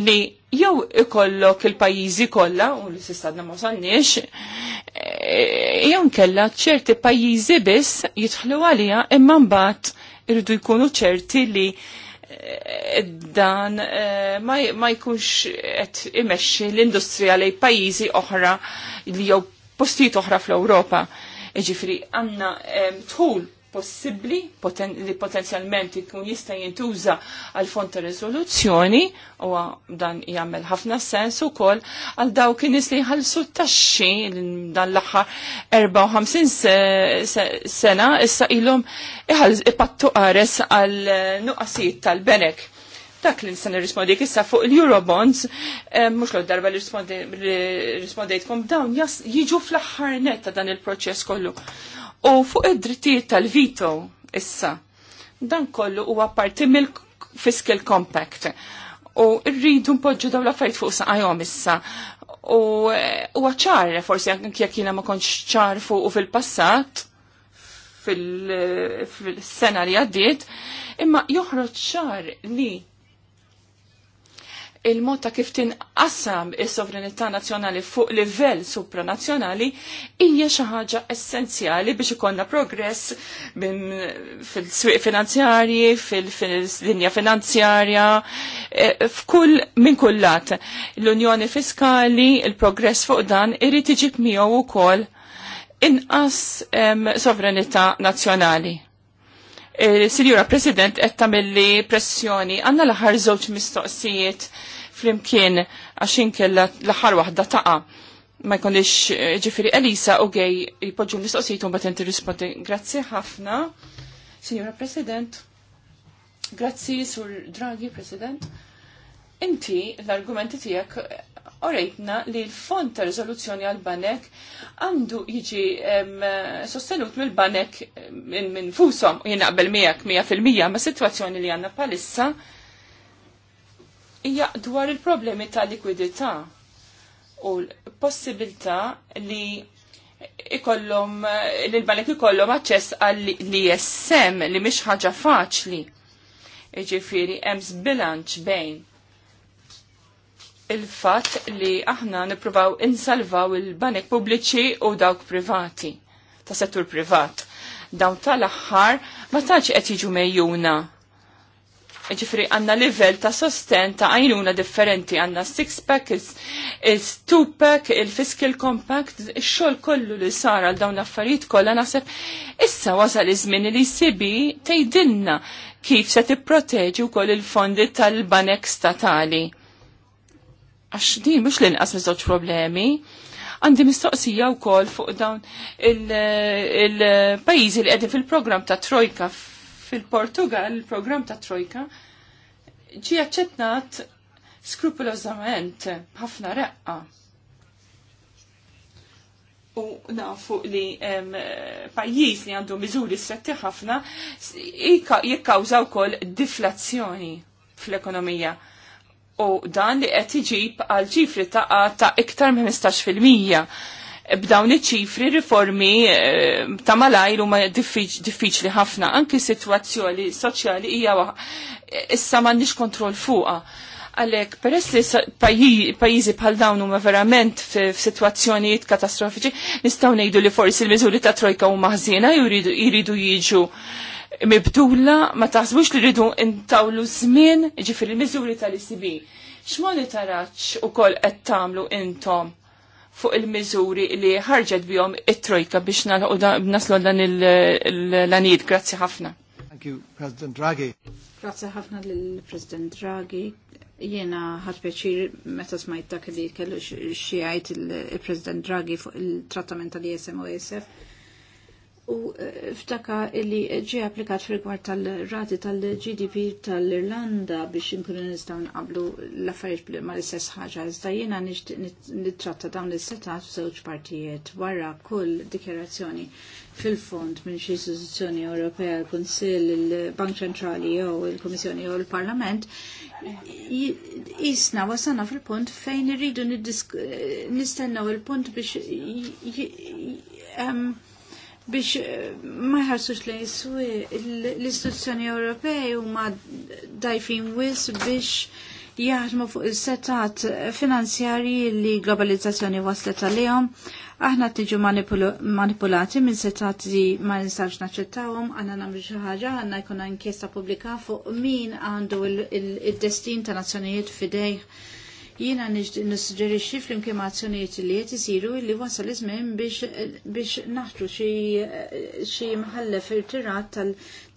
Speaker 1: li jew ikollok il-pajjiżi kollha u li sistadna ma wasalniex, eh, jew nkella ċerti pajjiżi biss jidħlu għalija imma mbagħad irridu jkunu ċerti li eh, dan eh, ma jkunx qed imexxi l-industrija lej pajjiżi oħra li jew postijiet oħra fl-Ewropa. Ġifri, għanna tħul possibbli poten li potenzjalment ikun jista' jintuża għal fond ta' riżoluzzjoni u dan jagħmel ħafna sens ukoll għal dawk in-nies li jħallsu taxxi dan l-aħħar 54 sena issa ilhom ipattu qares għal nuqqasijiet tal-benek dak li nista nirrispondi issa fuq il-Eurobonds, eh, mux l darba li rispondejtkom dawn, jiġu fl aħħar net ta' dan il-proċess kollu u fuq id-drittijiet tal-vito issa. Dan kollu huwa parti mill-Fiscal Compact. U rridu npoġġu dawn l-affarijiet fuq saqajhom issa. U eh, huwa ċar forsi jekk jiena ma kontx ċar fuq fil-passat eh, fil-sena li għaddiet, imma joħroġ ċar li il-mod ta' kif tinqassam is-sovranità nazzjonali fuq livell supranazzjonali hija xi ħaġa essenzjali biex ikollna progress fil-swieq finanzjarji, fil-linja finanzjarja, eh, f'kull minn kullat. L-Unjoni Fiskali, il-progress fuq dan irid iġib miegħu wkoll inqas sovranità nazzjonali. Eh, Sinjura President, qed tagħmilli pressjoni għandna l-aħħar żewġ mistoqsijiet flimkien għax kella l-aħħar waħda taqa' ma jkunix eh, ġifiri Elisa u għej jipoġġu l-istoqsijiet bat inti rispondi. Grazzi ħafna, Signora President. Grazzi sur Draghi President. Inti l-argumenti tiegħek orejtna li l-fond ta' riżoluzzjoni għal banek għandu jiġi sostenut mill-banek minn fusom jinaqbel miegħek 100% ma' sitwazzjoni li għandna palissa hija dwar il-problemi ta' likwidità u l-possibilità li ikollhom li l-banek ikollhom aċċess għall-ISM li mhix ħaġa faċli. Jiġifieri hemm bilanċ bejn il-fatt li aħna nippruvaw insalvaw il-banek pubbliċi u dawk privati ta' settur privat. Dawn tal-aħħar ma tantx qed jiġu mejjuna ġifri għanna livell ta' sosten ta' għajnuna differenti għanna six-pack, il-two-pack, il-fiscal compact, il-xol kollu li sar għal dawn affarijiet kollha naħseb issa wasal iż-żmien li sibi tgħidilna kif se tipproteġi wkoll il-fondi tal-banek statali. Għax din mhux l-inqas miżewġ problemi, għandi mistoqsija wkoll fuq dawn il-pajjiżi li qegħdin fil-programm ta' Trojka fil-Portugal il-programm ta' Trojka ġi għacċetnat skrupulozament b'ħafna reqqa. U nafu li pajjiż li għandu miżuri stretti ħafna jikkawżaw kol deflazzjoni fl-ekonomija. U dan li qed iġib għal ċifri ta' ta' iktar minn 15 fil-mija b'dawn iċ-ċifri riformi eh, ta' malajr huma diffiċli ħafna, anki sitwazzjoni soċjali hija issa m'għandix kontroll fuqha. Għalek, peress li pajizi bħal dawn huma verament f'sitwazzjonijiet katastrofiċi, nistgħu ngħidu li forsi l-miżuri ta' trojka huma ħżiena jridu jiġu mibdula ma taħsbux li rridu intawlu żmien jiġifieri l miżuri tal-ICB. X'monitoraġġ ukoll qed tagħmlu intom? fuq il-miżuri li ħarġet bihom it-trojka biex naslu dan l-anid. Grazzi ħafna.
Speaker 2: Thank you, President Draghi.
Speaker 3: Grazzi ħafna l-President Draghi. Jena ħadpeċir meta smajt dak li kellu xie il-President Draghi fuq il-trattament tal-ISM u u eh, ftaka illi ġie applikat fil-gwar tal-rati tal-GDP tal-Irlanda biex inkunu nistgħu nqablu l-affarijiet ma l-istess ħaġa. Iżda jiena nittratta dawn l-istatat f'żewġ partijiet wara kull dikjerazzjoni fil-fond minn xi istituzzjoni Ewropea, il-Kunsill, il-Bank Ċentrali jew il-Kummissjoni jew il-Parlament, isna wasanna fil-punt fejn irridu nistennew il-punt biex biex eh, ma jħarsux lejn iswi l-istituzzjoni Ewropej huma dajfin wis biex jaħdmu fuq il-setat finanzjarji li globalizzazzjoni waslet għalihom. Aħna tiġu manipulati minn setat li ma nistax naċċettawhom, għandna nagħmlu xi ħaġa, għandna jkun inkjesta pubblika fuq min għandu il-destin ta' nazzjonijiet fidejh Jiena nissuġġerixxi flimkien ma' azzjoniet li qed isiru li wasal iż-żmien biex naħtru xi mħallef tirat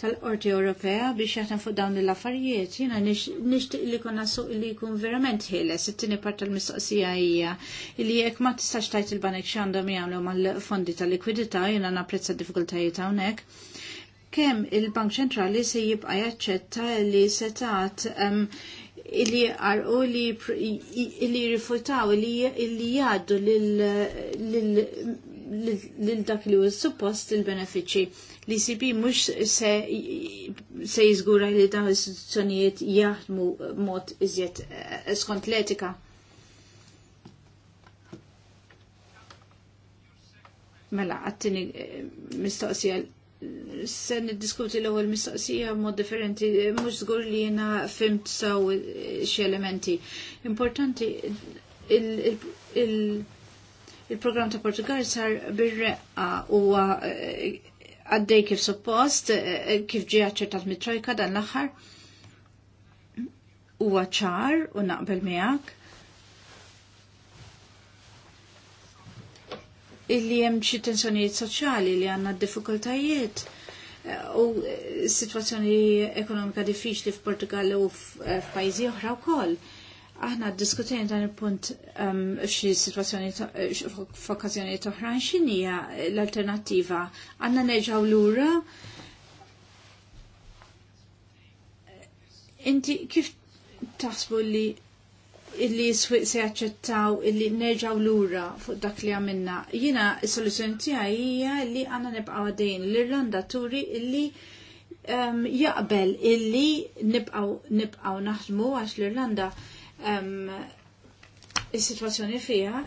Speaker 3: tal-Qorti Ewropea biex jaħdem fuq dawn l-affarijiet. Jiena nixtieq li jkun li jkun verament ħieles. It-tieni part tal-mistoqsija hija li jekk ma tistax tajt il-banek x'għandhom jagħmlu mal-fondi tal-likwidità, jiena napprezza diffikultajiet hawnhekk kemm il-Bank Ċentrali se jibqa' jaċċetta li setat ehm, illi għarqu li illi rifutaw illi jgħaddu lil dak li suppost il benefiċċji li sibi mhux se, se jizgura li dawn istituzzjonijiet jaħdmu mod iżjed eh, skont l-etika. Mela, għattini eh, mistoqsija se niddiskuti l-ewwel mistoqsija mod differenti, mhux żgur li jiena fimt saw xi elementi. Importanti il-programm ta' Portugal sar bir-reqqa huwa eh, għaddej kif suppost, eh, kif ġie aċċertat mit-trojka dan l-aħħar huwa ċar u naqbel miegħek illi hemm xi tensjonijiet soċjali li għandna diffikultajiet eh, u eh, situazzjoni ekonomika diffiċli f'Portugal u eh, f'pajjiżi oħra wkoll. Aħna diskutejna dan il-punt ehm, f'xi situazzjoni f'okkażjonijiet oħrajn x'inhija l-alternattiva. Għandna nerġgħu lura inti kif taħsbu li illi s-swiq se jaċċettaw illi nerġaw lura fuq dak li għamilna. Jina, il-soluzjoni tiegħi hija li għandna nibqa' għadejn l-Irlanda turi illi um, jaqbel illi nibqaw nibqaw naħdmu għax l-Irlanda um, is-sitwazzjoni fiha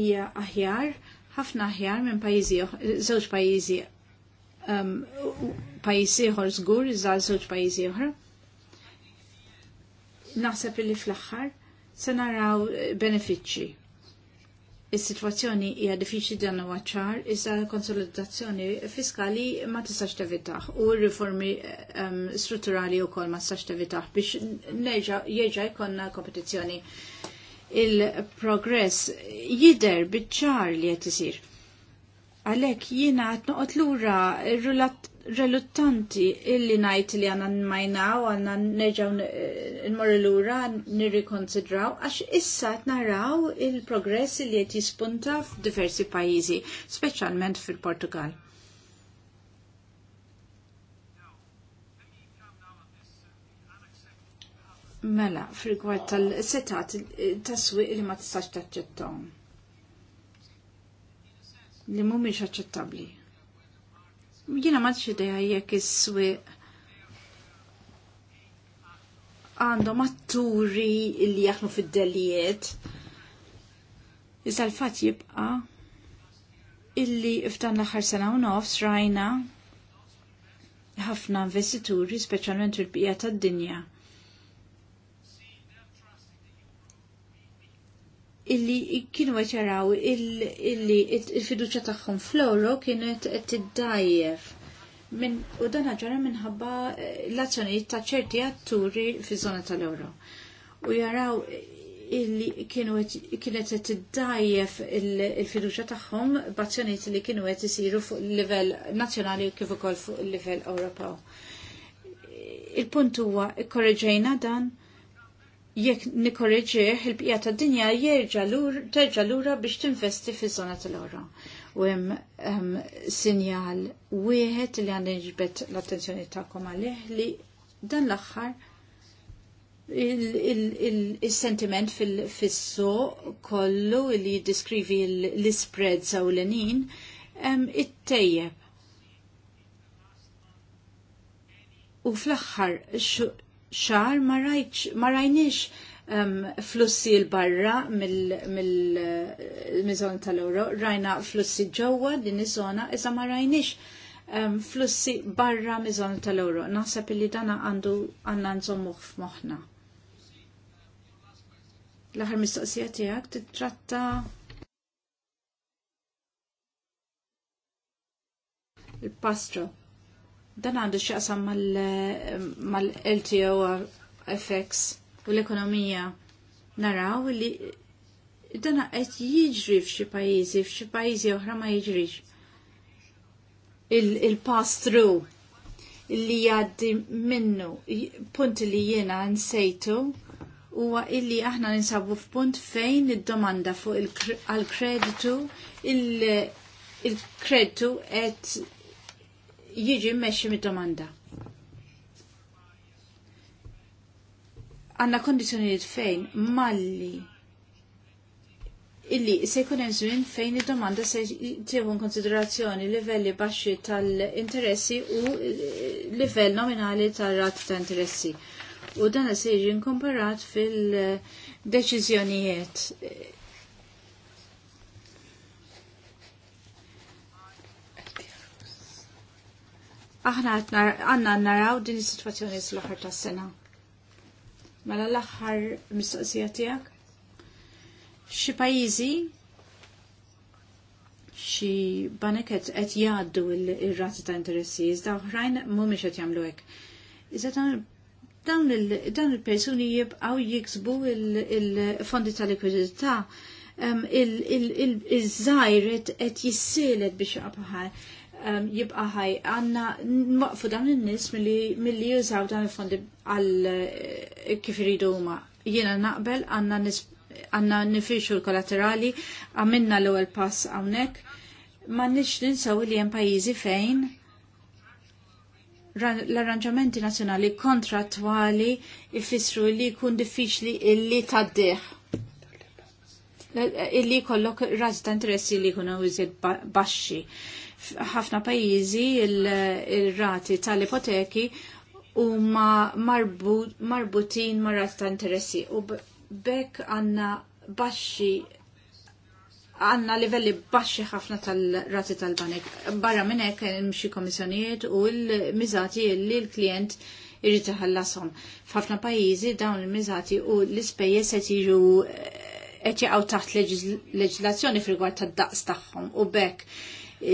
Speaker 3: hija aħjar, ħafna aħjar minn pajizi, żewġ pajjiżi um, pajjiżi ieħor żgur iżda żewġ pajjiżi oħra naħseb li fl-axħar se naraw eh, benefiċċji. Is-sitwazzjoni hija diffiċli dan huwa ċar, iżda konsolidazzjoni fiskali ma tistax tevitaħ u riformi um, eh, strutturali wkoll ma tistax tevitaħ biex jeġa' jkollna kompetizzjoni. Il-progress jider biċ-ċar li qed isir Għalhekk jiena qed noqgħod lura r rulat reluttanti illi najt li għanna n-majnaw, għanna n-neġaw n-morri l-ura, nirrikonsidraw, għax issa naraw il-progress li għet jispunta f'diversi pajizi, specialment fil-Portugal. Mela, fil-gwad tal-setat taswi li ma tistax taċċettom. Li mumiġ aċċettabli Jina maġi ideja jekk is-swieq għandhom atturi li jaħnu fid delijiet Iżda l-fat jibqa illi f'dan l-aħħar sena u nofs rajna ħafna investituri, speċjalment fil-bija tad-dinja illi kienu għetjaraw illi il-fiduċa tagħhom fl-oro kienet tiddajjef. u dan ġara minħabba eh, l-azzjonijiet ta' ċerti atturi fi zona tal euro U jaraw illi kienet qed tiddajjef il-fiduċja tagħhom b'azzjonijiet li kienu qed isiru fuq il-livell nazzjonali kif ukoll fuq il-livell Ewropew. Il-punt huwa ikkoreġejna dan jekk nikorreġieħ il-bqija tad-dinja terġa' lura biex tinvesti fiż-żona tal-ora. U hemm sinjal wieħed li għandi jiġbed l-attenzjoni tagħkom għalih li dan l-aħħar il-sentiment fil-fisso kollu li jiddiskrivi l ispread u l-nin it-tejjeb. U fl-axħar xar ma rajniex um, flussi l-barra mill-mizon mil, tal-Euro, rajna flussi ġewwa din iż-żona, iżda ma rajniex um, flussi barra mizon tal-Euro. Naħseb li dana għandu għanna nżommuh f'moħħna. L-aħħar mistoqsija tiegħek titratta il-pastro Dan għandu xieqsam mal-LTO FX u l-ekonomija naraw li dan qed jiġri f'xi pajjiżi, f'xi pajjiżi oħra ma jiġrix. Il-pass-through li jaddi minnu punt li jiena nsejtu huwa illi aħna ninsabu f'punt fejn id-domanda fuq il-kreditu il-kreditu qed jiġi meċi mid-domanda. Għanna kondizjoniet fejn malli illi se jkun hemm żmien fejn id-domanda se tieħu konsiderazzjoni livelli baxxi tal-interessi u livell nominali tar-rati ta' interessi. U dan se jiġi nkomparat fil-deċiżjonijiet aħna għanna naraw din is-sitwazzjoni l-aħħar tas-sena. Mela l-aħħar mistoqsija tiegħek. Xi pajjiżi xi banek qed jgħaddu ir-rati ta' interessi iżda oħrajn mhumiex qed jagħmlu hekk. Iżda dawn il-persuni jibqgħu jiksbu il-fondi ta' likwidità il-żajr qed jissielet biex qapaħar Um, jibqa ħaj għanna nwaqfu dawn in-nies milli jużaw dan il-fondi għal eh, kif iridu huma. Jiena naqbel għanna għanna nifixu l-kollaterali, għamilna l-ewwel pass hawnhekk, ma nix ninsaw li hemm pajjiżi fejn l-arranġamenti nazzjonali kontrattwali ifissru li jkun diffiċli illi taddeħ. Illi kollok razz ta' interessi li jkunu iżjed baxxi ħafna pajjiżi il-rati tal-ipoteki huma marbutin ma' ta' interessi u bekk għandna baxxi għanna livelli baxxi ħafna tal-rati tal-banek. Barra minn hekk hemm xi komissjonijiet u l-miżati li l-klient irid iħallasom. F'ħafna pajjiżi dawn il-miżati u l-ispejjeż se jiġu qed jaqgħu taħt leġislazzjoni f'rigward tad-daqs tagħhom u bekk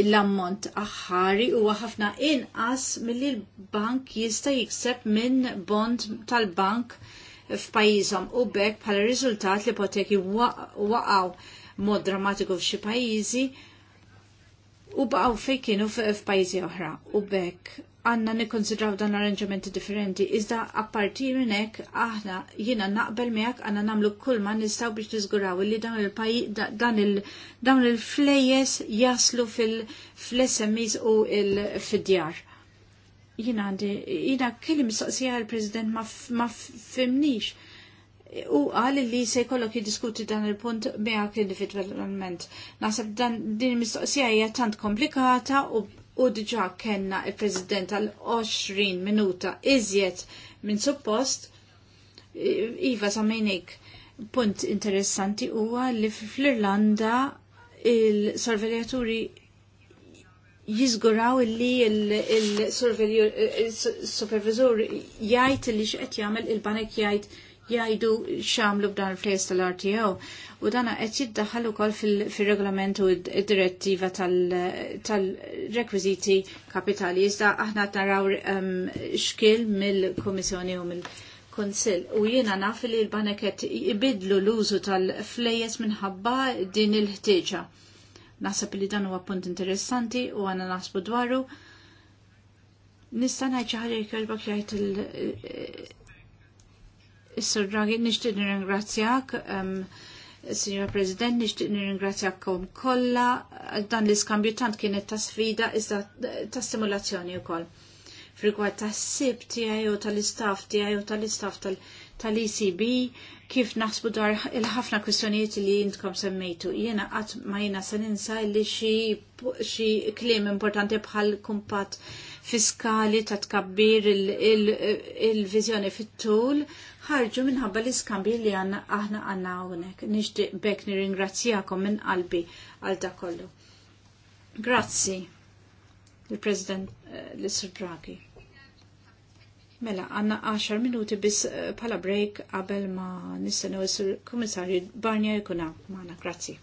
Speaker 3: l-ammont aħħari huwa ħafna inqas milli l-bank jista' jikseb minn bond tal-bank f'pajjiżhom u bekk bħala riżultat li ipoteki waqgħu mod drammatiku f'xi pajjiżi u baqgħu fejn kienu f'pajjiżi oħra u bekk għanna nikonsidraw dan arranġamenti differenti. Iżda apparti minn hekk aħna jiena naqbel miegħek għandna nagħmlu kull ma nistgħu biex nizguraw li dan il-pajjiż dan il dawn il-flejjes jaslu fil-SMEs u il fidjar Jiena għandi jina kelli mistoqsija għal president ma fimnix. U għalli li se jkollok jiddiskuti dan il-punt miegħek individwalment. Naħseb dan din mistoqsija hija tant komplikata u u diġa kenna il-President għal 20 minuta iżjed minn suppost, Iva samajnik punt interessanti huwa li fl-Irlanda il-sorveljaturi jizguraw li il-supervisor jgħid li x'qed jagħmel il-banek jgħid jajdu xamlu b'dan il-flejs tal-RTO u dana qed jiddaħħal ukoll fil-regolament u direttiva tal-rekwiżiti kapitali. Iżda aħna naraw ehm, xkil mill-Kummissjoni u mill-Kunsill. U jiena naf li l-banek qed ibidlu l-użu tal flejes minħabba din il-ħtieġa. Naħseb li dan huwa punt interessanti u għana naħsbu dwaru. Nista' ngħid xi ħaġa jkellbok jgħid Is-Sur Draghi, nixtieq nirringrazzjak. Um, Signor President, nixtieq kom kollha dan l-iskambju tant kienet ta' sfida iżda eh, ta' stimulazzjoni wkoll. Frigward ta' sib tiegħi u tal-istaff tiegħi u tal-istaff tal-ECB kif naħsbu dwar il-ħafna kwistjonijiet li jintkom semmejtu. Jiena qatt ma jena se ninsa li xi kliem importanti bħal kumpat fiskali ta' tkabbir il-viżjoni fit-tul ħarġu minħabba l iskambi li għanna aħna għanna għonek. Nishtiq bek nirringrazzjakom minn qalbi għal da kollu. Grazzi, il-President eh, l Draghi. Mela, għanna 10 minuti bis eh, pala break qabel ma nistenu s-Komissarju Barnia jkun għaw. Grazzi.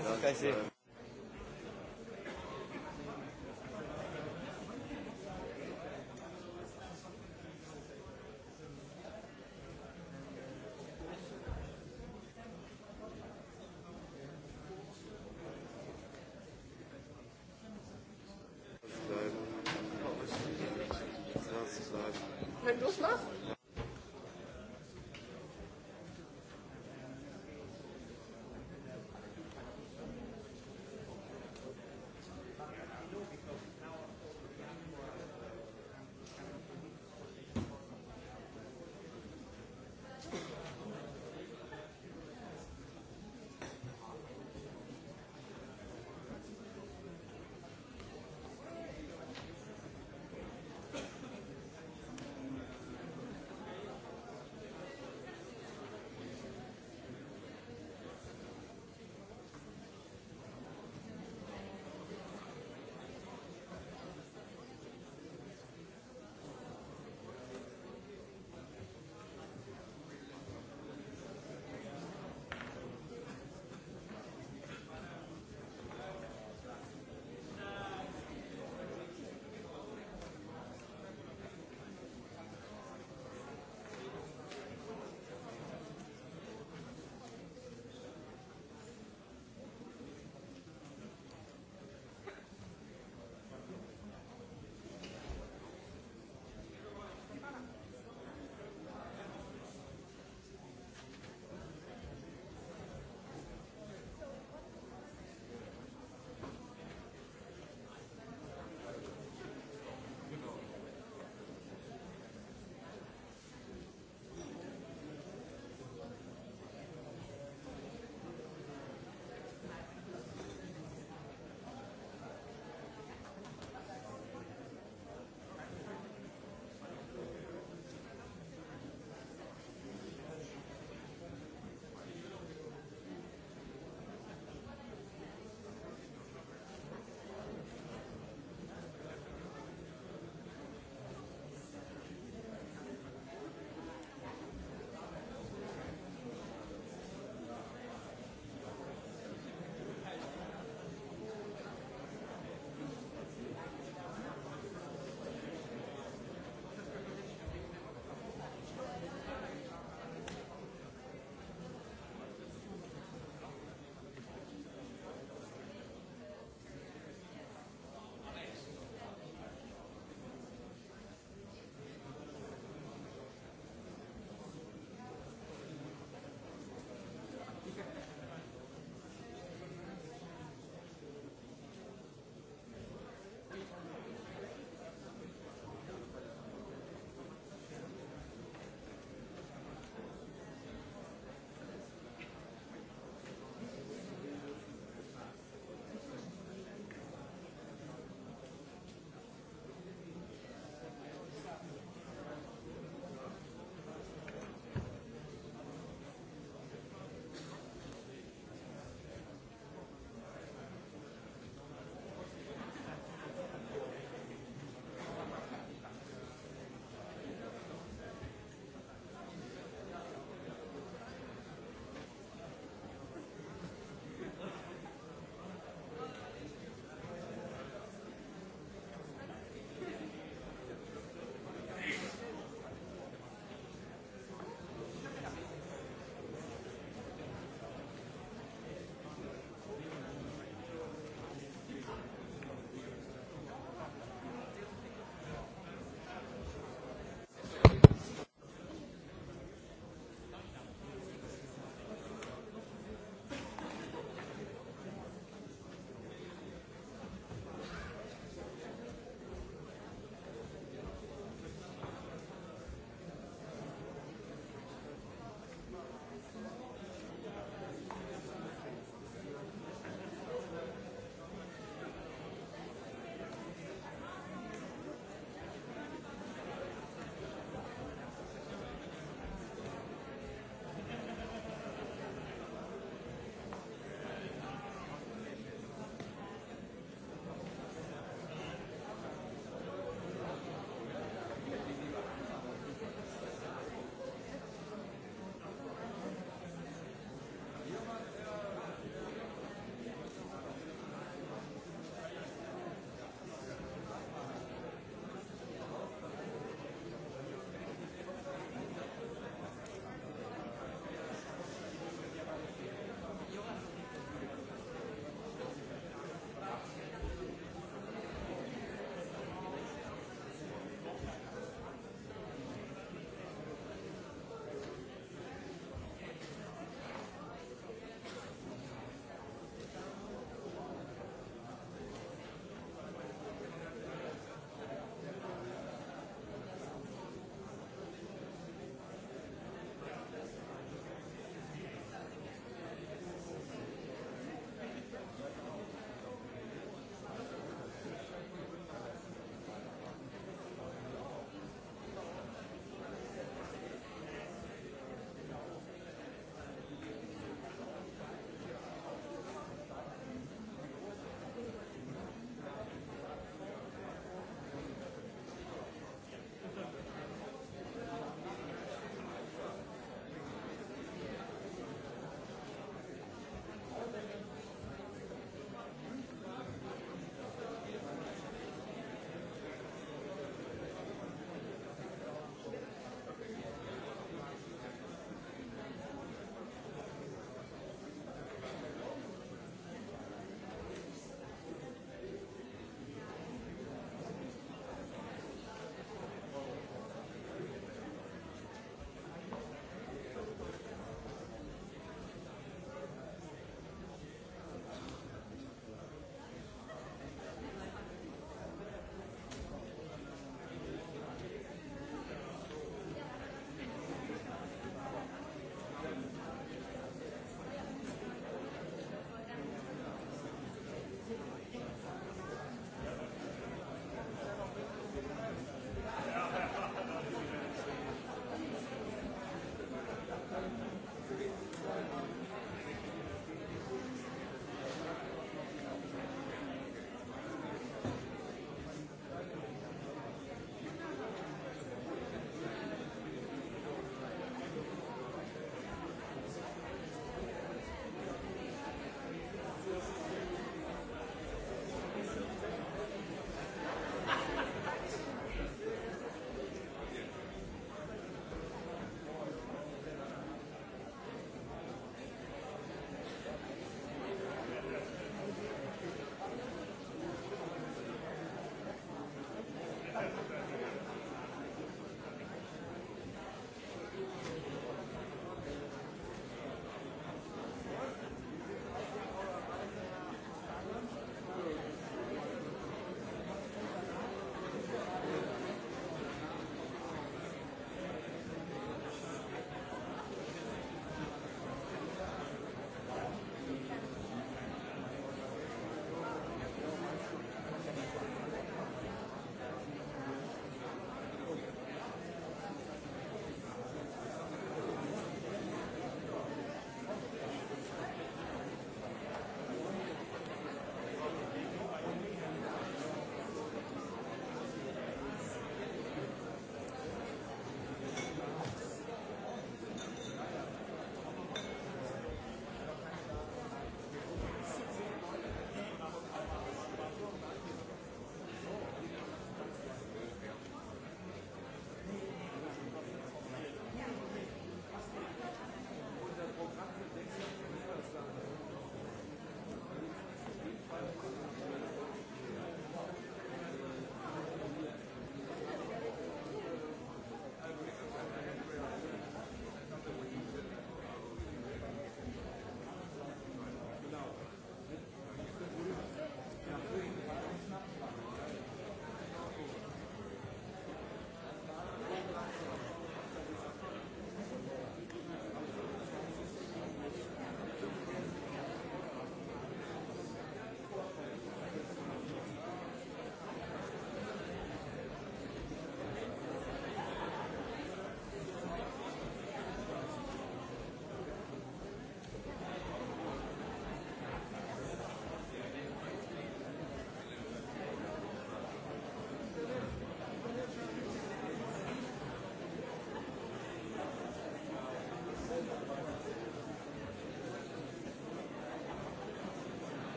Speaker 3: kannst es gleich Wenn du es machst?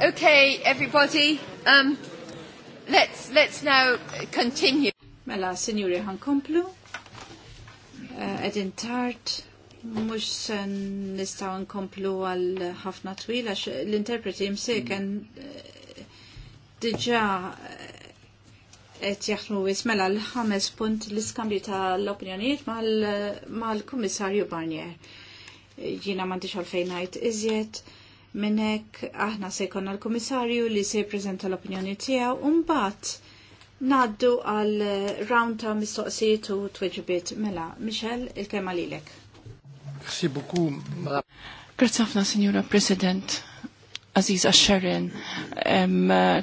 Speaker 3: Okay, everybody, um, let's, let's now continue. Mela, signori, għan komplu. Eh, edin tart, mux sen nistaw nkomplu għal ħafna twil, għax l-interpreti jimsik għan uh, eh, diġa et eh, jaħnu mela l-ħames punt l-iskambju ta' l-opinjoniet mal-komissarju Barnier. Jina mandiċ fejnajt iżjed minnek aħna se jkollna l-komissarju li se jippreżenta l-opinjoni tiegħu un-bat ngħaddu għal round ta' mistoqsijiet u tweġibiet mela. Michel, il kema lilek.
Speaker 1: lek. buku. Grazzi ħafna, Signora President. Aziz Asherin,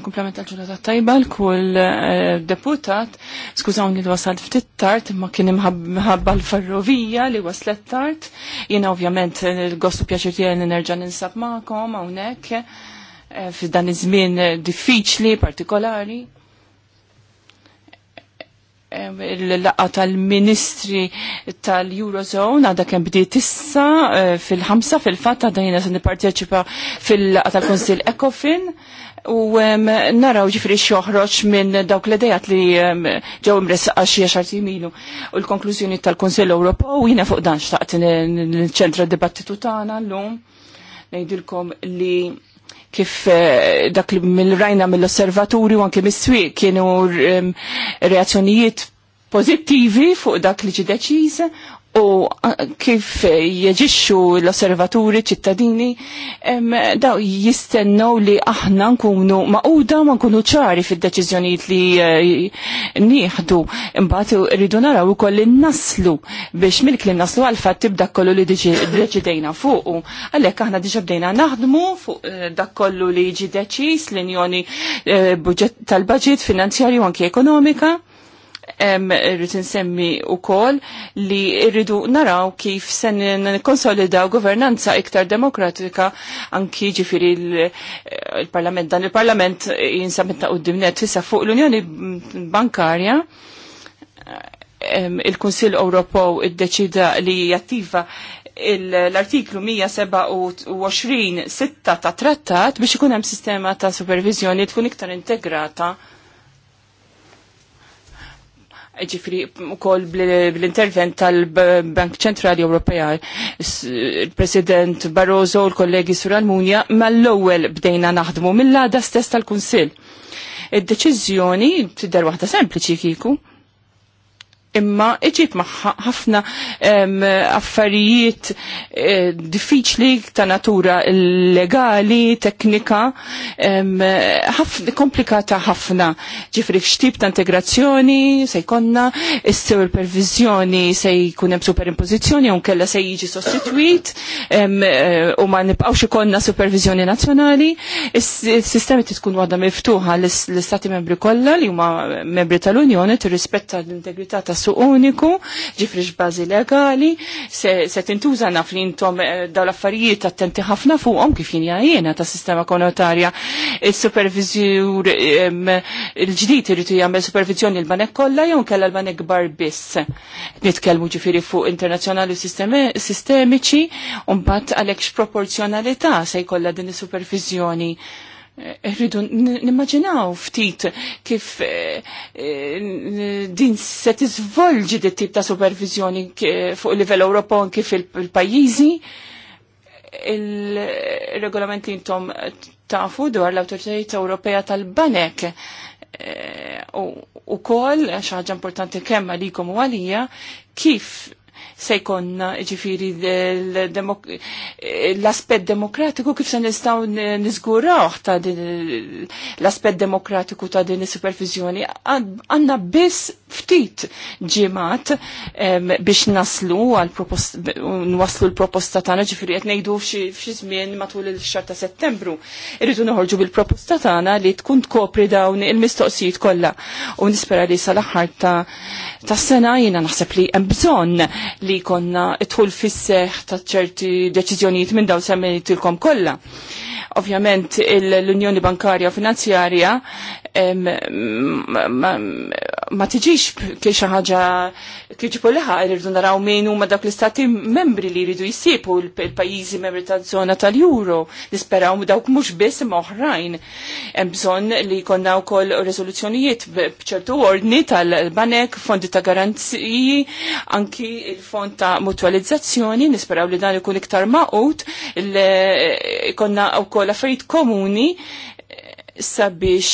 Speaker 1: komplement għal-ġurnata tajba l-kull eh, deputat, skużawni li wasalt ftit tard, ma kien imħabba l-ferrovija li waslet tard, jina ovvjament il-gostu eh, pjaċir tiegħi nerġa' ninsab magħkom hawnhekk eh, f'dan iż-żmien eh, diffiċli partikolari il laqqa tal-ministri tal-Eurozone għada kem bdiet issa fil-ħamsa fil-fatt għada jena se nipparteċipa fil laqqa tal-Konsil Ecofin u naraw ġifri xoħroċ minn dawk l-edajat li ġew imres għax jaxar milu. U l-konklużjoni tal-Konsell Ewropew u jina fuq dan xtaqt n-ċentra dibattitu tagħna llum ngħidilkom li kif eh, dak li mill-rajna mill-osservaturi u anke mis-swieq kienu reazzjonijiet pozittivi fuq dak li ġi deċiż u kif jieġixxu l-osservaturi ċittadini daw jistennew li aħna nkunu maquda ma nkunu ċari fid-deċiżjonijiet li eh, nieħdu imbagħad irridu naraw ukoll li naslu biex milk li naslu għal fatt tibda kollu li deċidejna fuq għalhekk aħna diġà bdejna naħdmu fuq eh, dak kollu li jiġi deċiż l-Unjoni eh, tal-Baġit Finanzjarju anki Ekonomika Irrid insemmi wkoll li rridu naraw kif se nikkonsolidaw governanza iktar demokratika anki ġifiri eh, il parlament dan il-Parlament jinsab ta' dimnet fissa fuq l-Unjoni Bankarja il-Kunsill Ewropew id-deċida li jattiva l-artiklu 127 ta' trattat biex ikun hemm sistema ta' supervizjoni tkun iktar integrata ġifri u kol bl-intervent tal-Bank Ċentrali Ewropea, il-President Barroso, l-kollegi Sur Almunja, mal-lowel bdejna naħdmu mill-għada stess tal-Kunsil. Id-deċizjoni tidher waħda sempliċi kiku, imma iġib maħħa ħafna affarijiet eh, diffiċli ta' natura legali, teknika, komplikata ħafna. Ġifri xtib ta' integrazzjoni se jkonna, is pervizjoni se jkun hemm superimpożizzjoni kella se jiġi sostitwit eh, u ma nibqgħux ikonna supervizjoni nazzjonali. s sistemi tkun waħda miftuħa l-istati membri kollha li huma membri tal-Unjoni tirrispetta l-integrità tas suq uniku, ġifri bażi legali, se, se tintuża naf li intom eh, daw l-affarijiet attenti ħafna fuqhom kif jien jgħajjena ta' sistema konotarja. Il-supervizjur il-ġdid irritu jagħmel supervizjoni l-banek kollha jew kellha l-banek kbar biss. Nitkellmu ġifieri fuq internazzjonali sistemiċi u mbagħad għalek x'proporzjonalità se jkollha din is-supervizjoni rridu nimmaġinaw ftit kif eh, eh, din se tiżvolġi dit tip ta' supervizjoni fuq livell Ewropew kif il-pajjiżi il-regolamenti intom tafu dwar l-autoritajt Ewropea tal-Banek eh, u kol, xaħġa importanti kemm għalikom u għalija, kif se jkonna ġifiri l-aspet demokratiku kif se nistaw nizguraw ta' l-aspet demokratiku ta' din supervizjoni għanna biss ftit ġimat biex naslu għal nwaslu l-proposta tagħna ġifiri qed ngħidu f'xi żmien matul il-xar ta' Settembru. Irridu nħorġu bil-proposta tagħna li tkun tkopri dawn il-mistoqsijiet kollha u nispera li sal-aħħar ta' tas-sena jiena naħseb li hemm bżonn li konna itħul fis ta' ċerti deċiżjonijiet minn daw semmejtilkom kollha. Ovjament l-Unjoni Bankarja Finanzjarja ma tiġix kiex xi ħaġa ġipu liħa irridu naraw min huma dak l-istati membri li jridu jisibu l-pajjiżi membri taż-żona tal-Euro. Nisperaw dawk mhux biss imma oħrajn. Hemm bżonn li jkollna wkoll riżoluzzjonijiet b'ċertu ordni tal-banek, fondi ta' garanziji, anki il-fond ta' mutualizzazzjoni, nisperaw li dan ikun iktar maqut, jkollna wkoll affarijiet komuni sabiex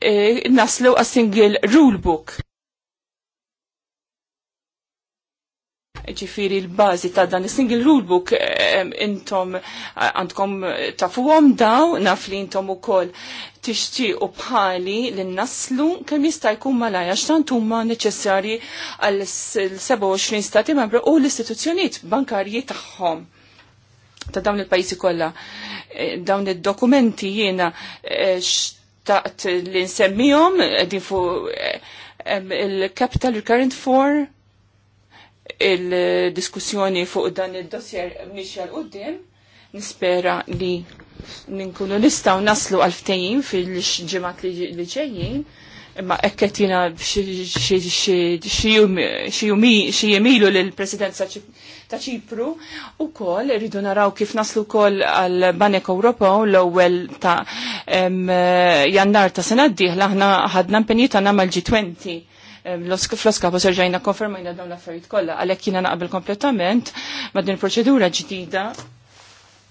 Speaker 1: Eh, naslu għas single rulebook. ġifiri l-bazi ta' dan il-single rulebook eh, intom eh, għandkom tafuhom daw naf li intom ukoll tixtiequ bħali li naslu kemm jista' jkun malajja x'tant huma neċessarji għal 27 stati membru u l-istituzzjonijiet bankarji tagħhom ta' dawn il-pajjiżi kollha. Dawn id-dokumenti jiena taqt li nsemmijom, din il-Capital Recurrent for il-diskussjoni fuq dan il-dossier Michel Uddim, nispera li ninkunu nistaw naslu għal-ftejn fil-ġemat li ġejjin imma jina xie jemilu l-presidenza ta' ċipru u kol rridu naraw kif naslu kol għal Banek Europa u l-ewel ta' jannar ta' sena diħla ħna ħadna mpenji ta' namal G20 floska oska serġajna konfermajna dawn l-affarijiet kollha għalhekk jiena naqbel kompletament ma' din proċedura ġdida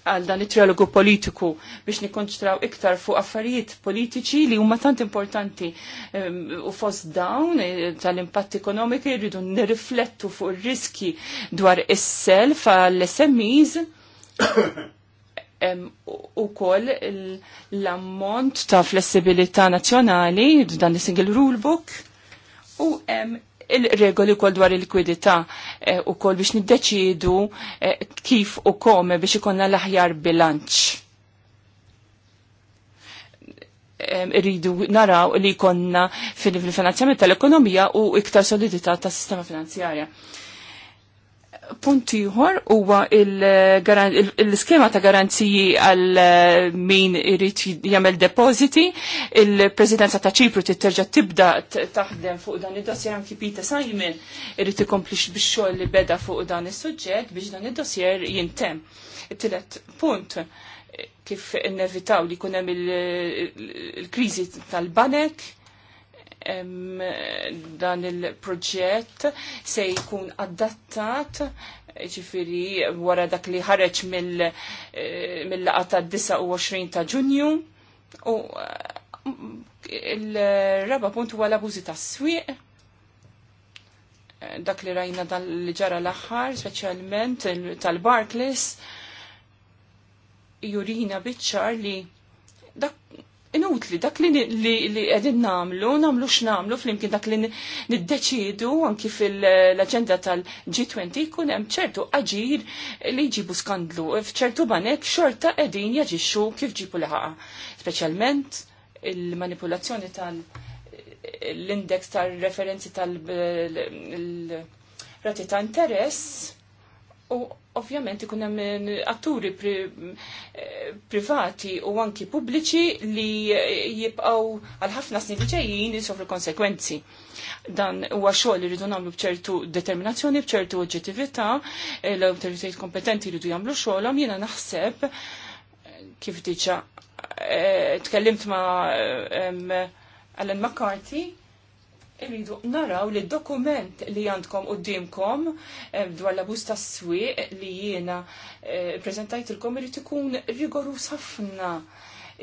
Speaker 1: għal dan it-trialogu politiku biex nikonċtraw iktar fuq affarijiet politiċi li huma tant importanti ehm, u fost dawn eh, tal-impatt ekonomiku jridu nirriflettu fuq ir-riski dwar is-self għall-SMEs ehm, u koll l-ammont ta' flessibilità nazzjonali dan is-single rulebook u hemm il-regoli kol dwar il-likwidità eh, u kol biex niddeċidu eh, kif u kome biex ikonna l-aħjar bilanċ. Rridu naraw li konna fil-finanzjament tal-ekonomija u iktar solidità tas sistema finanzjarja. Punt ieħor huwa l-iskema ta' garanziji għal eh, min irid jagħmel depositi, il-Presidenza ta' Ċipru titterġa' tibda taħdem fuq dan id-dossier anki Peter Simon irid ikomplix bix-xogħol li beda fuq dan is-suġġett biex dan id-dossier jintemm. It-tielet punt kif innevitaw li jkun hemm il-kriżi tal-banek, dan il-proġett se jkun adattat ġifiri wara dak li ħareġ eh, mill-laqa ta' 29 ta' ġunju u eh, il-raba punt huwa l-abużi ta' swieq eh, dak li rajna dan li ġara l-aħħar, speċjalment tal-Barclays, jurina biċċar li dak inutli dak li qegħdin nagħmlu, nagħmlu x'namlu flimkien dak li niddeċidu anki fil-aġenda tal-G20 jkun hemm ċertu aġir li jġibu skandlu, f'ċertu banek xorta qegħdin jaġixxu kif ġibu liħaqa. Speċjalment il-manipulazzjoni tal- l-index tal-referenzi tal-rati ta' interess U ovvjament ikun hemm atturi pri, eh, privati u anki pubbliċi li jibqgħu għal ħafna snin li ġejjin jisofru konsekwenzi. Dan huwa xogħol iridu nagħmlu bċertu determinazzjoni, bċertu oġġettività, eh, l-awtoritajiet kompetenti jridu jagħmlu xogħolhom, jiena naħseb eh, kif diġà tkellimt ma' Alan McCarthy Rridu naraw li dokument li għandkom u dimkom eh, dwar l busta ta' swieq li jiena eh, prezentajt il-kom irrid ikun rigorus ħafna.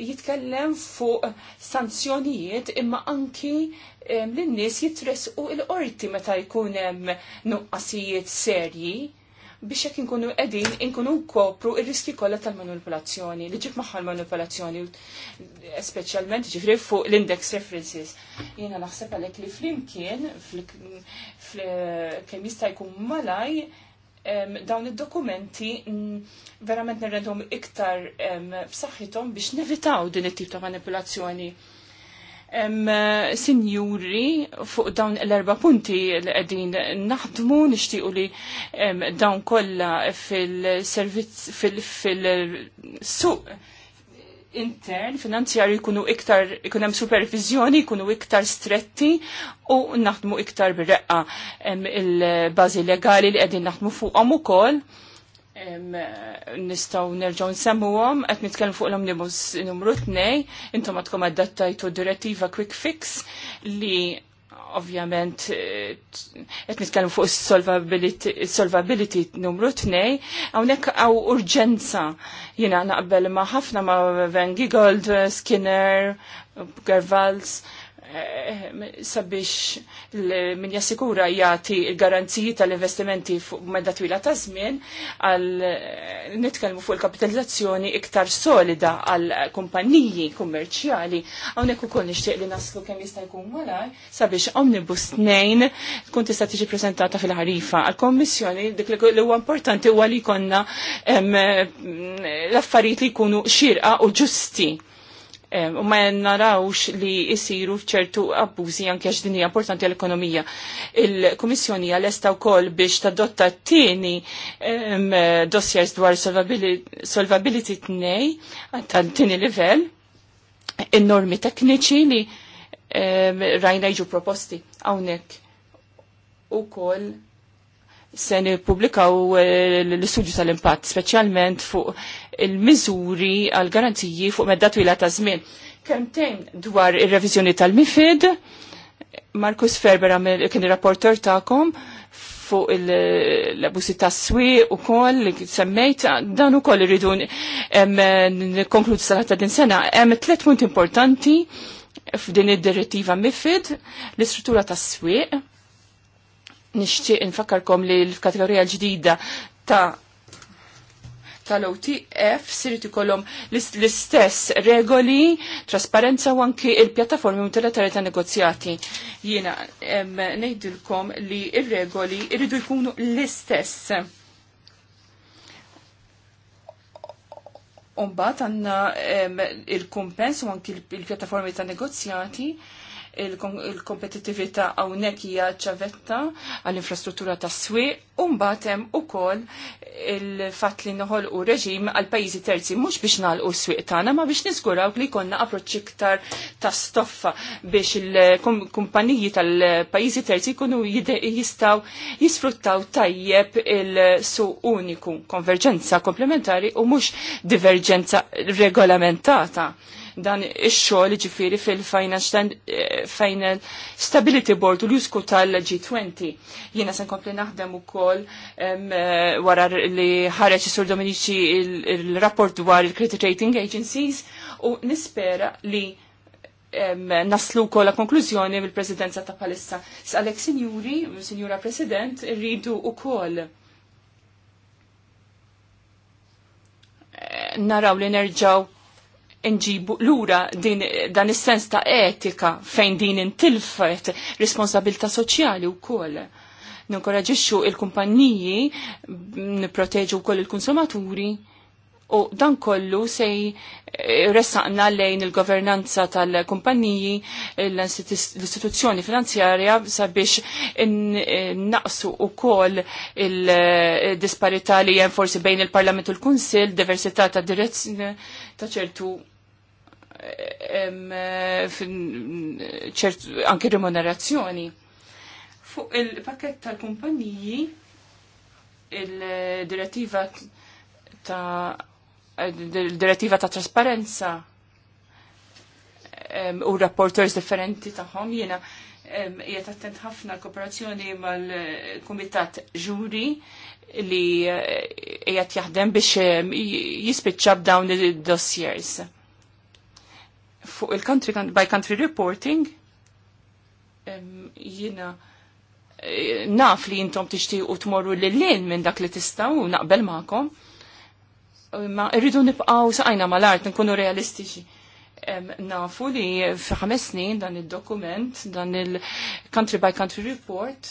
Speaker 1: Jitkellem fuq sanzjonijiet imma anki eh, l-nies jitresqu il-qorti meta jkun hemm nuqqasijiet serji biex jekk nkunu qegħdin inkunu kopru il riski kollha tal manipulazzjoni li ġib magħha l-manipolazzjoni speċjalment ġifri fuq l-index references. Jiena naħseb għalhekk li flimkien kemm jista' jkun malaj dawn id-dokumenti verament nirrendhom iktar b'saħħithom biex nevitaw din it-tip ta' manipulazzjoni sinjuri fuq dawn l-erba punti li qegħdin naħdmu nixtiequ li dawn kollha fil-servizz fil-suq intern finanzjari jkunu iktar ikun hemm supervizjoni jkunu iktar stretti u naħdmu iktar bir-reqqa il bazi legali li qegħdin naħdmu fuqhom ukoll nistaw nerġaw nsemmuhom qed nitkellem fuq l-omnibus numru 2, intom għatkom għaddattajtu direttiva Quick Fix li ovvjament eh, qed nitkellem fuq solvability numru 2, hawnhekk għaw urġenza jiena naqbel ma' ħafna ma' Van Giegold, Skinner, Gervals, Eh, sabiex min jassikura jati il-garanziji tal-investimenti fuq medda twila ta' żmien għal eh, nitkellmu fuq il-kapitalizzazzjoni iktar solida għal kumpaniji kummerċjali hawnhekk ukoll nixtieq li naslu kemm jista' jkun malaj sabiex omnibus tnejn tkun tista' tiġi preżentata fil-ħarifa għall-Kommissjoni dik li huwa importanti huwa li jkollna eh, l-affarijiet li jkunu xirqa u ġusti u ma narawx li jisiru fċertu abbużi anke għax din hija importanti għall-ekonomija. Il-Kummissjoni għal-esta wkoll biex tadotta t-tieni dossiers dwar solvability t-nej, ta' t-tini livell, il normi tekniċi li rajna jġu proposti hawnhekk ukoll se nippubblikaw eh, l-istudju tal-impatt, speċjalment fuq il-miżuri għal garanziji fuq medda twila ta' żmien. Kemtejn dwar ir-reviżjoni tal-MIFID, Markus Ferber kien ir-rapporter tagħkom fuq l-abusi ta' swi u kol li semmejt, dan u koll irridu konkludi salata din sena. Hemm tliet punt importanti f'din id-direttiva MIFID, l-istruttura ta' swi, nixtieq nfakkarkom li l-kategorija l-ġdida ta' tal-OTF sirit ikollhom l-istess regoli, trasparenza u anki il-pjattaformi multilaterali ta' negozjati. Jiena ngħidilkom li r regoli irridu jkunu l-istess. Umbagħad għandna il-kumpens u anki il-pjattaformi ta' negozjati il-kompetitività hawnhekk hija ċavetta għall-infrastruttura tas swieq u mbagħad hemm ukoll il-fatt li noħolqu reġim għal pajjiżi terzi mhux biex nagħlqu s-swieq tagħna ma biex niżguraw li jkollna approċċ iktar ta' stoffa biex il-kumpaniji tal-pajjiżi terzi jkunu jistgħu jisfruttaw tajjeb il-suq uniku, konverġenza komplementari u mhux divergenza regolamentata dan ix-xogħol ġifiri fil-Final eh, Stability Board u l-jusku tal-G20. Jiena se nkompli naħdem ukoll eh, wara li ħareġ sur Dominici il-rapport dwar il-Credit Rating Agencies u nispera li naslu kol la konklużjoni mill-presidenza ta' palissa. S'għalek sinjuri, sinjura president, rridu u kol eh, naraw li nerġaw nġibu lura din dan is-sens ta' etika fejn din intilfet responsabilta' soċjali wkoll. Ninkoraġixxu il-kumpanniji, nipproteġu wkoll il-konsumaturi, il il konsumaturi U dan kollu sej eh, ressaqna lejn il-governanza tal-kumpaniji l-istituzzjoni finanzjarja sabiex eh, naqsu u kol il-disparita eh, li jen forsi bejn il-Parlament u l-Kunsil, diversità ta' direzzjoni ta' ċertu ċertu anki remunerazzjoni. Fuq il-pakket tal-kumpaniji il-direttiva ta' direttiva ta' trasparenza u rapporters differenti tagħhom jiena jiet attent ħafna kooperazzjoni mal-Kumitat Ġuri li eh, qiegħed jaħdem biex jispiċċa b'dawn id-dossiers. Fuq il-country by country reporting jiena eh, naf li jintom tixtiequ tmorru lil-lin minn dak li tistgħu naqbel maqom ma rridu nibqaw saqajna mal-art, nkunu realistiċi. Nafu li fi ħames snin dan il-dokument, dan il-country by country report,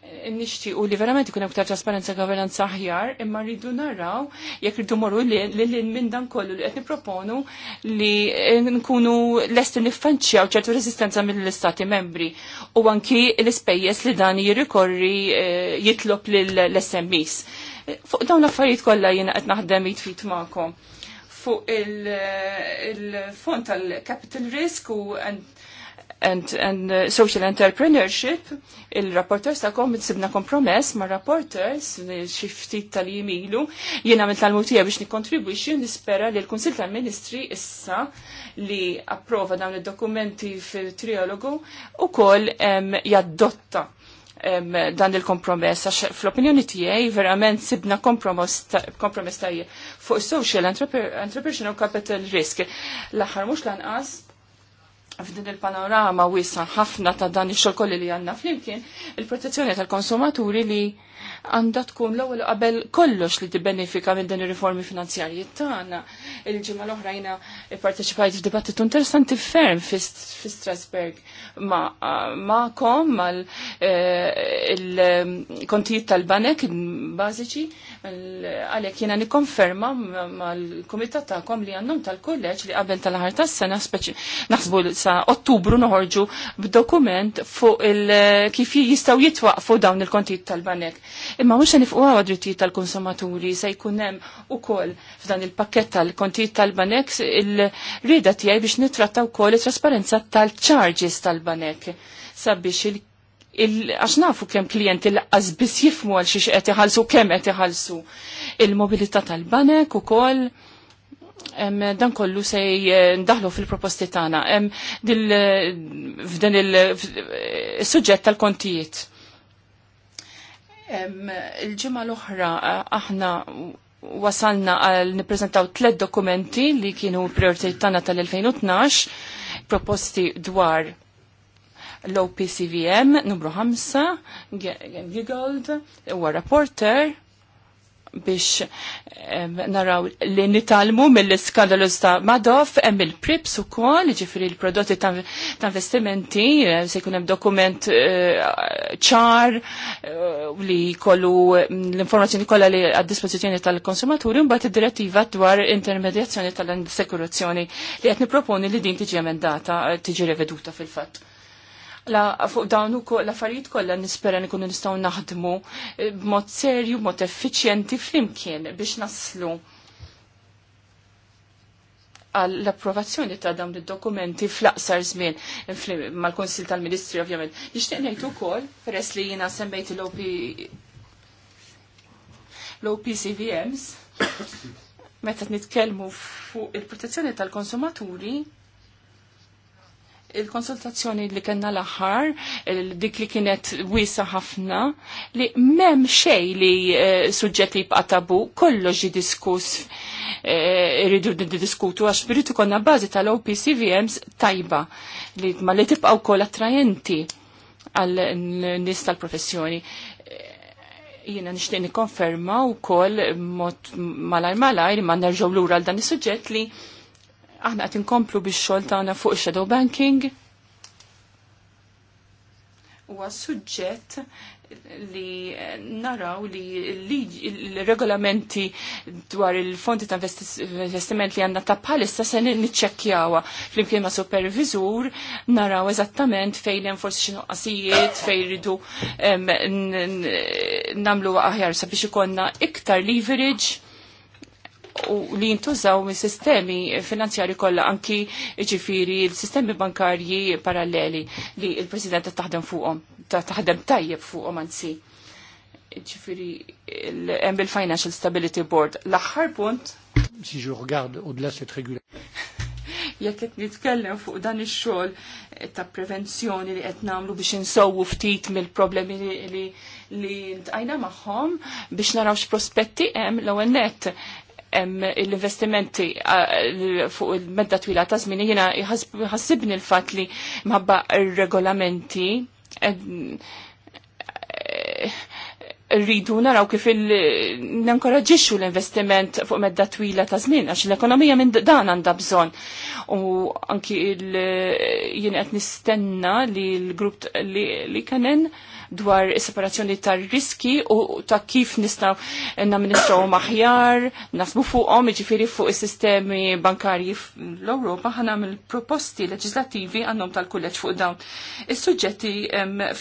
Speaker 1: eh, nixtiequ li verament ikun hemm aktar trasparenza e governanza aħjar, imma rridu naraw jekk rridu morru lil minn dan kollu li qed nipproponu li eh, nkunu lesti niffanċjaw ċertu resistenza mill-istati membri u anki l-ispejjeż li dan jirrikorri eh, jitlob lill-SMEs Fuq dawn l-affarijiet kollha jiena qed naħdem jitfit magħkom. Fuq il-fond il tal-capital risk u and, and, and social entrepreneurship, il-rapporters ta' kom sibna kompromess ma' rapporters xi ftit tal-jimilu, jiena mill tal-mutija biex nikontribwixi nispera li l-Kunsil tal-Ministri issa li approva dawn id-dokumenti fil-triologu u kol jaddotta dan il-kompromess, għax fl-opinjoni tiegħi verament sibna kompromess tajjeb fuq social entrepreneurial capital risk. L-aħħar mhux lanqas f'din il-panorama wisa ħafna ta' dan ix-xogħol li għandna flimkien, il-protezzjoni tal-konsumaturi li għandha tkun l-ewwel qabel kollox li tibbenefika minn din ir-riformi finanzjarji tagħna. Il-ġimgħa l-oħrajna pparteċipajt f'dibattitu interessanti ferm fi Strasberg ma'kom mal eh, il-kontijiet tal-banek bażiċi għalhekk jiena nikkonferma mal-kumitat tagħkom li għandhom tal-kulleġġ li qabel tal-aħar tas-sena naħsbu sa Ottubru noħorġu b'dokument fuq il kif jistgħu jitwaqfu dawn il-kontijiet tal-banek Imma mhux se ifqwa għadriti drittijiet tal-konsumaturi se jkun hemm ukoll f'dan il-pakket tal-kontijiet tal-banek il rida tiegħi biex nittratta wkoll it-trasparenza tal-charges tal-banek sabiex il- għax nafu kem klient il azbis jifmu għal xiex qed iħallsu kemm qed iħallsu il-mobilità tal-banek ukoll dan kollu se ndaħlu fil-proposti tagħna f'dan il-suġġett tal-kontijiet. Il-ġimgħa l-oħra aħna wasalna għal nippreżentaw tliet dokumenti li kienu prioritajiet tagħna tal-2012 proposti dwar l-OPCVM numru 5, Gigold, huwa rapporter, biex naraw li nitalmu mill-skandalus ta' Madoff, hemm il-prips ukoll, ġifri l-prodotti ta' investimenti, se jkun hemm dokument eh, ċar eh, li kollu mm, l-informazzjoni kollha li għad-dispożizzjoni tal-konsumaturi mbagħad id-direttiva dwar intermedjazzjoni tal sekurazzjoni li qed proponi li din tiġi emendata, eh, tiġi reveduta fil-fatt la fuq dawn ukoll l-affarijiet kollha nispera nkunu nistgħu naħdmu eh, b'mod serju, b'mod effiċjenti flimkien biex naslu l approvazzjoni ta' dawn id-dokumenti fl-aqsar żmien mal kunsil tal-Ministri ovvjament. Nixtieq ngħid ukoll peress li jiena semmejt l-OP l-OPCVMs meta nitkellmu fuq il-protezzjoni tal-konsumaturi il-konsultazzjoni li kena l-aħħar, dik li kienet wisa ħafna, li mem xej li eh, suġġet li bqatabu, kollo ġi diskus, eh, irridu diskutu għax biritu konna bazi tal-OPCVMs tajba, li ma li tibqaw kol attrajenti għal nis tal-professjoni. Eh, jiena nishtiq nikonferma u kol mod malaj malaj li ma nerġgħu lura għal dan is-suġġett li Aħna qed inkomplu bix-xogħol tagħna fuq shadow banking. Huwa suġġett li naraw li l-regolamenti dwar il-fondi ta' investiment li għanna ta' palissa se niċċekkjawa fl-imkien ma' supervizur naraw eżattament fejn hemm forsi xi noqqasijiet fejn ridu namlu aħjar sabiex ikonna iktar leverage u li jintużaw minn sistemi finanzjari kollha anki ġifiri l-sistemi bankarji paralleli li il-President taħdem fuqhom, taħdem tajjeb fuqhom anzi. Ġifiri hemm il-Financial Stability Board. L-aħħar punt. Si ġu regarde au-delà cette régulation jekk qed nitkellem fuq dan ix-xogħol ta' prevenzjoni li qed nagħmlu biex insowwu ftit mill-problemi li li ntajna magħhom biex narawx prospetti hemm l-ewwel nett l-investimenti eh, fuq il-medda twila ta' żmien jiena ħassibni l-fatt li mħabba ir-regolamenti eh, eh, rridu naraw kif il il-nankoraġiċu l-investiment fuq medda twila ta' żmien għax l-ekonomija minn dan għandha bżonn. U anki jien qed nistenna li l-grupp li kanen dwar separazzjoni tar-riski u ta' kif nistgħu namministraw maħjar, nasbu fuqhom iġifiri fuq is-sistemi bankarji fl-Ewropa ħa nagħmel proposti leġislattivi għandhom tal kulleġ fuq dawn. Is-suġġetti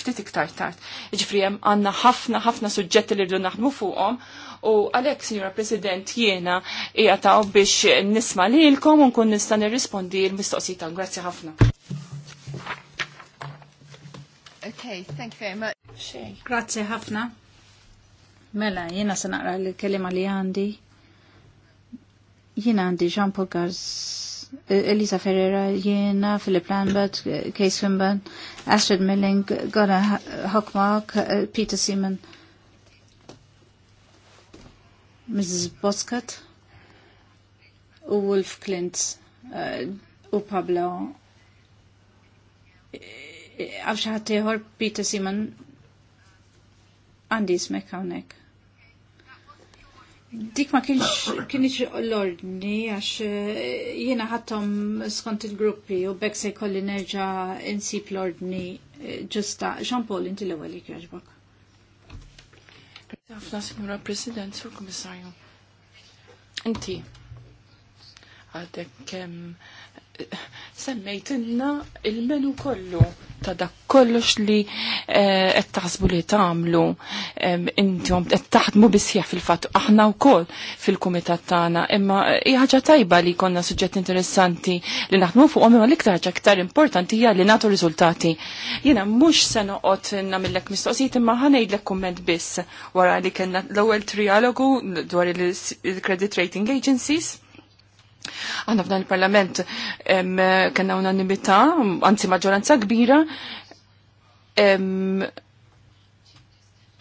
Speaker 1: ftit iktar tard. Jiġifieri hemm għandna ħafna ħafna suġġetti li rridu naħdmu fuqhom u għalek, Signora President, jiena jgħataw biex nisma li l-kom unkun nista nirrispondi l-mistoqsijiet. Grazie ħafna.
Speaker 3: Okay, thank you very much. Grazie ħafna. Mela, jena se naqra l-kelima li għandi. Jena għandi Jean Paul e- Elisa Ferreira, jena Philip Lambert, Kay Swinburne, Astrid Milling, Gunnar Hockmark, e, Peter Seaman, Mrs. Boscott, u Wolf Clint, e, u Pablo għaw xaħat teħor Peter Simon għandi ismek għawnek. Dik ma kienx kienx l-ordni għax eh, jiena ħattom skont il-gruppi u bekk se kolli nerġa' insip l-ordni eh, ġusta. Jean Paul inti l-ewwel li jogħġbok.
Speaker 1: Ħafna Signora President, Sur komissarju. Inti għadek kem eh, semmejtinna il-menu kollu ta' dak kollox li eh, qed taħsbu li tagħmlu intom qed taħdmu bisħieħ fil-fatt aħna wkoll fil-kumitat tagħna, imma eh, hija ħaġa tajba li konna suġġett interessanti li naħdmu fuqhom imma l-iktar ħaġa iktar importanti hija li nagħtu riżultati. Jiena mhux se noqgħod nagħmilek mistoqsijiet imma ħanejdlek kumment biss wara li kellna l-ewwel trialogu dwar il-Credit Rating Agencies Għanna f'dan il-parlament kena unanimità, anzi maġġoranza kbira,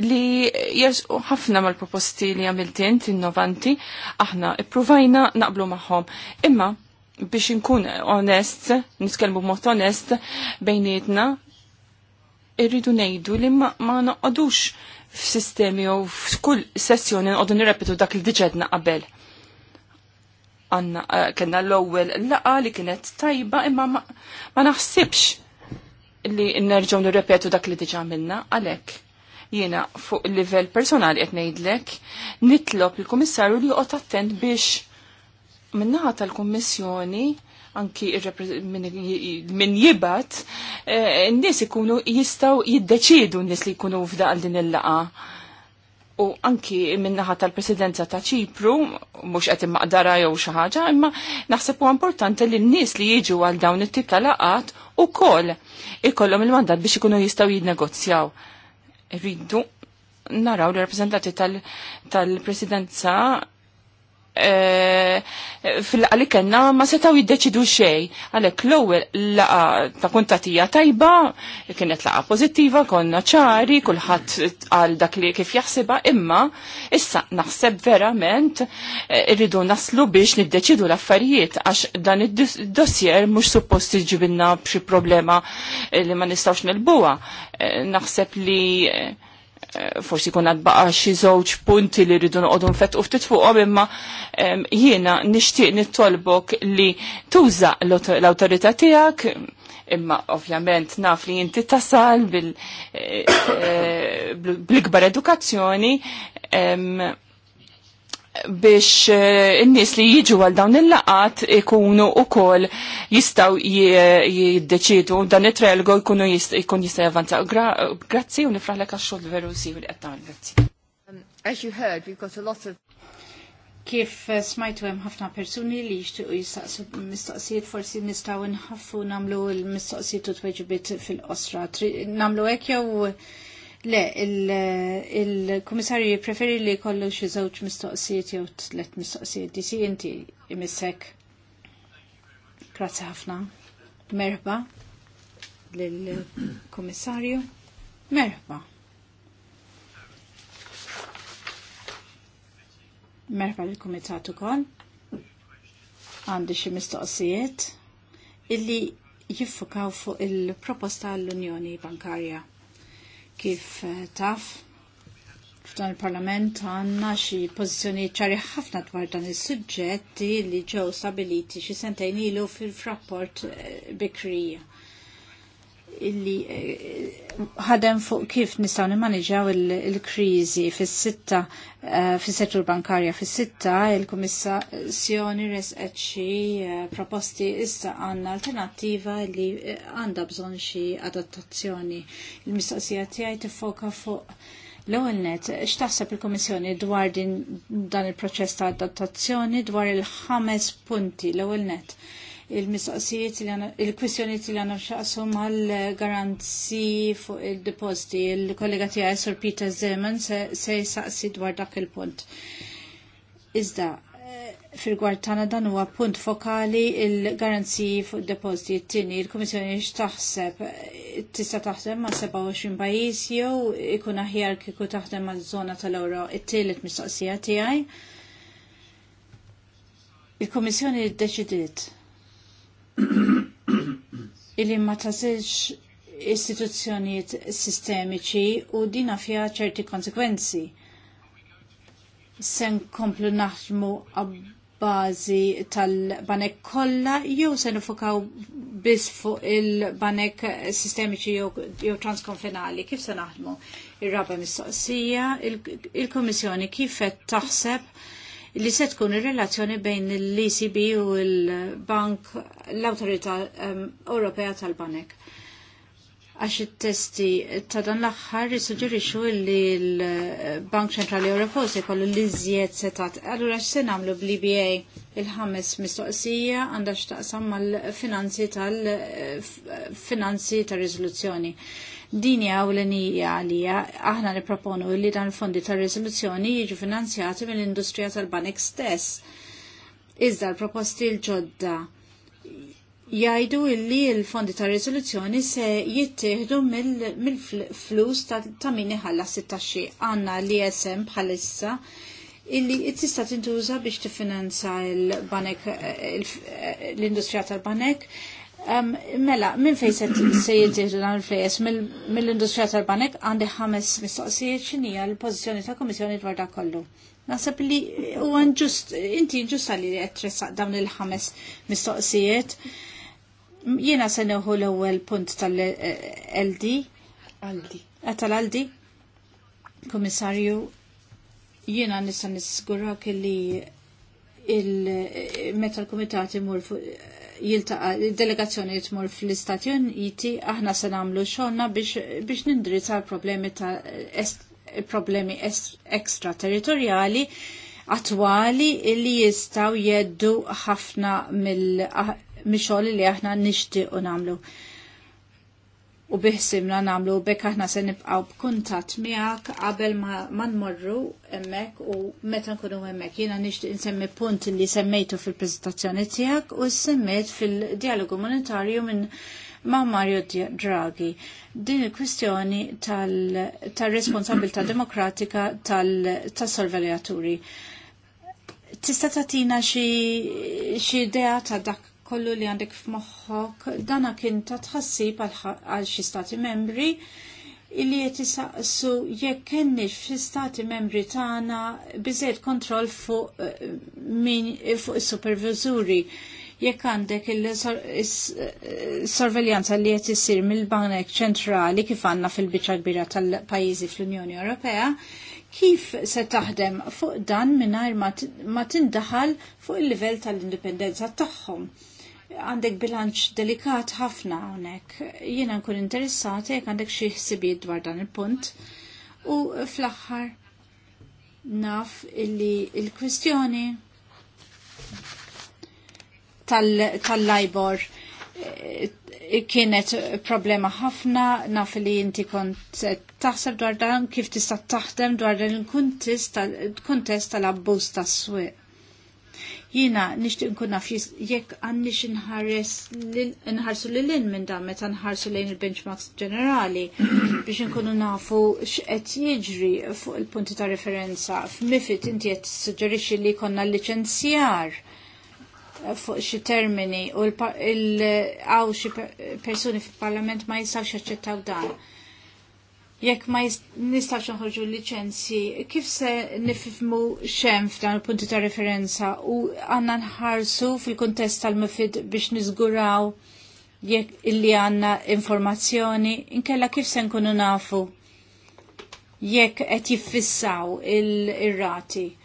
Speaker 1: li jersqu ħafna mal-proposti li għamiltin innovanti, aħna ippruvajna naqblu maħħom. Imma biex nkun onest, nitkellmu mot onest bejnietna, irridu nejdu li ma, ma noqodux f'sistemi u f'kull sessjoni nqodu nirrepetu dak il diġedna qabel għanna eh, kena l-ewwel laqa li kienet tajba imma ma naħsibx li nerġgħu nirrepetu dak li diġà minna għalhekk jiena fuq livell personali qed ngħidlek nitlob il-Kummissarju li joqgħod attent biex minnaħa tal-Kummissjoni anki min jibat eh, n-nies ikunu jistaw jiddeċidu n-nies li jkunu f'daqal din il-laqa u anki minnaħat tal-presidenza ta' ċipru, mux għetim maqdara jew xaħġa, imma naħseb u importanti li n-nis li jiġu għal dawn it-tip tal-laqat u kol ikollom il-mandat biex ikunu jistaw jinnegozjaw. Rridu naraw li rappresentati tal-presidenza tal-presidenza Eh, fil-għalli kena ma setaw jiddeċidu xej. Għalek l-ewel laqa ta' kuntatija tajba, kienet laqa pozittiva, konna ċari, kullħat għal dak li kif jaħseba, imma issa naħseb verament eh, irridu naslu biex niddeċidu l-affarijiet, għax dan id-dossier mux suppost iġibinna bxi problema eh, li ma nistawx nil-buwa. Naħseb li forsi kun għadbaqa xi żewġ punti li rridu noqogħdu nfettqu ftit fuqhom imma jiena nixtieq nittolbok li tuża l-awtorità tiegħek imma ovvjament naf li inti tasal bil-ikbar edukazzjoni biex eh, n-nis li jiġu għal dawn il-laqat ikunu u kol jistaw jiddeċidu dan it-trelgo ikunu jistaw jistaw javanza. Grazzi u nifraħlek għaxxol veru si u li għattan. Grazzi.
Speaker 3: Um, as you heard, we've got a lot of Kif eh, smajtu hemm ħafna persuni li jixtiequ jistaqsu mistoqsijiet forsi nistgħu nħaffu nagħmlu l-mistoqsijiet u tweġibiet fil-qosra. Nagħmlu hekk jew Le, il-komissarju preferi li kollu xi żewġ mistoqsijiet jew tlet mistoqsijiet disi inti imissek. Grazzi ħafna. Merħba lill-komissarju. Merħba. Merħba lill-kumitat ukoll. Għandi xi mistoqsijiet illi jiffukaw fuq il-proposta l-Unjoni Bankarja Kif eh, taf, f'dan il-parlament għanna xi pożizzjoni ċari ħafna dwar dan is-suġġetti li ġew stabiliti xi sentejn ilu fil-frapport eh, bikrija illi eh, ħadem fuq kif nistaw nimmaneġaw il-krizi fis-sitta eh, fis-settur bankarja fis-sitta il-Kummissjoni resqet xi eh, proposti issa għandna alternattiva li għandha bżonn xi adattazzjoni. Il-mistoqsija tiegħi tifoka fuq L-ewwel net, x'taħseb il-Kummissjoni dwar din dan il-proċess ta' adattazzjoni dwar il-ħames punti l-ewwel net il-mistoqsijiet il-kwistjoniet li għanna xaqsu mal-garanzi fuq il-deposti. Il-kollega tijaj Sir Peter Zeman se jisaqsi dwar dak il-punt. Iżda, eh, fil-gwar tana dan huwa punt fokali il-garanzi fuq deposti t-tini. Il-Komissjoni x'taħseb tista' taħdem ma' 27 pajjiż jew ikun aħjar kieku taħdem mal-żona tal-Ewro. It-tielet mistoqsija tiegħi. Il-Komissjoni ddeċidiet illi ma tażilx istituzzjonijiet sistemiċi u dina fija ċerti konsekwenzi. Sen komplu naħdmu bazi tal-banek kolla jew se nifukaw biss fuq il-banek sistemiċi jew transkonfinali, kif se naħdmu? Ir-raba mistoqsija, il-Komissjoni kif qed taħseb li se tkun ir-relazzjoni bejn l-ECB u l-Bank l-Awtorità ehm, Ewropea tal-Banek. Għax it-testi ta' dan l-aħħar jissuġġerixxu li l-Bank Ċentrali Ewropew se jkollu li iżjed setat. Allura x'se nagħmlu bl-IBA il-ħames mistoqsija għandha x'taqsam mal-finanzi tal-finanzi tar-riżoluzzjoni. tal finanzi tar riżoluzzjoni Dini għawlenija għalija, aħna niproponu li dan il-fondi ta' risoluzzjoni jiġu finanzjati mill-industrija tal-banek stess. Iżda l-proposti l-ġodda jajdu illi l-fondi ta' risoluzzjoni se jittieħdu mill-flus ta' min iħalla 16 għanna li jesem bħalissa illi tista' tintuża biex tiffinanza eh, l eh, industrija tal-banek. il banek l industrija tal banek Mela, minn fejn se jittieħdu dan il-flejes mill-industrija tal-banek għandi ħames mistoqsijiet x'inhi l-pożizzjoni ta' Kummissjoni dwar dak kollu. Naħseb li huwa ġust, inti ġust għalli qed tressaq dawn il-ħames mistoqsijiet. Jiena se neħu l-ewwel punt tal-LD. Aldi. Eh, Tal-Aldi. Kummissarju, jiena nista' nisgurak li il-meta l-kumitat imur fuq jiltaqa' il-delegazzjoni tmur fl-Istati Uniti, aħna se nagħmlu xogħolna biex nindirizza l-problemi ta' problemi ekstraterritorjali attwali li jistaw jeddu ħafna mill-xogħol li aħna nixtiequ nagħmlu u biħsimna namlu bekk aħna se nibqaw b'kuntatt miegħek qabel ma nmorru hemmhekk u meta nkunu hemmhekk jiena nixtieq insemmi punt li semmejtu fil-preżentazzjoni tiegħek u semmejt fil-dialogu monetarju minn ma' Mario Draghi. Din il-kwistjoni tal-responsabilità tal demokratika tal-sorveljaturi. Tista' tagħtina xi idea ta' dak kollu li għandek f'moħħok dana kien ta' tħassib għal xi stati membri illi qed isaqsu jekk kenni fl-istati membri tagħna biżejt kontroll fuq eh, min fuq is superviżuri jekk għandek il-sorveljanza eh, li qed issir mill-Banek Ċentrali kif għandna fil-biċċa kbira tal-pajjiżi fl-Unjoni Ewropea, kif se taħdem fuq dan mingħajr ma tindaħal fuq il-livell tal-indipendenza tagħhom għandek bilanċ delikat ħafna għonek. Jiena nkun interessati jek għandek xie ħsibiet dwar dan il-punt. U fl-axħar naf illi il-kwistjoni tal-lajbor eh, kienet problema ħafna, naf li inti kont taħseb dwar dan kif tista' taħdem dwar il-kuntest tal-abbuż tas-swieq Jiena nixtieq nkun naf jekk għandix inħares nħarsu lil lin minn dan meta nħarsu lejn il-benchmarks ġenerali biex nkunu nafu x'qed jiġri fuq il-punti ta' referenza. F'mifit inti qed tissuġġerixxi li jkollna liċenzjar fuq xi termini u għaw xi persuni fil-Parlament ma jistgħux jaċċettaw dan jekk ma nistax nħorġu liċenzji, kif se nififmu xem f'dan il-punti ta' referenza u għanna nħarsu fil-kontest tal-mifid biex nizguraw jekk illi għanna informazzjoni, inkella kif se nkunu nafu jekk qed jiffissaw il-rati. Il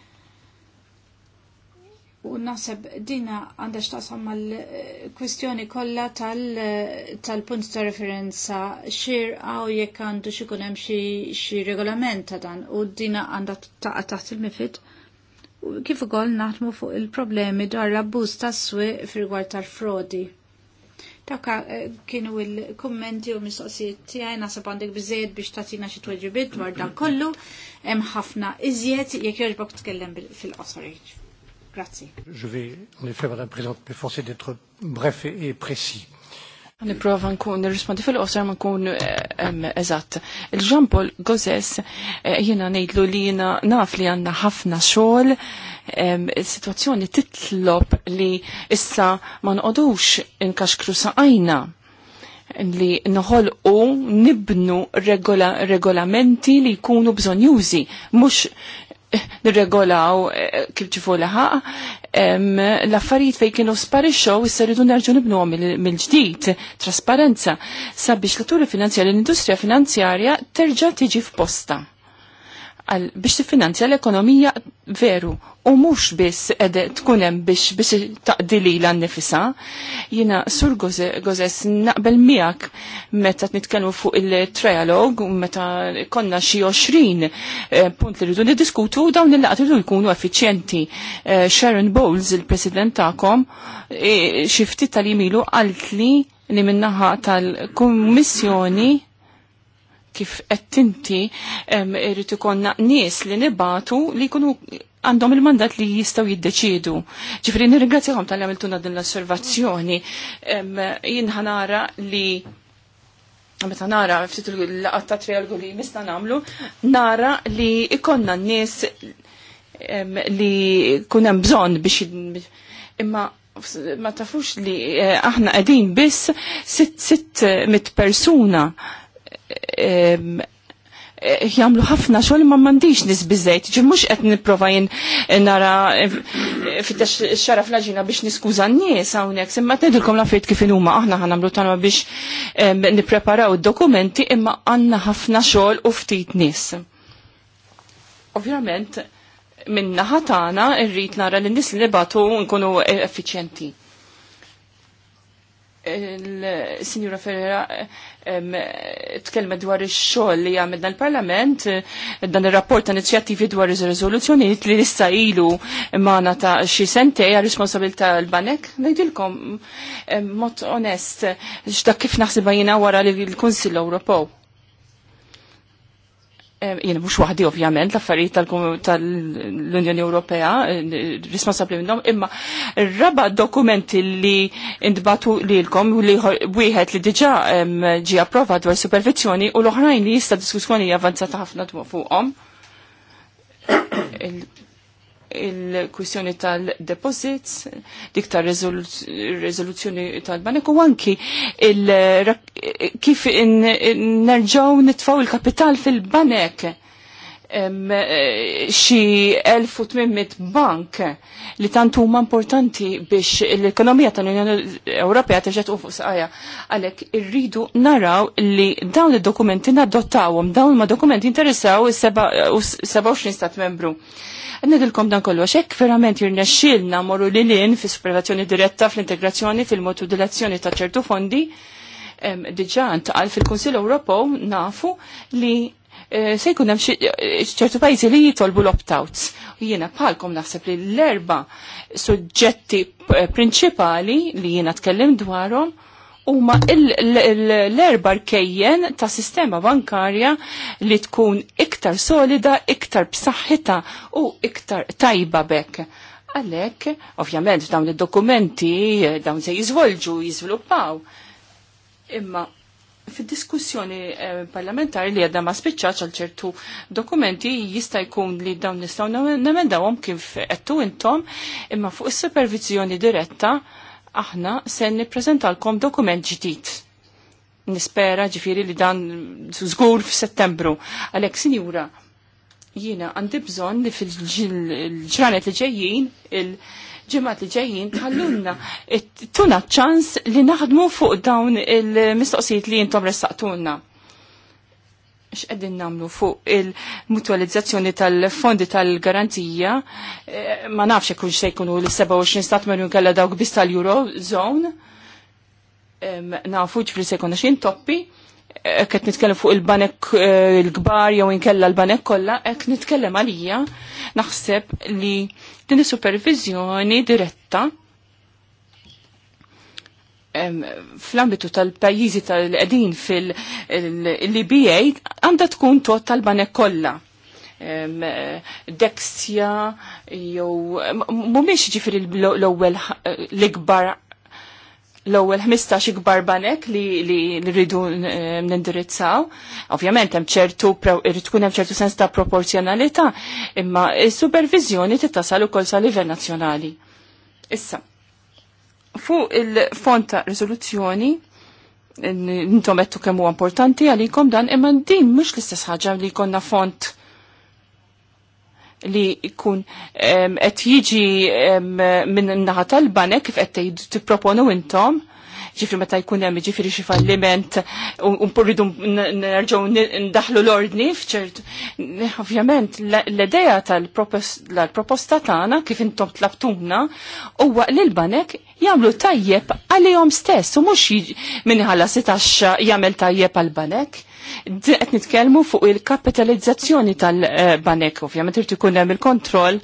Speaker 3: u naħseb dina għandha x'taqsam mal-kwistjoni kollha tal-punt ta' referenza xir għaw jekk għandu xi hemm xi regolament ta' dan u dina għandha taqa' taħt il-mifid. Kif ukoll naħdmu fuq il-problemi dwar l-abbuż tas-swieq fir-rigward tal-frodi. Taka eh, kienu il-kommenti u mistoqsijiet tiegħi naħseb għandek biżejjed biex tagħtina xi tweġibiet dwar dan kollu hemm ħafna iżjed jekk jogħġbok tkellem fil-qosor Grazie. Je vais, en effet, Madame Présidente, m'efforcer d'être bref et, et précis.
Speaker 1: Niprofa nkun nirrispondi fil-qosor ma nkun eh, eżatt. Il-ġampol Gozes eh, jiena ngħidlu li jiena naf li għandna ħafna xogħol, il sitwazzjoni titlob li issa ma nqodux krusa saqajna li u nibnu regolamenti li jkunu bżonjużi, mux nirregolaw eh, kif ġifu laħaq, l-affarijiet fej kienu sparixxew issa rridu nerġu nibnu mill-ġdid, trasparenza, sabiex l turi finanzjarja, l-industrija finanzjarja terġa' tiġi f'posta għal biex tiffinanzja l-ekonomija veru u mhux biss tkun tkunem biex biex taqdili l-annifisa. Jina sur gozes naqbel miegħek meta nitkellmu fuq il-trialog u meta konna xi 20 eh, punt li rridu niddiskutu dawn il-laqat rridu jkunu effiċjenti. Eh, Sharon Bowles, il-president tagħkom, eh, xi ftit tal-imilu għaltli li minnaħa tal-kummissjoni kif qed irritu konna nies li nibatu li jkunu għandhom il-mandat li jistaw jiddeċidu. Ġifri, nirringrazzjahom tal għamiltuna din l-osservazzjoni. Jinħanara li meta nara ftit l laqat ta' trialgu li mista namlu, nara li ikonna n-nies li kunem bżon biex imma ma tafux li eh, aħna qegħdin biss sitt sitt mit persuna Eh, jamlu ħafna xogħol ma m'għandix nies biżejt, ġi mhux qed nipprova jien nara eh, fitex xara flagġina biex niskuża n-nies hawnhekk, imma tgħidilkom la fejt kif huma aħna ħa nagħmlu tagħna biex nippreparaw id-dokumenti imma għandna ħafna xogħol u ftit nies. Ovvjament, minna ħatana irrit nara l nies li batu nkunu effiċjenti il-Sinjura Ferrera tkellma dwar ix-xogħol li għamilna l-Parlament dan ir-rapport ta' inizjattivi dwar ir-riżoluzzjonijiet li issa ilu magħna ta' xi sentej għal responsabilità l-banek. Ngħidilkom mod onest x'dak kif naħsibha jiena wara li l-Kunsill Ewropew. Eh, jien mhux waħdi ovvjament l-affarijiet tal-Unjoni Ewropea eh, responsabbli minnhom, imma raba dokumenti li intbatu lilkom u li wieħed li diġà ġi approvat dwar supervizjoni u l-oħrajn li jista' diskussjoni avvanzata ħafna fuqhom il-kwistjoni tal-deposits, dik tal-rezoluzzjoni tal-banek u anki kif nerġaw nitfaw il-kapital fil-banek xi 1800 bank li tant huma importanti biex l-ekonomija tal-Unjoni Ewropea terġa' u fuq saqajja. Għalhekk irridu naraw li dawn id-dokumenti nadottawhom, dawn ma dokumenti interessaw is-27 stat membru nidilkom dan kollu għaxek, verament jirnexxilna morru li lin fi supervazzjoni diretta fl-integrazzjoni fil-modulazzjoni ta' ċertu fondi. Diġa għal fil konsil Ewropew nafu li eh, se jkun hemm eh, ċertu pajjiżi li jitolbu l-opt-outs. Jiena bħalkom naħseb li l-erba' suġġetti eh, prinċipali li jiena tkellim dwarhom huma l-erba rkejjen ta' sistema bankarja li tkun iktar solida, iktar b'saħħita u iktar tajba bekk. Għalek, ovvjament, dawn id-dokumenti, dawn se jizvolġu, jizviluppaw. Imma fil-diskussjoni eh, parlamentari li għadda ma spiċċaċ għal ċertu dokumenti jista' jkun li dawn nistgħu nemendawhom kif qed intom imma fuq is-supervizjoni diretta aħna se nippreżentalkom dokument ġdid. Nispera ġifiri li dan żgur f'Settembru. Għalhekk sinjura, jiena għandi bżonn li fil-ġranet li ġejjin il- ġemat li ġejjin tħallunna tuna ċans li naħdmu fuq dawn il-mistoqsijiet li jintom ressaqtunna x'qegħdin nagħmlu fuq il-mutualizzazzjoni tal-fondi tal-garanzija, eh, ma nafx ikun se jkunu l-27 stat membru kellha dawk biss tal-Eurozone, nafu ġifri se jkun xin toppi, eh, qed nitkellem fuq il-banek eh, l-kbar jew inkella l-banek kollha, hekk nitkellem għalija naħseb li din is-supervizjoni diretta fl-ambitu tal-pajjiżi tal edin fil-LBA għandha tkun tot tal-banek kollha. Dexia jew mhumiex ġifir l-ewwel l-ikbar l-ewwel 15 gbar banek li rridu nindirizzaw. Ovvjament hemm ċertu irid tkun hemm ċertu sens ta' proporzjonalità, imma s-supervizjoni titasal ukoll sa' livell nazzjonali. Issa, fuq il-font ta' rizoluzzjoni, intom għettu kemmu importanti għalikom dan, imma din mux l-istess ħagġa li konna font li jkun qed jiġi minn naħa tal-banek kif qed tipproponu intom ġifri meta jkun hemm ġifri xi falliment u rridu nerġgħu ndaħlu l-ordni f'ċertu. Ovvjament l-idea tal-proposta tagħna kif intom tlabtuna huwa li l-banek jagħmlu tajjeb għalihom stess u mhux minħalla sitaxxa jagħmel tajjeb għal-banek qed nitkellmu fuq il-kapitalizzazzjoni tal-banek, ovvjament irid ikun hemm il-kontroll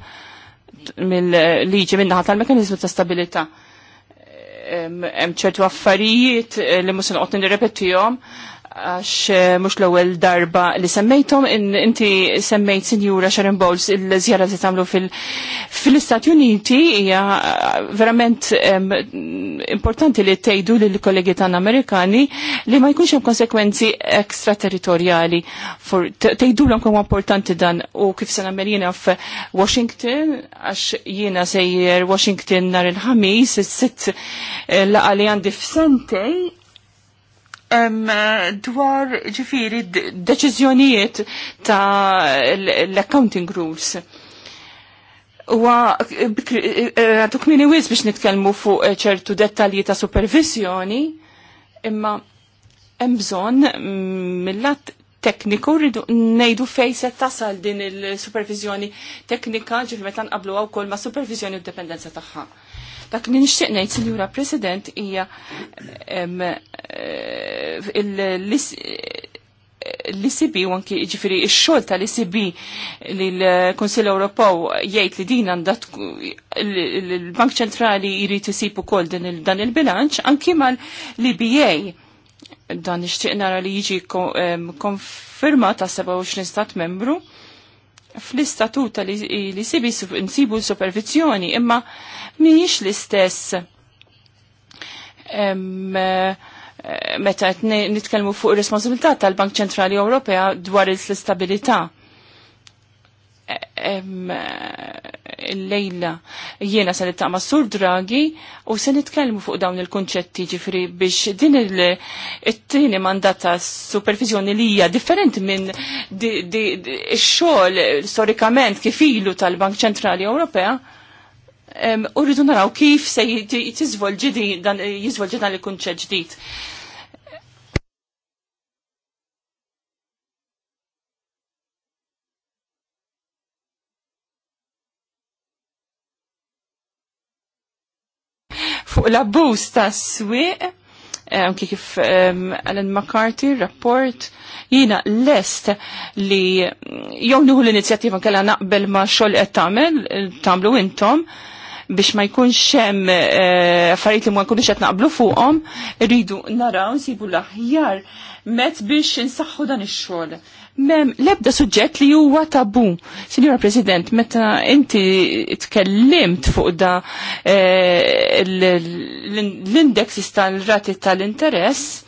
Speaker 1: mill-liġi minnaħa tal-mekanizmu ta' stabilità hemm ċertu affarijiet eh, li mhux noqgħod nirrepetihom għax eh, mux l-ewel darba li semmejtom, inti semmejt sinjura Sharon Bowles il-zjara li tamlu fil-Istati Uniti, hija eh, verament importanti li tejdu li l-kollegi tan Amerikani li ma jkunx hemm konsekwenzi ekstraterritorjali. Tejdu l importanti dan u kif se nagħmel jiena f'Washington, għax jiena sejjer Washington nhar il-ħamis, is-sitt eh, laqgħa li għandi f'sentej Eh, dwar ġifiri deċizjonijiet ta' l-accounting rules. Wa eh, eh, għatuk minni wiz biex nitkelmu fuq ċertu dettalji ta' supervizjoni, imma mbżon mm, mill-lat tekniku rridu nejdu fej se tasal din il-supervizjoni teknika ġifiri metan qablu għaw kol ma' supervizjoni u dependenza taħħa Dak li nixtieq ngħid, Sinjura President, hija eh, l-ICB eh, u anki ġifiri il xogħol tal-ICB li l kunsill Ewropew jgħid li din għandha l-Bank Ċentrali jrid isib ukoll dan il-bilanċ anki mal-LBA dan nixtieq nara li jiġi konfermat ta' 27 stat membru fl-istatuta li, sibi nsibu supervizjoni imma miex l-istess eh, meta nitkellmu fuq ir responsabilità tal-Bank Ċentrali Ewropea dwar l-istabilità il lejla jiena se nittama sur dragi u se nitkellmu fuq dawn il-konċetti ġifri biex din il-tini mandata supervizjoni li hija differenti minn xogħol storikament kif ilu tal-Bank Ċentrali Ewropea. U rridu naraw kif se jizvolġi dan il-kunċett ġdid l-abbuż tas-swieq eh, anki kif Alan McCarthy, rapport, jina lest li mm, jow l-inizjattiva kalla naqbel ma xol qed tagħmel eh, tagħmlu intom, biex ma jkunx hemm eh, affarijiet li ma jkunux qed naqblu fuqhom, rridu naraw nsibu l-aħjar biex insaħħu dan ix-xogħol. Mem, lebda suġġett li huwa tabu. Signora President, meta inti tkellimt fuq da eh, l indeks tal-rati tal-interess,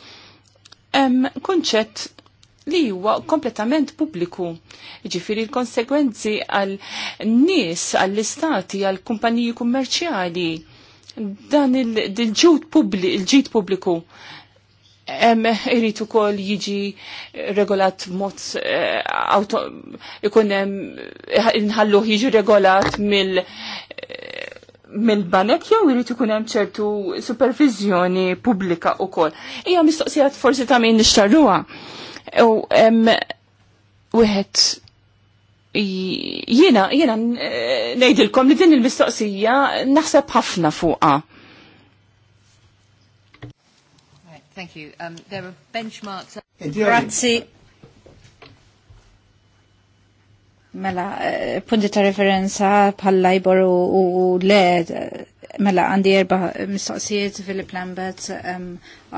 Speaker 1: kunċet li huwa kompletament pubbliku. Ġifiri l-konsekwenzi għal nies għall-istati, għall kumpaniji kummerċjali, dan il-ġud publi, il-ġid pubbliku irrit ukoll jiġi regolat mod eh, auto ikun hemm eh, inħalluh jiġi regolat mill eh, mil banek jew irritu ikun hemm ċertu supervizjoni pubblika wkoll. Hija mistoqsijat forsi ta' min nixtarruha. U wieħed jiena jiena eh, ngħidilkom li din il-mistoqsija naħseb ħafna fuqha. Thank you. Um, there are benchmarks.
Speaker 3: Grazzi. Mela, eh, punti ta' referenza pal lajbor u, u led eh, Mela għandi erba mistoqsijiet Philip Lambert,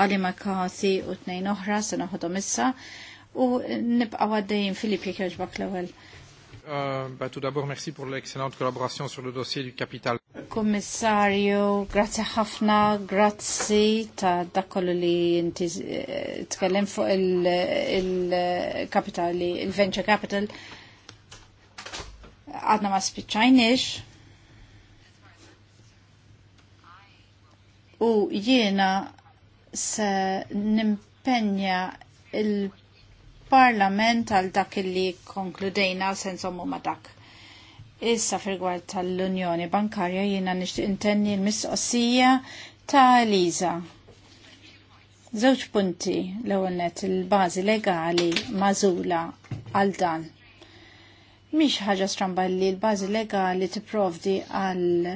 Speaker 3: Ali McCarthy u tnejn oħra se naħodhom issa u nibqa' għaddejn Filip jekk jogħġbok l ewel Uh, bah, tout d'abord, merci pour l'excellente collaboration sur le dossier du capital. Kommissarju, grazie ħafna, grazie ta' dakollu li inti eh, t-kellem fuq il-kapitali, il-venture capital. Għadna ma spiċċajniex u jiena se nimpenja il-parlament għal dak li konkludejna sensomu ma dak. Issa fil tal-Unjoni Bankarja jiena nixtieq intenni l-mistoqsija ta' Eliza. Żewġ punti l-ewwel il-bażi legali mażula għal dan. Mhix ħaġa stramba li l-bażi legali tipprovdi għal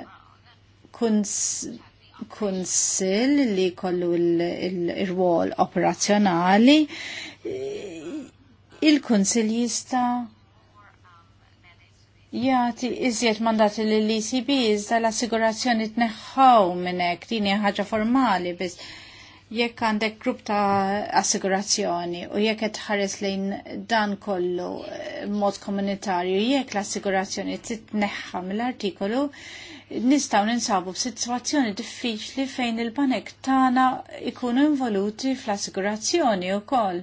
Speaker 3: kunsill li kollu il-rwol il operazzjonali il-kunsill jista jati iżjed mandati li l-ECB iżda l-assigurazzjoni tneħħaw minnek dini ħaġa formali biss jekk għandek grupp ta' assigurazzjoni u jekk qed tħares lejn dan kollu eh, mod komunitarju jekk l-assigurazzjoni titneħħa mill-artikolu nistaw ninsabu b'sitwazzjoni diffiċli fejn il-banek tagħna ikunu involuti fl-assigurazzjoni wkoll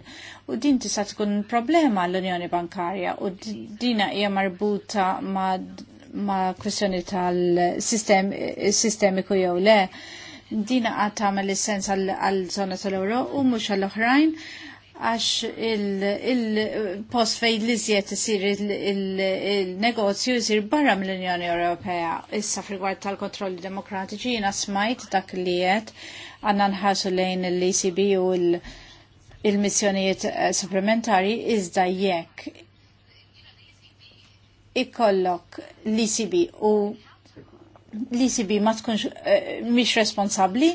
Speaker 3: u din tista' tkun problema l-Unjoni Bankarja u dina hija marbuta ma' ma' kwestjoni tal-sistem sistemiku jew le. Dina għad tagħmel is-sens għal żona tal-Ewro u mhux għall-oħrajn għax il-post fej l-izjet isir il-negozju isir barra mill-Unjoni Ewropea. Issa frigward tal-kontrolli demokratiċi jina smajt dak li jiet għanna nħasu lejn l-ECB u il-missjonijiet eh, supplementari iżda jekk ikollok l-ECB u l-ECB ma tkunx eh, mish responsabli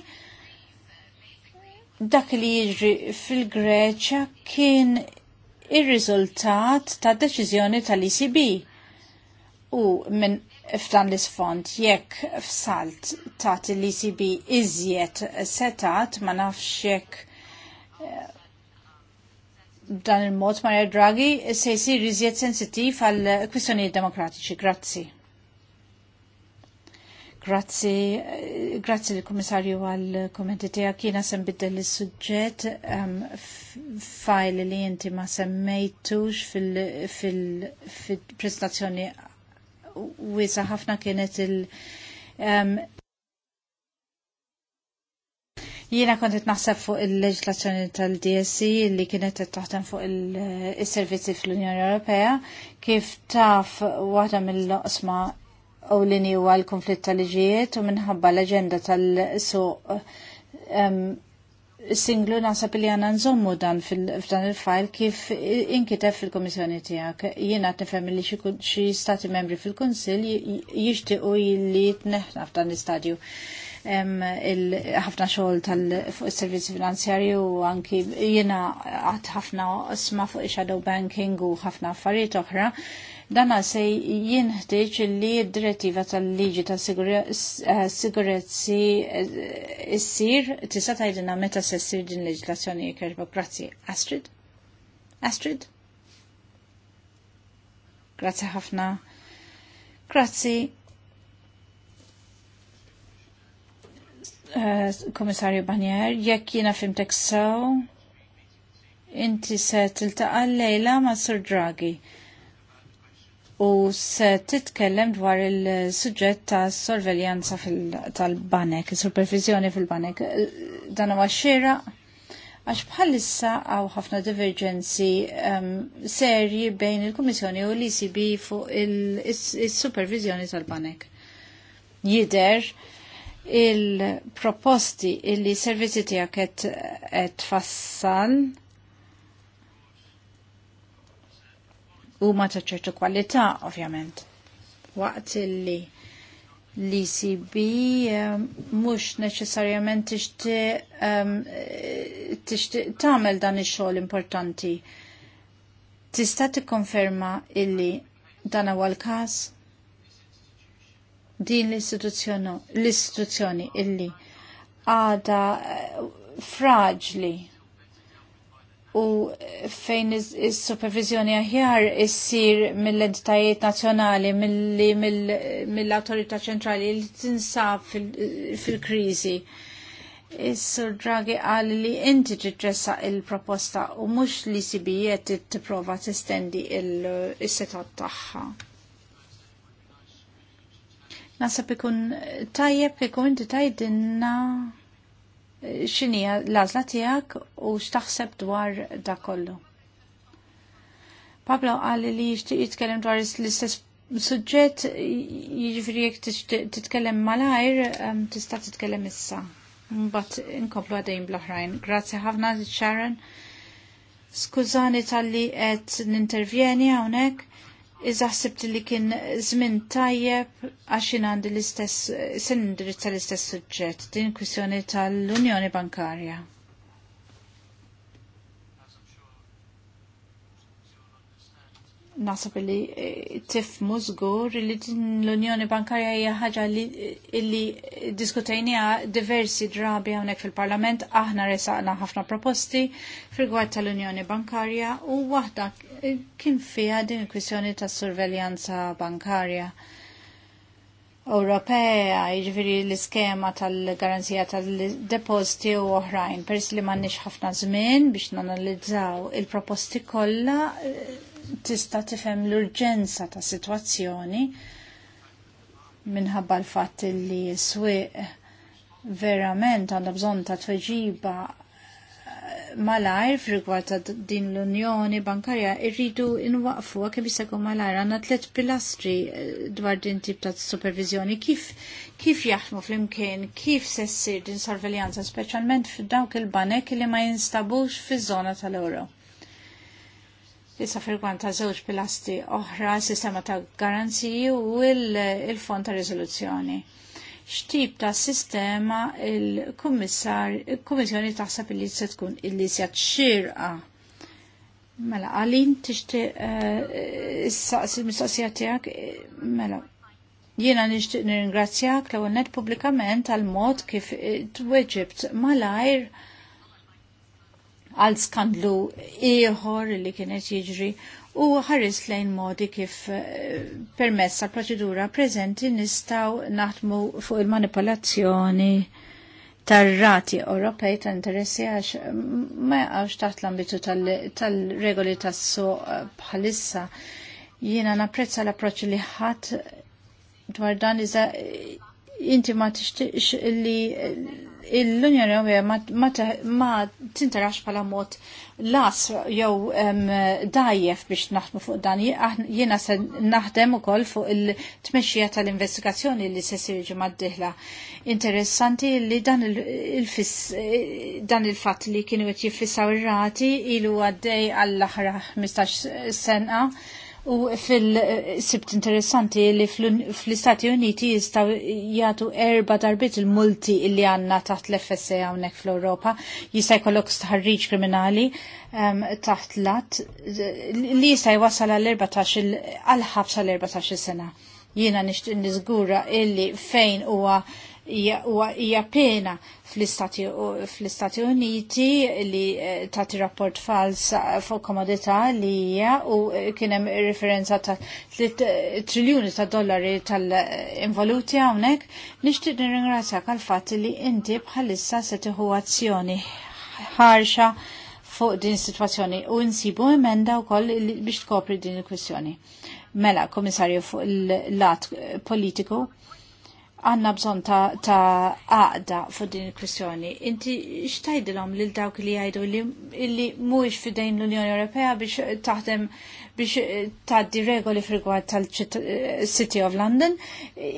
Speaker 3: dak li jiġri fil-Greċja kien ir-riżultat ta' deċiżjoni tal-ECB. U minn f'dan l-isfond jekk f'salt tat l-ECB iżjed setat ma nafx jekk eh, dan il-mod ma Draghi se jsir iżjed sensittiv għal kwistjonijiet demokratiċi. Grazzi. Grazzi, eh, grazzi l kommissarju għal-kommenti tijak, jina sem biddel il-sujġet, um, ehm, fajl li jinti ma semmejtux fil-prestazzjoni fil, fil wisa ħafna kienet il- um, Jiena kontet naħseb fuq il-leġlazzjoni tal-DSC e li kienet taħtem fuq il-servizzi eh, fl-Unjoni Ewropea kif taf waħda mill-loqsma u l-ini huwa l-konflitt tal-liġijiet u minħabba l-agenda tal-suq singlu nasab li għana nżommu dan f'dan il-fajl kif inkitef fil-komissjoni tijak. Jena t-nifem li xie stati membri fil-konsil u jilli t-neħna f'dan il-stadju ħafna xogħol tal-servizzi finanzjari u anki jiena għat ħafna sma fuq shadow banking u ħafna affarijiet oħra Dana se jinħtieġ li d-direttiva tal-liġi ta' eh, sigurezzi eh, s-sir, tista' tgħidilna meta se ssir din leġislazzjoni kerba. Grazzi. Astrid? Astrid? Grazzi ħafna. Grazzi. Eh, Komissarju Banjer, jekk jina fimtek sew, inti se tiltaqa' lejla ma' Sur Draghi u se titkellem dwar il-suġġett ta' sorveljanza tal-banek, supervizjoni fil-banek. Dan huwa xira għax bħalissa għaw ħafna divergenzi um, serji bejn il-Kummissjoni u l-ECB fuq il-supervizjoni il kummissjoni u l ecb fuq il supervizjoni tal banek Jider il-proposti il-li servizzi tijak et, et fassan u ma ta' ċertu kwalità ovvjament. Waqt li l-ECB um, eh, mux neċessarjament tixti um, ehm, eh, tamel dan ix-xogħol importanti. Tista' tikkonferma illi dan huwa l-każ? Din l-istituzzjoni illi għada eh, fraġli u fejn is-supervizjoni aħjar issir mill-entitajiet nazzjonali, mill autorita ċentrali li tinsab fil-kriżi. Is-Sur Draghi qal li inti titressa il-proposta u mhux li sibijiet tipprova istendi il-setat tagħha. Nasab ikun tajjeb ikun inti tajdinna xinija l-azla tijak u xtaħseb dwar da kollu. Pablo għalli li jishtiq jitkellem dwar l-istess suġġett jiġifieri jekk titkellem malajr tista' titkellem issa. Mbagħad inkomplu għadajn bl-oħrajn. Grazzi ħafna Sharon. Skużani tal-li qed nintervjeni hawnhekk Iżda ħsibt li kien żmien tajjeb għax jien għandi l-istess, sen l-istess suġġett, din kwistjoni tal-Unjoni Bankarja. nasab li e, tif mużgur li din l-Unjoni Bankarja hija ħaġa e, li diskutejnija diversi drabi hawnhekk fil-Parlament aħna resaqna ħafna proposti fil-gwad tal-Unjoni Bankarja u waħda kien fiha din il-kwistjoni tas-surveljanza bankarja. Ewropea, jiġifieri l-iskema tal-garanzija tal-deposti u oħrajn, peris li m'għandniex ħafna żmien biex nanalizzaw il-proposti kollha tista' tifhem l-urġenza ta' sitwazzjoni minħabba l-fatt li swieq verament għandha bżonn ta' tweġiba eh, malajr f'rigward ta' din l-Unjoni Bankarja irridu inwaqfu għak bisakum malajr għanna tlet pilastri eh, dwar din tip ta' supervizjoni kif kif jaħdmu fl-imkien, kif se ssir din sorveljanza, specialment f'dawk il-banek li ma jinstabux fiż-żona tal-Euro. Issa firgwan ta' żewġ pilasti oħra, sistema ta' garanziji u il-fond ta' riżoluzzjoni. X'tip ta' sistema il-Kummissjoni taħseb li se tkun illi xirqa. Mela, għalin tixti issaqs eh, il-mistoqsija tiegħek mela. Jiena nixtieq nirringrazzjak l-ewwel publikament pubblikament għal mod kif eh, t-weġibt malajr għal skandlu ieħor li kienet jiġri u ħares lejn modi kif eh, permezz tal proċedura preżenti nistaw naħdmu fuq il-manipolazzjoni tar-rati Ewropej ta' interessi għax ma għax taħt l-ambitu tal-regoli tal regoli tas suq eh, bħalissa. Jiena napprezza l-approċċ li ħadd dwar dan iżda inti ma tixtiex li l-Unjoni Ewropea ma tintarax bħala mod las jew dajjef biex naħdmu fuq dan. Jiena se naħdem ukoll fuq il-tmexxija tal-investigazzjoni li se sir ġimgħa dieħla Interessanti li dan il-fatt li kienu qed jiffissaw ir-rati ilu għaddej għall-aħra 15 sena U fil-sibt interessanti li fl-Istati Uniti jistaw jgħatu erba darbit il-multi illi għanna taħt l-FSA għonek fl-Europa, jistaj kollok stħarriġ kriminali taħt lat li jistaj wasal għal-14 għal-ħabsa l-14 sena jina nizgura illi fejn huwa hija pena fl-Istati Uniti li eh, tagħti rapport fals fuq komodità li hija u eh, kien hemm referenza ta' eh, triljuni ta' dollari tal-involuti hawnhekk. Nixtieq nirringrazzjak għal fatt li inti bħalissa se tieħu azzjoni ħarxa fuq din situazzjoni u nsibu emenda u koll biex tkopri din il-kwistjoni. Mela, komissarju fuq il-lat politiku, għanna bżon ta', ta għaqda fuq din il-kwistjoni. Inti xtajdilom lil dawk li għajdu li mhuwiex fidejn l-Unjoni Ewropea biex taħdem biex taħdi regoli frigwad tal-City of London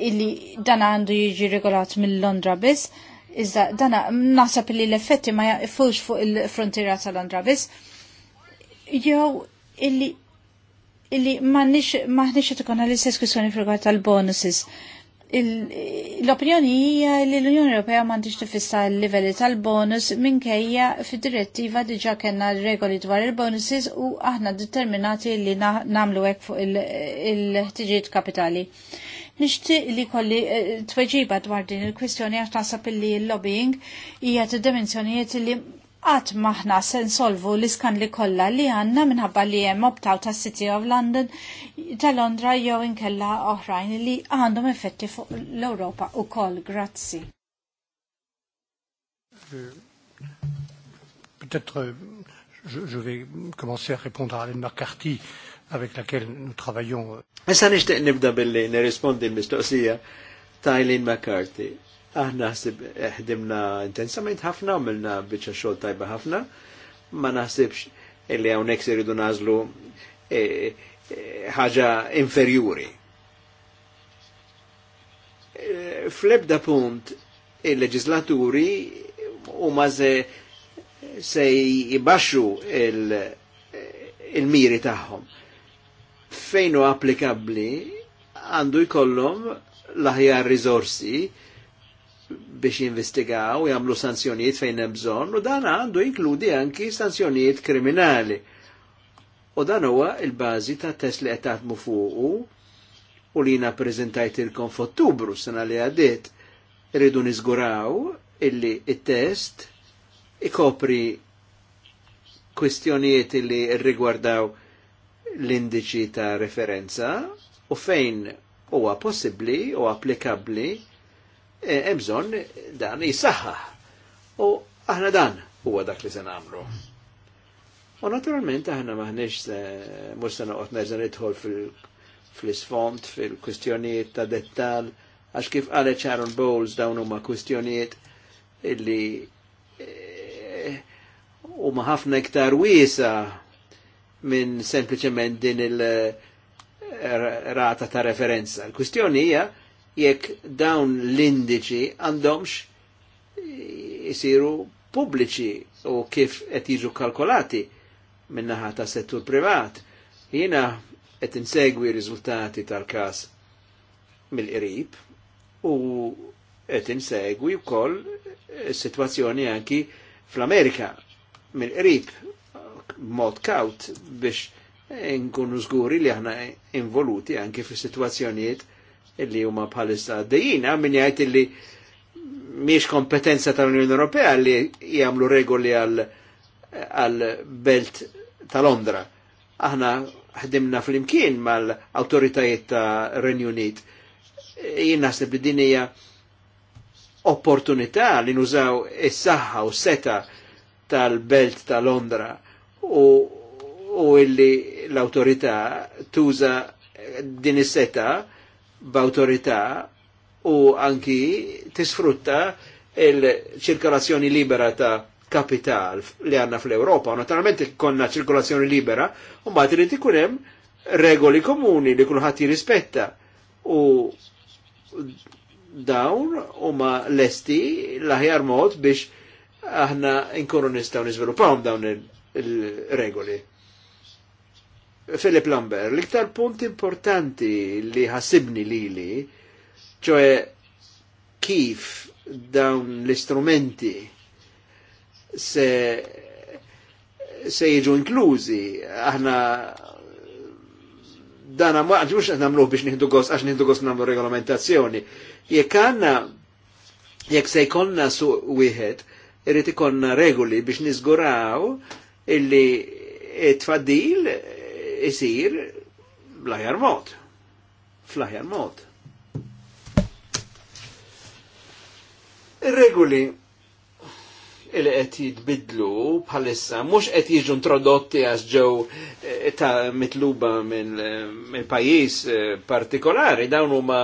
Speaker 3: illi dan għandu jiġi regolat mill Londra biss. Iżda dan naħseb li l-effetti ma jaqfux fuq il-frontiera tal-Londra biss. Jew illi illi maħniċ tkun għal-istess kwistjoni fil-gwad tal bonuses L-opinjoni hija li l-Unjoni Ewropea m'għandix tifissa l-livelli tal-bonus minkejja fid-direttiva diġà kellna regoli dwar il-bonuses u aħna determinati li nagħmlu hekk fuq il-ħtiġijiet kapitali. Nixtieq li kolli eh, tweġiba dwar din il-kwistjoni għax naħseb li l-lobbying hija t-dimensjonijiet li għat maħna sen solvu l-iskan li kolla li għanna minħabba li jem optaw ta' City of London ta' Londra jew inkella oħrajn li għandhom effetti fuq l-Europa u koll. Grazzi.
Speaker 2: Euh, peut-être euh, je, vais
Speaker 3: commencer à répondre à Alain McCarthy avec laquelle nous travaillons.
Speaker 2: Mais ça n'est Issa nixtieq nibda billi nirrispondi l-mistoqsija ta' Eileen McCarthy Aħna ħsib eh, ħdimna intensament ħafna, għamilna bieċa xogħol tajba ħafna, ma naħsibx illi hawnhekk se ridu nazlu eh, eh, ħaġa inferjuri. Flebda punt il-leġislaturi u maze se jibaxu il-miri il tagħhom. Fejn hu applikabbli għandu jkollhom l-aħjar biex jinvestigaw, jagħmlu sanzjonijiet fejn hemm bżonn u dan għandu jinkludi anki sanzjonijiet kriminali. U dan huwa il-bażi ta' test li qed taħdmu fuqu u li jiena preżentajtilkom f'Ottubru sena li għaddiet irridu niżguraw illi it-test ikopri kwistjonijiet li rrigwardaw l-indiċi ta' referenza u fejn huwa possibbli u applikabbli Eh, emżon bżonn dan jisaxħa. U aħna dan huwa dak li se nagħmlu. U naturalment aħna maħniex mux se noqgħod nerġa' idħol fil-sfont, fil-kwistjonijiet ta' dettal għax kif għale ċarun Bowls dawn huma kwistjonijiet illi eh, huma ħafna iktar wiesa minn sempliċement din il- eh, rata ta' referenza. il kustjoni hija jekk dawn l-indiċi għandhomx jisiru pubbliċi u kif qed jiġu kalkolati minnaħa ta' settur privat. Jiena qed insegwi riżultati tal-każ mill-qrib u qed insegwi wkoll is-sitwazzjoni anki fl-Amerika mill-qrib mod kaut biex nkunu żguri li aħna involuti anki fis-sitwazzjonijiet illi huma bħalissa dejjina min jgħid illi miex kompetenza tal-Unjoni Ewropea li jagħmlu regoli għal belt ta' Londra. Aħna ħdimna fl-imkien mal-autoritajiet ta' Renju Unit. Jien naħseb li din hija opportunità li nużaw is-saħħa u seta tal-belt ta' Londra u, u illi l-autorità tuża din is-seta' b'autorità u anki tisfrutta il-ċirkolazzjoni libera ta' kapital li għanna fl-Europa. Naturalment konna ċirkolazzjoni libera, u mbagħad irid ikun hemm regoli komuni li kulħadd jirrispetta. U dawn huma lesti l-aħjar mod biex aħna nkunu nistgħu niżviluppawhom dawn il-regoli. Philip Lambert, l-iktar punt importanti li ħassibni li, ċoħe kif dawn l-istrumenti se se jiġu inklużi, aħna dana ma ġux namlu biex nħiddu għos, għax nħiddu għos namlu regolamentazzjoni. Jek għanna, jek se jkollna su wieħed, irid ikollna regoli biex nizguraw illi t fadil isir blajar mod. Flajar mod. Ir-regoli li qed jitbidlu bħalissa mhux qed jiġu introdotti għax ġew eh, ta' mitluba minn min pajjiż eh, partikolari dawn huma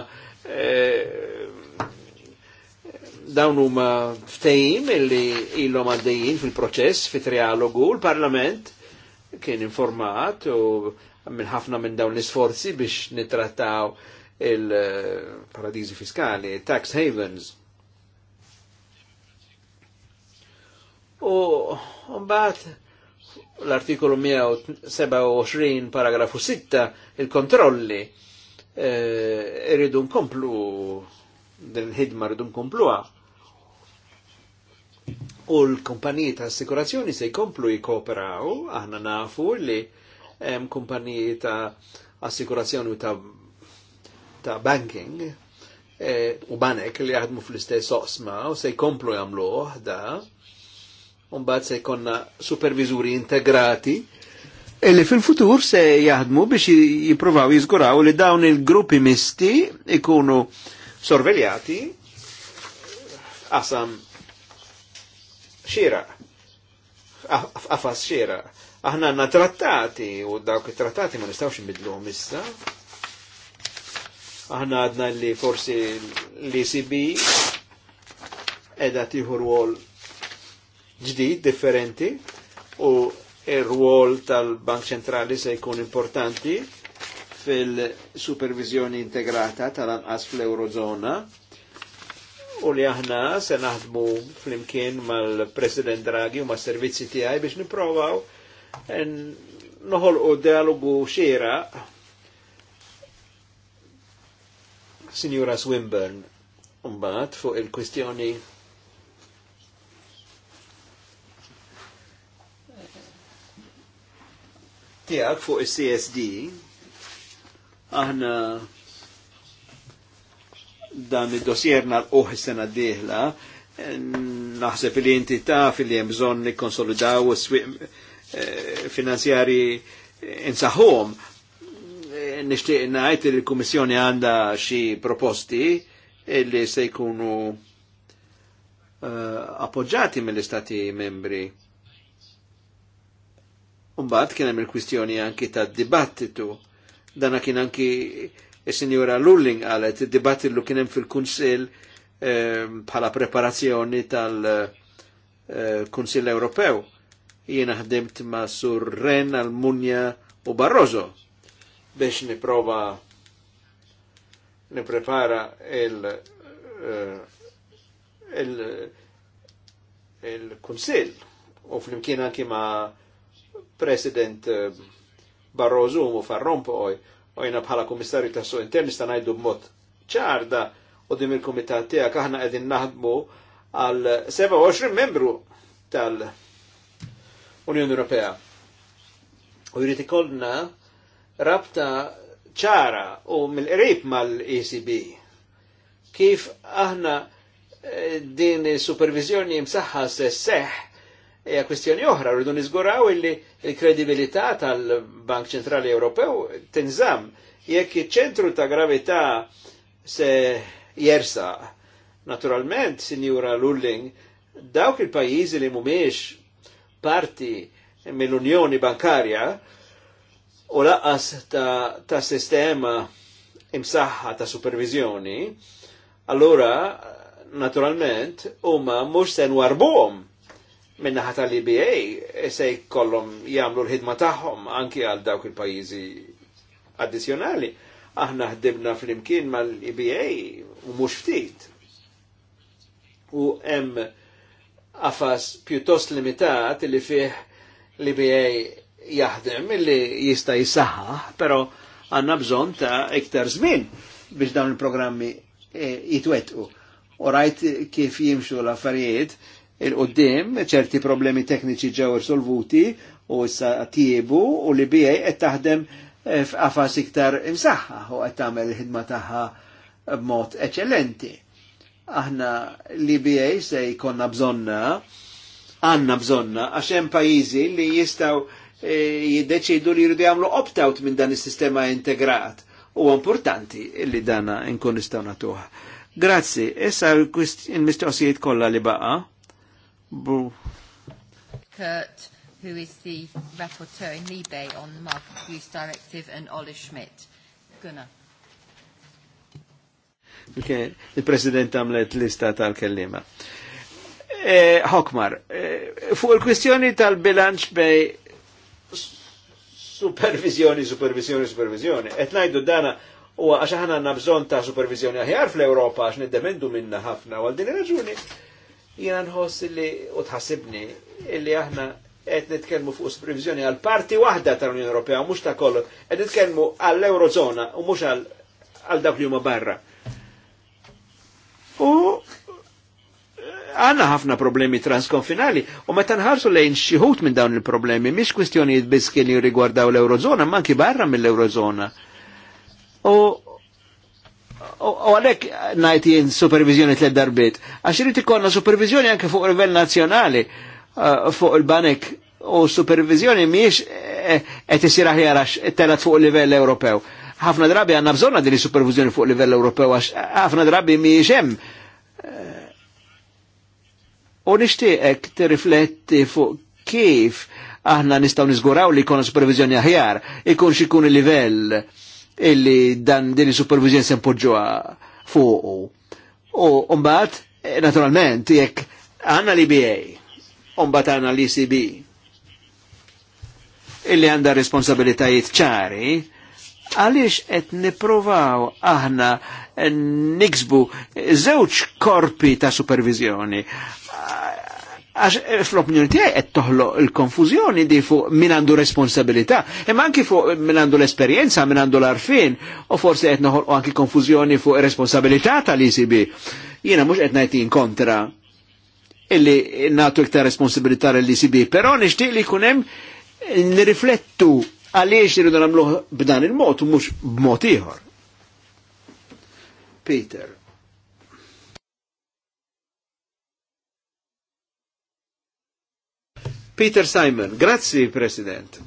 Speaker 2: eh, dawn huma ftehim illi ilhom għaddejjin fil-proċess fit-trialogu l-Parlament kien informat u minn ħafna minn dawn l-isforzi biex nitrattaw il paradizi fiskali, tax havens. U mbagħad l-artikolu 127 paragrafu 6 il-kontrolli eh, irridu nkomplu din il-ħidma rridu nkompluha u l-kumpaniji ta' assikurazzjoni se jkomplu jikoperaw, aħna nafu li hemm kumpaniji ta' assikurazzjoni ta', ta banking e, u banek li jaħdmu fl-istess osma u se jkomplu jagħmluh da, mbagħad se jkollna supervizuri integrati li fil-futur se jaħdmu biex jippruvaw jiżguraw li dawn il-gruppi misti ikunu sorveljati qasam xira, għafas xira. Aħna għanna trattati, u dawk trattati ma nistawx nbidlu issa. Aħna għadna li forsi l-ECB edha tiħu rwol ġdid, differenti, u il-rwol tal-Bank Ċentrali se jkun importanti fil-supervizjoni integrata tal-anqas fl-Eurozona u li aħna se naħdmu flimkien mal-President Draghi u mas-servizzi tiegħi biex nipprovaw noħolqu dialogu xiera Signora Swinburne mbagħad fuq il-kwistjoni tiegħek fuq is-CSD aħna dan id-dossier nal-oħ sena diħla, eh, naħseb li inti taf li hemm bżonn nikkonsolidaw is eh, finanzjari eh, insaħom. Nixtieq ngħid li l-Kummissjoni għandha xi proposti li se jkunu appoġġati mill-Istati membri. Umbat kien hemm il-kwistjoni anki tad-dibattitu. Dana kien anki il-Sinjora Lulling għalet il dibattillu kienem fil-Kunsil ehm, bħala preparazzjoni tal-Kunsil eh, Ewropew. Jiena ħdimt ma' Sur Ren, Almunja u Barroso biex niprova niprepara il- eh, il- il-Kunsil u fl-imkien anki ma' President eh, Barroso u Farrompo oj u jena bħala komissarju ta' su intern nista' ngħidu b'mod ċarda u dim il-kumitat tiegħek aħna qegħdin naħdmu għal 27 membru tal-Unjoni Ewropea. U jrid ikollna rabta ċara u mill-qrib mal-ECB. Kif aħna eh, din supervizjoni msaħħa se seħ Eja kwestjoni oħra, rridu nizguraw illi l-kredibilità tal-Bank Ċentrali Ewropew tinżam jekk iċ-ċentru ta' gravità se jersa. Naturalment, Sinjura Lulling, dawk il-pajjiżi li mhumiex parti mill-Unjoni Bankarja u laqas ta', ta sistema imsaħħa ta' supervizjoni, allora naturalment huma mhux se nwarbuhom minna ħata li BA se jkollhom jagħmlu l-ħidma tagħhom anki għal dawk il-pajjiżi addizzjonali. Aħna ħdibna fl-imkien mal iba u mhux ftit. U hemm għafas pjuttost limitat li fih l iba e jaħdem li jista' jisaħħaħ, pero għandna bżonn ta' iktar żmien biex dawn il-programmi eh, jitwetqu. U rajt kif jimxu l-affarijiet, il-qoddim, ċerti problemi tekniċi ġew solvuti u issa tiebu u li bija qed taħdem eh, f'qafas iktar imsaħħa u qed tagħmel il-ħidma tagħha b'mod eċellenti. Aħna li bija se jkollna bżonna, għandna bżonna, għax hemm pajjiżi li jistgħu eh, jiddeċidu li jridu jagħmlu opt-out minn dan is-sistema integrat. U importanti li dana nkun nistgħu natuha. Grazzi, issa il-mistoqsijiet kollha li baqa' Bu.
Speaker 3: Kurt, who is the rapporteur in Libe on the Market Abuse Directive, and Olle Schmidt. Gunnar.
Speaker 2: Okay. Il-President għamlet lista tal-kellima. Eh, Hokmar, e, fuq il-kwistjoni tal-bilanċ bej supervizjoni, supervizjoni, supervizjoni. Et najdu dana u għax ħana għanna bżon ta' supervizjoni aħjar fl-Europa għax niddependu minna ħafna għal din raġuni Jena nħoss li u tħassibni illi aħna qed nitkellmu fuq supervizjoni għal parti waħda tal-Unjoni Ewropea mhux ta' kollu, qed nitkellmu għall-Eurozona u mhux għal dawk li huma barra. U għanna ħafna problemi transkonfinali u meta nħarsu lejn xi ħut minn dawn il-problemi mhix kwistjonijiet biss li rigwardaw l-Eurozona, ma anki barra mill-Eurozona u għalek najt jien supervizjoni tled darbit. Għax irrid ikollna supervizjoni anke fuq livell nazzjonali uh, fuq il-banek u supervizjoni miex eh, qed isir aħjar għax telat fuq il-level Ewropew. Ħafna drabi għandna bżonna din supervizjoni fuq livell Ewropew għax ħafna drabi miex hemm. Eh, u nixtieqek rifletti fuq kif aħna nistgħu niżguraw li jkollna supervizjoni aħjar, ikun xikun il-livell illi dan din il-supervizjoni se npoġġuha fuqu. U mbagħad, eh, naturalment, jekk għanna l-IBA, mbagħad għanna l icb e illi għanda responsabilitajiet ċari, għaliex qed niprovaw aħna niksbu żewġ korpi ta' supervizjoni għax eh, fl-opinjoni tiegħi qed toħlo il-konfużjoni di fuq min għandu responsabilità, imma anki fuq min għandu l-esperjenza, min għandu l-arfin, u forsi qed noħolqu anki konfużjoni fuq ir-responsabilità tal-ICB. Jiena mhux qed ngħid kontra illi nagħtu iktar responsabilità l-ICB, però nixtieq li jkun hemm eh, nirriflettu għaliex irridu nagħmluh b'dan il-mod u mhux b'mod ieħor. Peter. Peter Simon, grazzi President.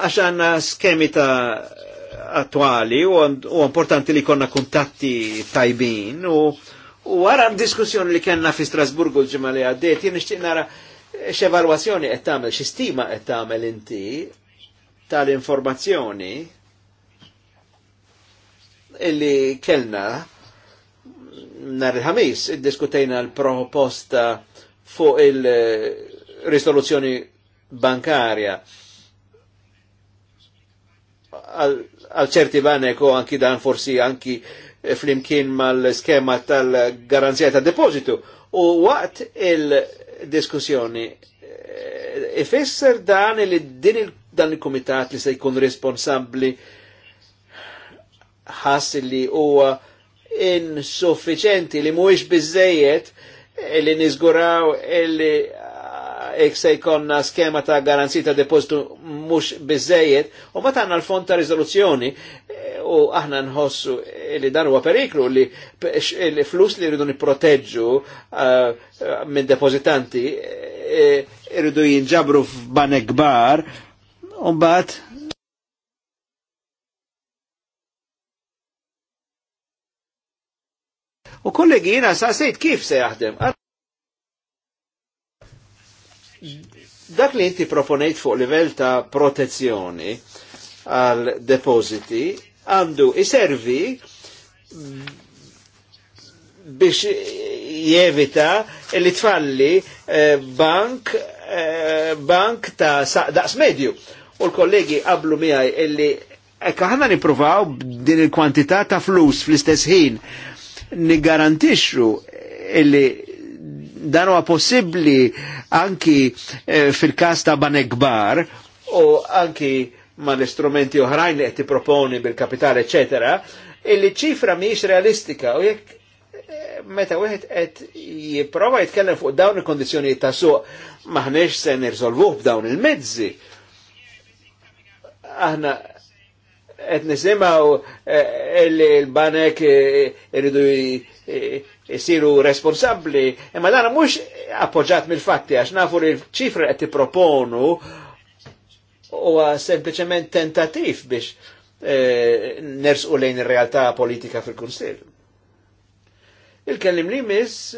Speaker 2: Għax għanna skemi ta' attuali u, importanti li konna kuntatti tajbin u għara diskussjoni li kena fi Strasburgu u ġimma li għaddiet, jien nixtieq nara x'evalwazzjoni qed tagħmel, x'istima qed tagħmel inti tal-informazzjoni illi kellna nar il-ħamis diskutejna l-proposta fuq il-risoluzzjoni bankarja għal ċerti banek u anki dan forsi anki flimkien mal-skema tal-garanzija ta' depositu u waqt il-diskussjoni eh, ifisser dan li din il dan il-komitat li se jkun responsabli ħass li huwa uh, insuffiċenti li mhuwiex biżejjed eh, li niżguraw eh, li jek eh, se jkollna skema ta' garanzi ta' depositu mhux biżejjed, u ma tagħna l-fond ta' riżoluzzjoni u aħna nħossu li dan huwa periklu li flus li rridu niproteġġu minn depozitanti irridu jinġabru f'banek kbar un bat U kollegi sa sejt kif se jaħdem. Dak li inti proponejt fuq livell ta' protezzjoni għal depositi għandu iservi biex jevita li tfalli eh, bank eh, bank ta' daqs medju. U l-kollegi qablu miħaj illi Ekka ħana niprufaw din il-kwantità ta' flus fl-istess ħin nigarantixxu illi dan huwa possibbli anki eh, fil-każ ta' banek gbar u anki ma' l-istrumenti oħrajn li qed proponi bil-kapital, eċetera, illi ċifra mhijiex realistika u jekk eh, meta wieħed qed jipprova jitkellem fuq dawn il-kondizzjonijiet ta' suq maħnex se nirżolvuh b'dawn il-mezzi. Aħna et nisimaw eh, il-banek eh, irridu jisiru responsabli, imma dan mux appoġġat mill-fatti, għax nafu li l-ċifra qed proponu u sempliciment tentativ biex eh, nersqu lejn ir-realtà politika fil-Kunsill. Il-kellim li miss,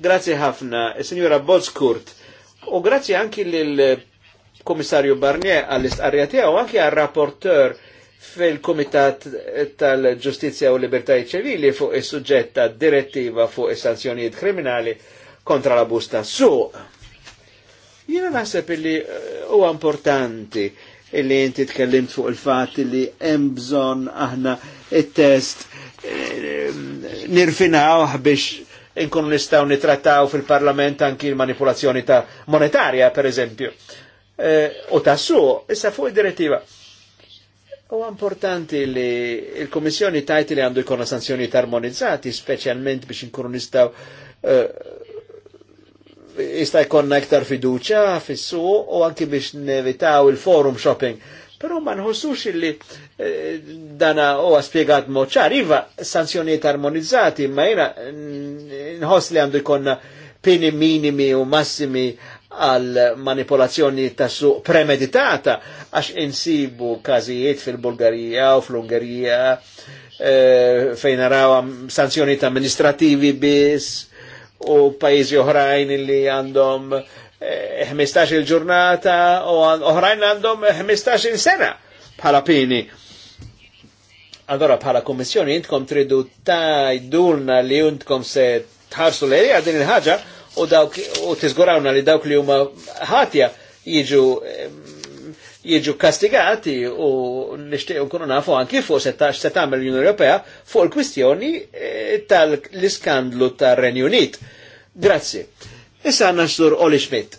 Speaker 2: grazie ħafna, il signora Bozkurt, u grazie anki lil komissarju Barnier għall-istqarrija tiegħu anke għar-rapporteur fil-Kumitat tal-Ġustizzja u Libertajiet Ċivili fuq is-suġġett direttiva fuq is-sanzjonijiet kriminali kontra la Busta. ta' suq. Jiena naħseb li uh, huwa importanti illi inti tkellimt fuq il-fatt li hemm bżonn aħna it-test eh, nirfinaw biex inkun nistaw nitrattaw fil-parlament anki l-manipolazzjoni ta' monetarja, per eżempju. Eh, u tassu, issa fuq id-direttiva. U importanti li il-Komissjoni tajt li għandu jkollna sanzjoni armonizzati, specialment biex nkunu nistaw eh, jista' jkollna iktar fiduċa fissu u anki biex nevitaw il-forum shopping. Pero ma nħossux li eh, dana u għaspiegat moċar, iva sanzjoniet armonizzati, ma jena nħoss li għandu jkollna pini minimi u massimi għal manipolazzjoni ta' suq premeditata għax insibu kazijiet fil-Bulgarija u fl-Ungerija eh, fejn naraw sanzjoni amministrativi bis u pajizi oħrajn li għandhom 15 eh, il-ġurnata u oħrajn għandhom 15 sena bħala pini. Allora bħala kommissjoni intkom tridu tajdulna li intkom se tħarsu l-erja din il-ħagġa u dawk u tiżgurawna li dawk li huma ħatja jiġu jiġu kastigati u nishtiqu nkunu nafu anki fuq setax se tagħmel l-Unjoni Ewropea fuq il-kwistjoni e, tal-iskandlu tar-Renju Unit. Grazzi. Issa għandna sur Oli Schmidt.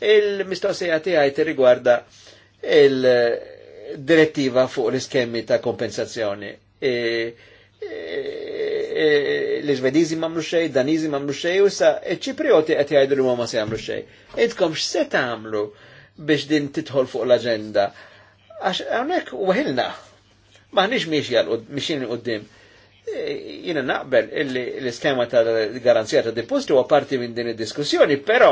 Speaker 2: Il-mistoqsija tiegħi tirrigwarda il-direttiva fuq l-iskemmi ta' kompensazzjoni. E, e, E, l-Iżvediżi mamlu xej, Danizi mamlu xej, u sa ċiprioti għet jajdu li ma se jagħmlu xej. Intkom x'se tagħmlu biex din titħol fuq l agenda Għax għonek u ma nix hawnhekk waħilna. Maħniex miexin qudiem. E, Jina naqbel l-iskema ta' garanzija ta' depositu huwa parti minn din il diskussjoni pero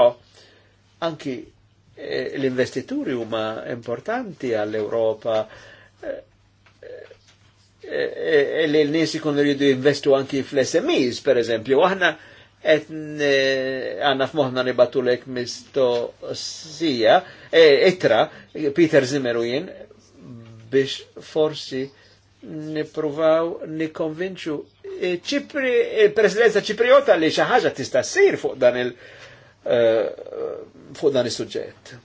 Speaker 2: anki e, l-investituri huma importanti għall europa Eh, li l-nies ikunu jridu jinvestu anki fl-SMEs, per eżempju, aħna qed eh, għandna f'moħħna nibatu lek mistoqsija, eh, itra, Peter Zimmer u jien, biex forsi nipruvaw nikonvinċu ċipri, il-presidenza ċipriota li xaħġa tista' ssir fuq dan il- fuq dan is-suġġett.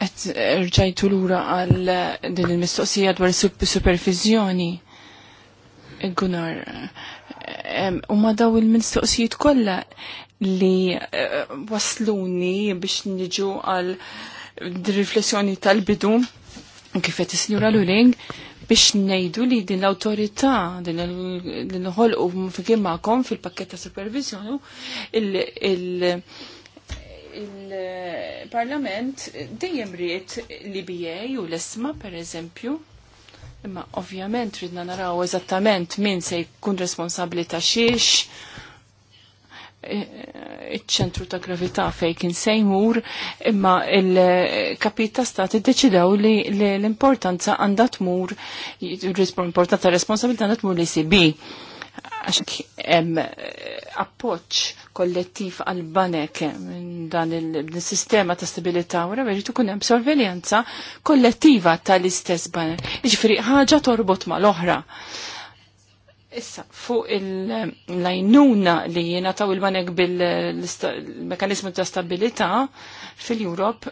Speaker 1: qed rġajtu lura għal din il-mistoqsija dwar supervizjoni. Gunnar, u ma daw il-mistoqsijiet kollha li eh, wasluni biex niġu għal riflessjoni tal-bidu kif qed is-Sinjura Luling biex nejdu li din l autorita din l ħol fil-kim fil pakketta ta' supervizjonu, il il-Parlament dejjem riet l-IBA u l-ESMA per eżempju, imma ovvjament ridna naraw eżattament min se jkun responsabli ta' xiex, e, iċ-ċentru ta' gravità fej kien sejmur, imma il-kapit ta' stati deċidaw li l-importanza għandha tmur, l-importanza responsabilità għandha tmur li sibi għax appoċ kollettiv għal-banek minn dan il-sistema ta' stabilita u rraveri tu hemm sorveljanza kollettiva tal-istess banek. Iġifri, ħaġa torbot mal-oħra. Issa, fuq il-lajnuna li jena taw il-banek bil-mekanizmu ta' stabilita fil-Europ,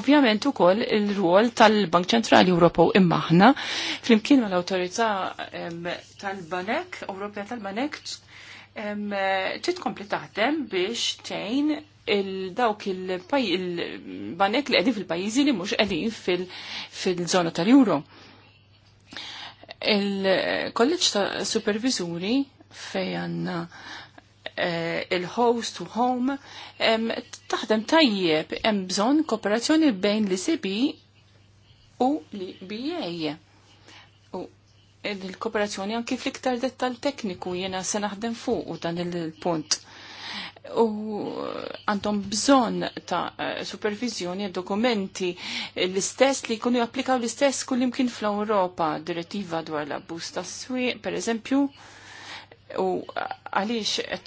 Speaker 1: ovvjament u koll il-ruol tal-Bank Ċentrali Ewropew immaħna, fl flimkien ma l autorita tal-banek, Ewropea tal-banek, titkompli taħdem biex tgħin il-dawk il-banek li għedin fil-pajizi li mux għedin fil-zona tal-Euro Il-kolleġġ ta' supervizuri fej eh, il-host u home taħdem tajjeb hemm bżonn kooperazzjoni bejn li sibi u li BA. U il-kooperazzjoni anki fl-iktar dettal tekniku jena se naħdem fuq u dan il-punt u għandhom bżon ta' supervizjoni e dokumenti l-istess li jkunu japplikaw l-istess kull imkien fl-Europa, direttiva dwar l-abbuż ta' swi, per eżempju, u għaliex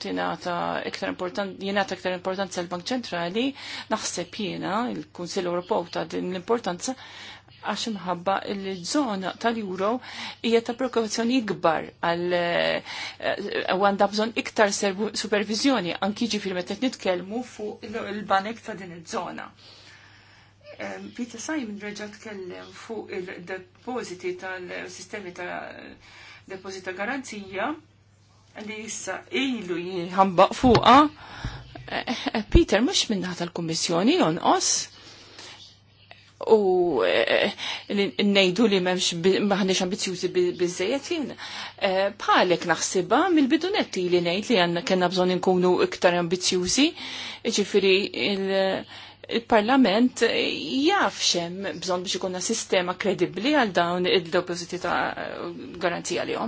Speaker 1: tinata iktar importanti, jenata iktar importanza l-Bank Ċentrali, naħseb jena, il-Kunsill Ewropew ta' din l-importanza, għax imħabba il-żona tal-Euro hija ta' prekawzjoni ikbar għal eh, għandha bżonn iktar supervizjoni anki ġifieri meta nitkellmu fuq il-banek ta' din iż-żona. Peter Simon reġa' tkellem fuq il-depożiti tal-sistemi ta' deposita garanzija li issa ilu jħambaq fuqa. Eh, eh, Peter, mux minna tal kummissjoni jonqos? u eh, nejdu li memx maħnex ambizjużi bizzejet jien. Palek eh, naħsiba mill-bidunetti li nejt li għanna kena bżon inkunu iktar ambizjużi, ġifiri il-parlament jaf xem bżon biex ikonna sistema kredibli għal dawn id-depositi ta' garanzija li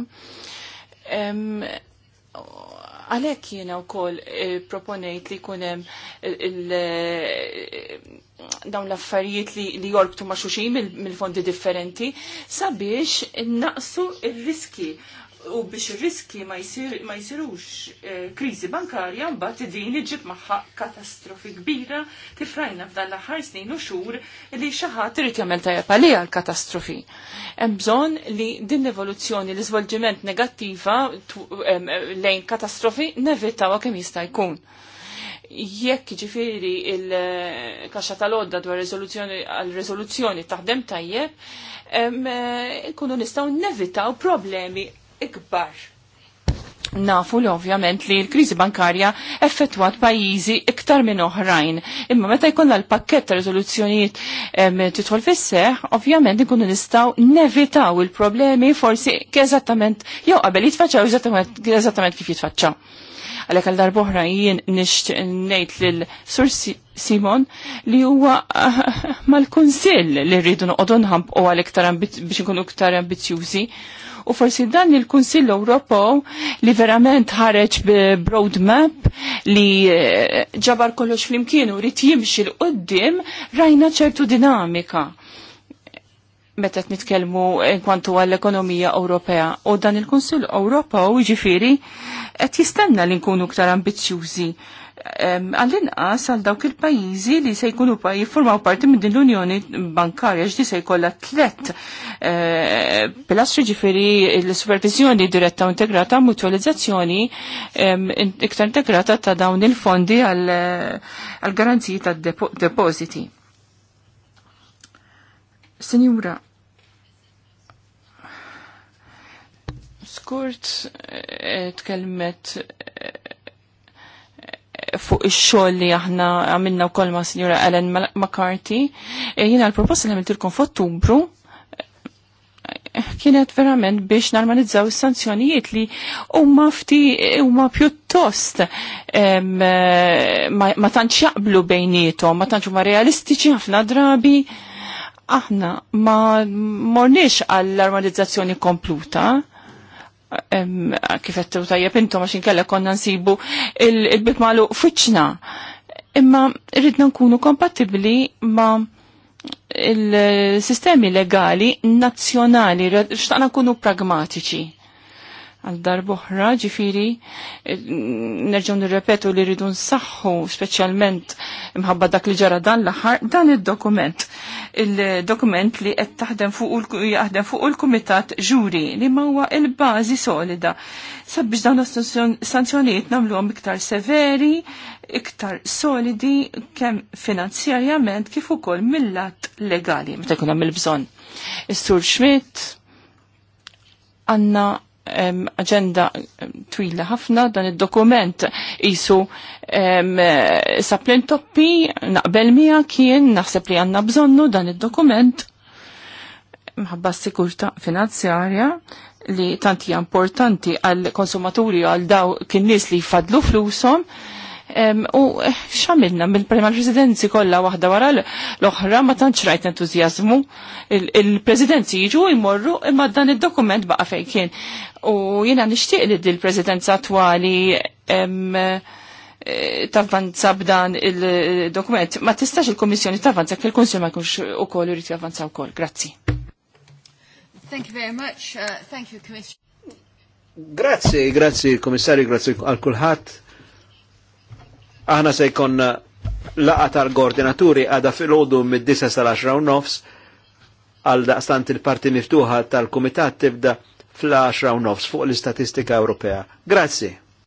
Speaker 1: Għalek jiena u kol eh, proponejt li kunem eh, eh, dawn l-affarijiet li jorbtu ma' xuxin mill-fondi differenti sabiex naqsu il-riski u biex riski ma jisirux eh, krizi bankarja mbagħad din iġib magħha katastrofi kbira kif rajna f'dan l-aħħar snin u xhur li xi ħadd irid jagħmel tajjeb għalija l-katastrofi. Hemm bżonn li din l-evoluzzjoni l iżvolġiment negattiva lejn katastrofi nevittaw kemm jista' jkun jekk ġifiri il-kaxa tal-odda dwar rezoluzzjoni għal-rezoluzzjoni taħdem tajjeb, eh, kunu nistaw nevitaw problemi ikbar. Nafu li ovvjament li l-krizi bankarja effettwat pajjiżi iktar minn oħrajn. Imma meta jkollna l-pakket ta' riżoluzzjonijiet titħol fis-seħ, ovvjament ikunu nistgħu nevitaw il-problemi forsi eżattament jew qabel jitfaċċaw eżattament kif jitfaċċaw. Għalhekk għal darboħra jien nixtieq ngħid lil Sur Simon li huwa mal-kunsill li rridu noqogħdu nħampqu għal iktar biex ikunu iktar ambizzjużi u forsi dan il-Kunsill Ewropew li verament ħareġ map li eh, ġabar kollox flimkien u rrit jimxi l-qoddim rajna ċertu dinamika meta qed nitkellmu kwantu għall-ekonomija Ewropea u dan il-Kunsill Ewropew jiġifieri qed jistenna li nkunu ktar ambizzjużi għall-inqas għal dawk il-pajjiżi li se jkunu jiffurmaw parti minn din l-Unjoni Bankarja ġdi se jkollha tlett eh, pilastri ġifieri l-supervizjoni diretta u integrata mutualizzazzjoni iktar integrata ta' dawn il-fondi għal eh, garanziji ta' depositi. Sinjura, skurt eh, tkellmet fuq ix-xogħol li aħna għamilna wkoll ma' signora Ellen McCarthy. E, Jiena l-proposta li għamiltilkom f'Ottubru e, kienet verament biex normalizzaw is-sanzjonijiet li huma fti huma pjuttost e, ma tantx jaqblu bejnietom, ma tantx huma realistiċi ħafna drabi. Aħna ma morniex għall armalizzazzjoni kompluta, kif kifettu tajjeb intom għax inkella konna nsibu il-bit malu fuċna. Imma rridna nkunu kompatibli ma il-sistemi legali nazzjonali, xtaqna nkunu pragmatiċi għal darboħra ġifiri nerġun nirrepetu li rridu nsaħħu specialment imħabba dak li ġara dan l-aħħar dan il-dokument il-dokument li qed taħdem fuq jaħdem fuq il-kumitat ġuri li ma huwa il-bażi solida sabiex dawn sanzjonijiet nagħmluhom iktar severi, iktar solidi kemm finanzjarjament kif ukoll mill-lat legali meta jkun hemm il-bżonn. Is-Sur Schmidt għandna agenda twila ħafna dan id-dokument isu saplin toppi naqbel mija kien naħseb li għanna bżonnu dan id-dokument mħabba s-sikurta finanzjarja li tanti importanti għal konsumaturi għal daw kien nis li jfadlu flusom U xamilna mill-prima l-presidenzi kollha waħda wara l-oħra ma tantx rajt entuzjazmu. Il-presidenzi jiġu jmorru imma dan id-dokument baqa' fejn kien. U jiena nixtieq li dil-presidenza attwali e, tavvanza b'dan il-dokument. Ma tistax il-Komissjoni tavvanza kif il-Konsil ma jkunx ukoll irid javvanza wkoll. Grazzi.
Speaker 3: Thank you very much. Uh, thank you, Commissioner.
Speaker 2: Grazzi, grazie, Commissario, grazie għal kulħadd Aħna se jkun eh, laqa tal-koordinaturi għada fil-ħodu mid-disa sal-10 nofs għal daqstant il-parti miftuħa tal-komitat tibda fl-10 nofs fuq l-istatistika Ewropea. Grazzi.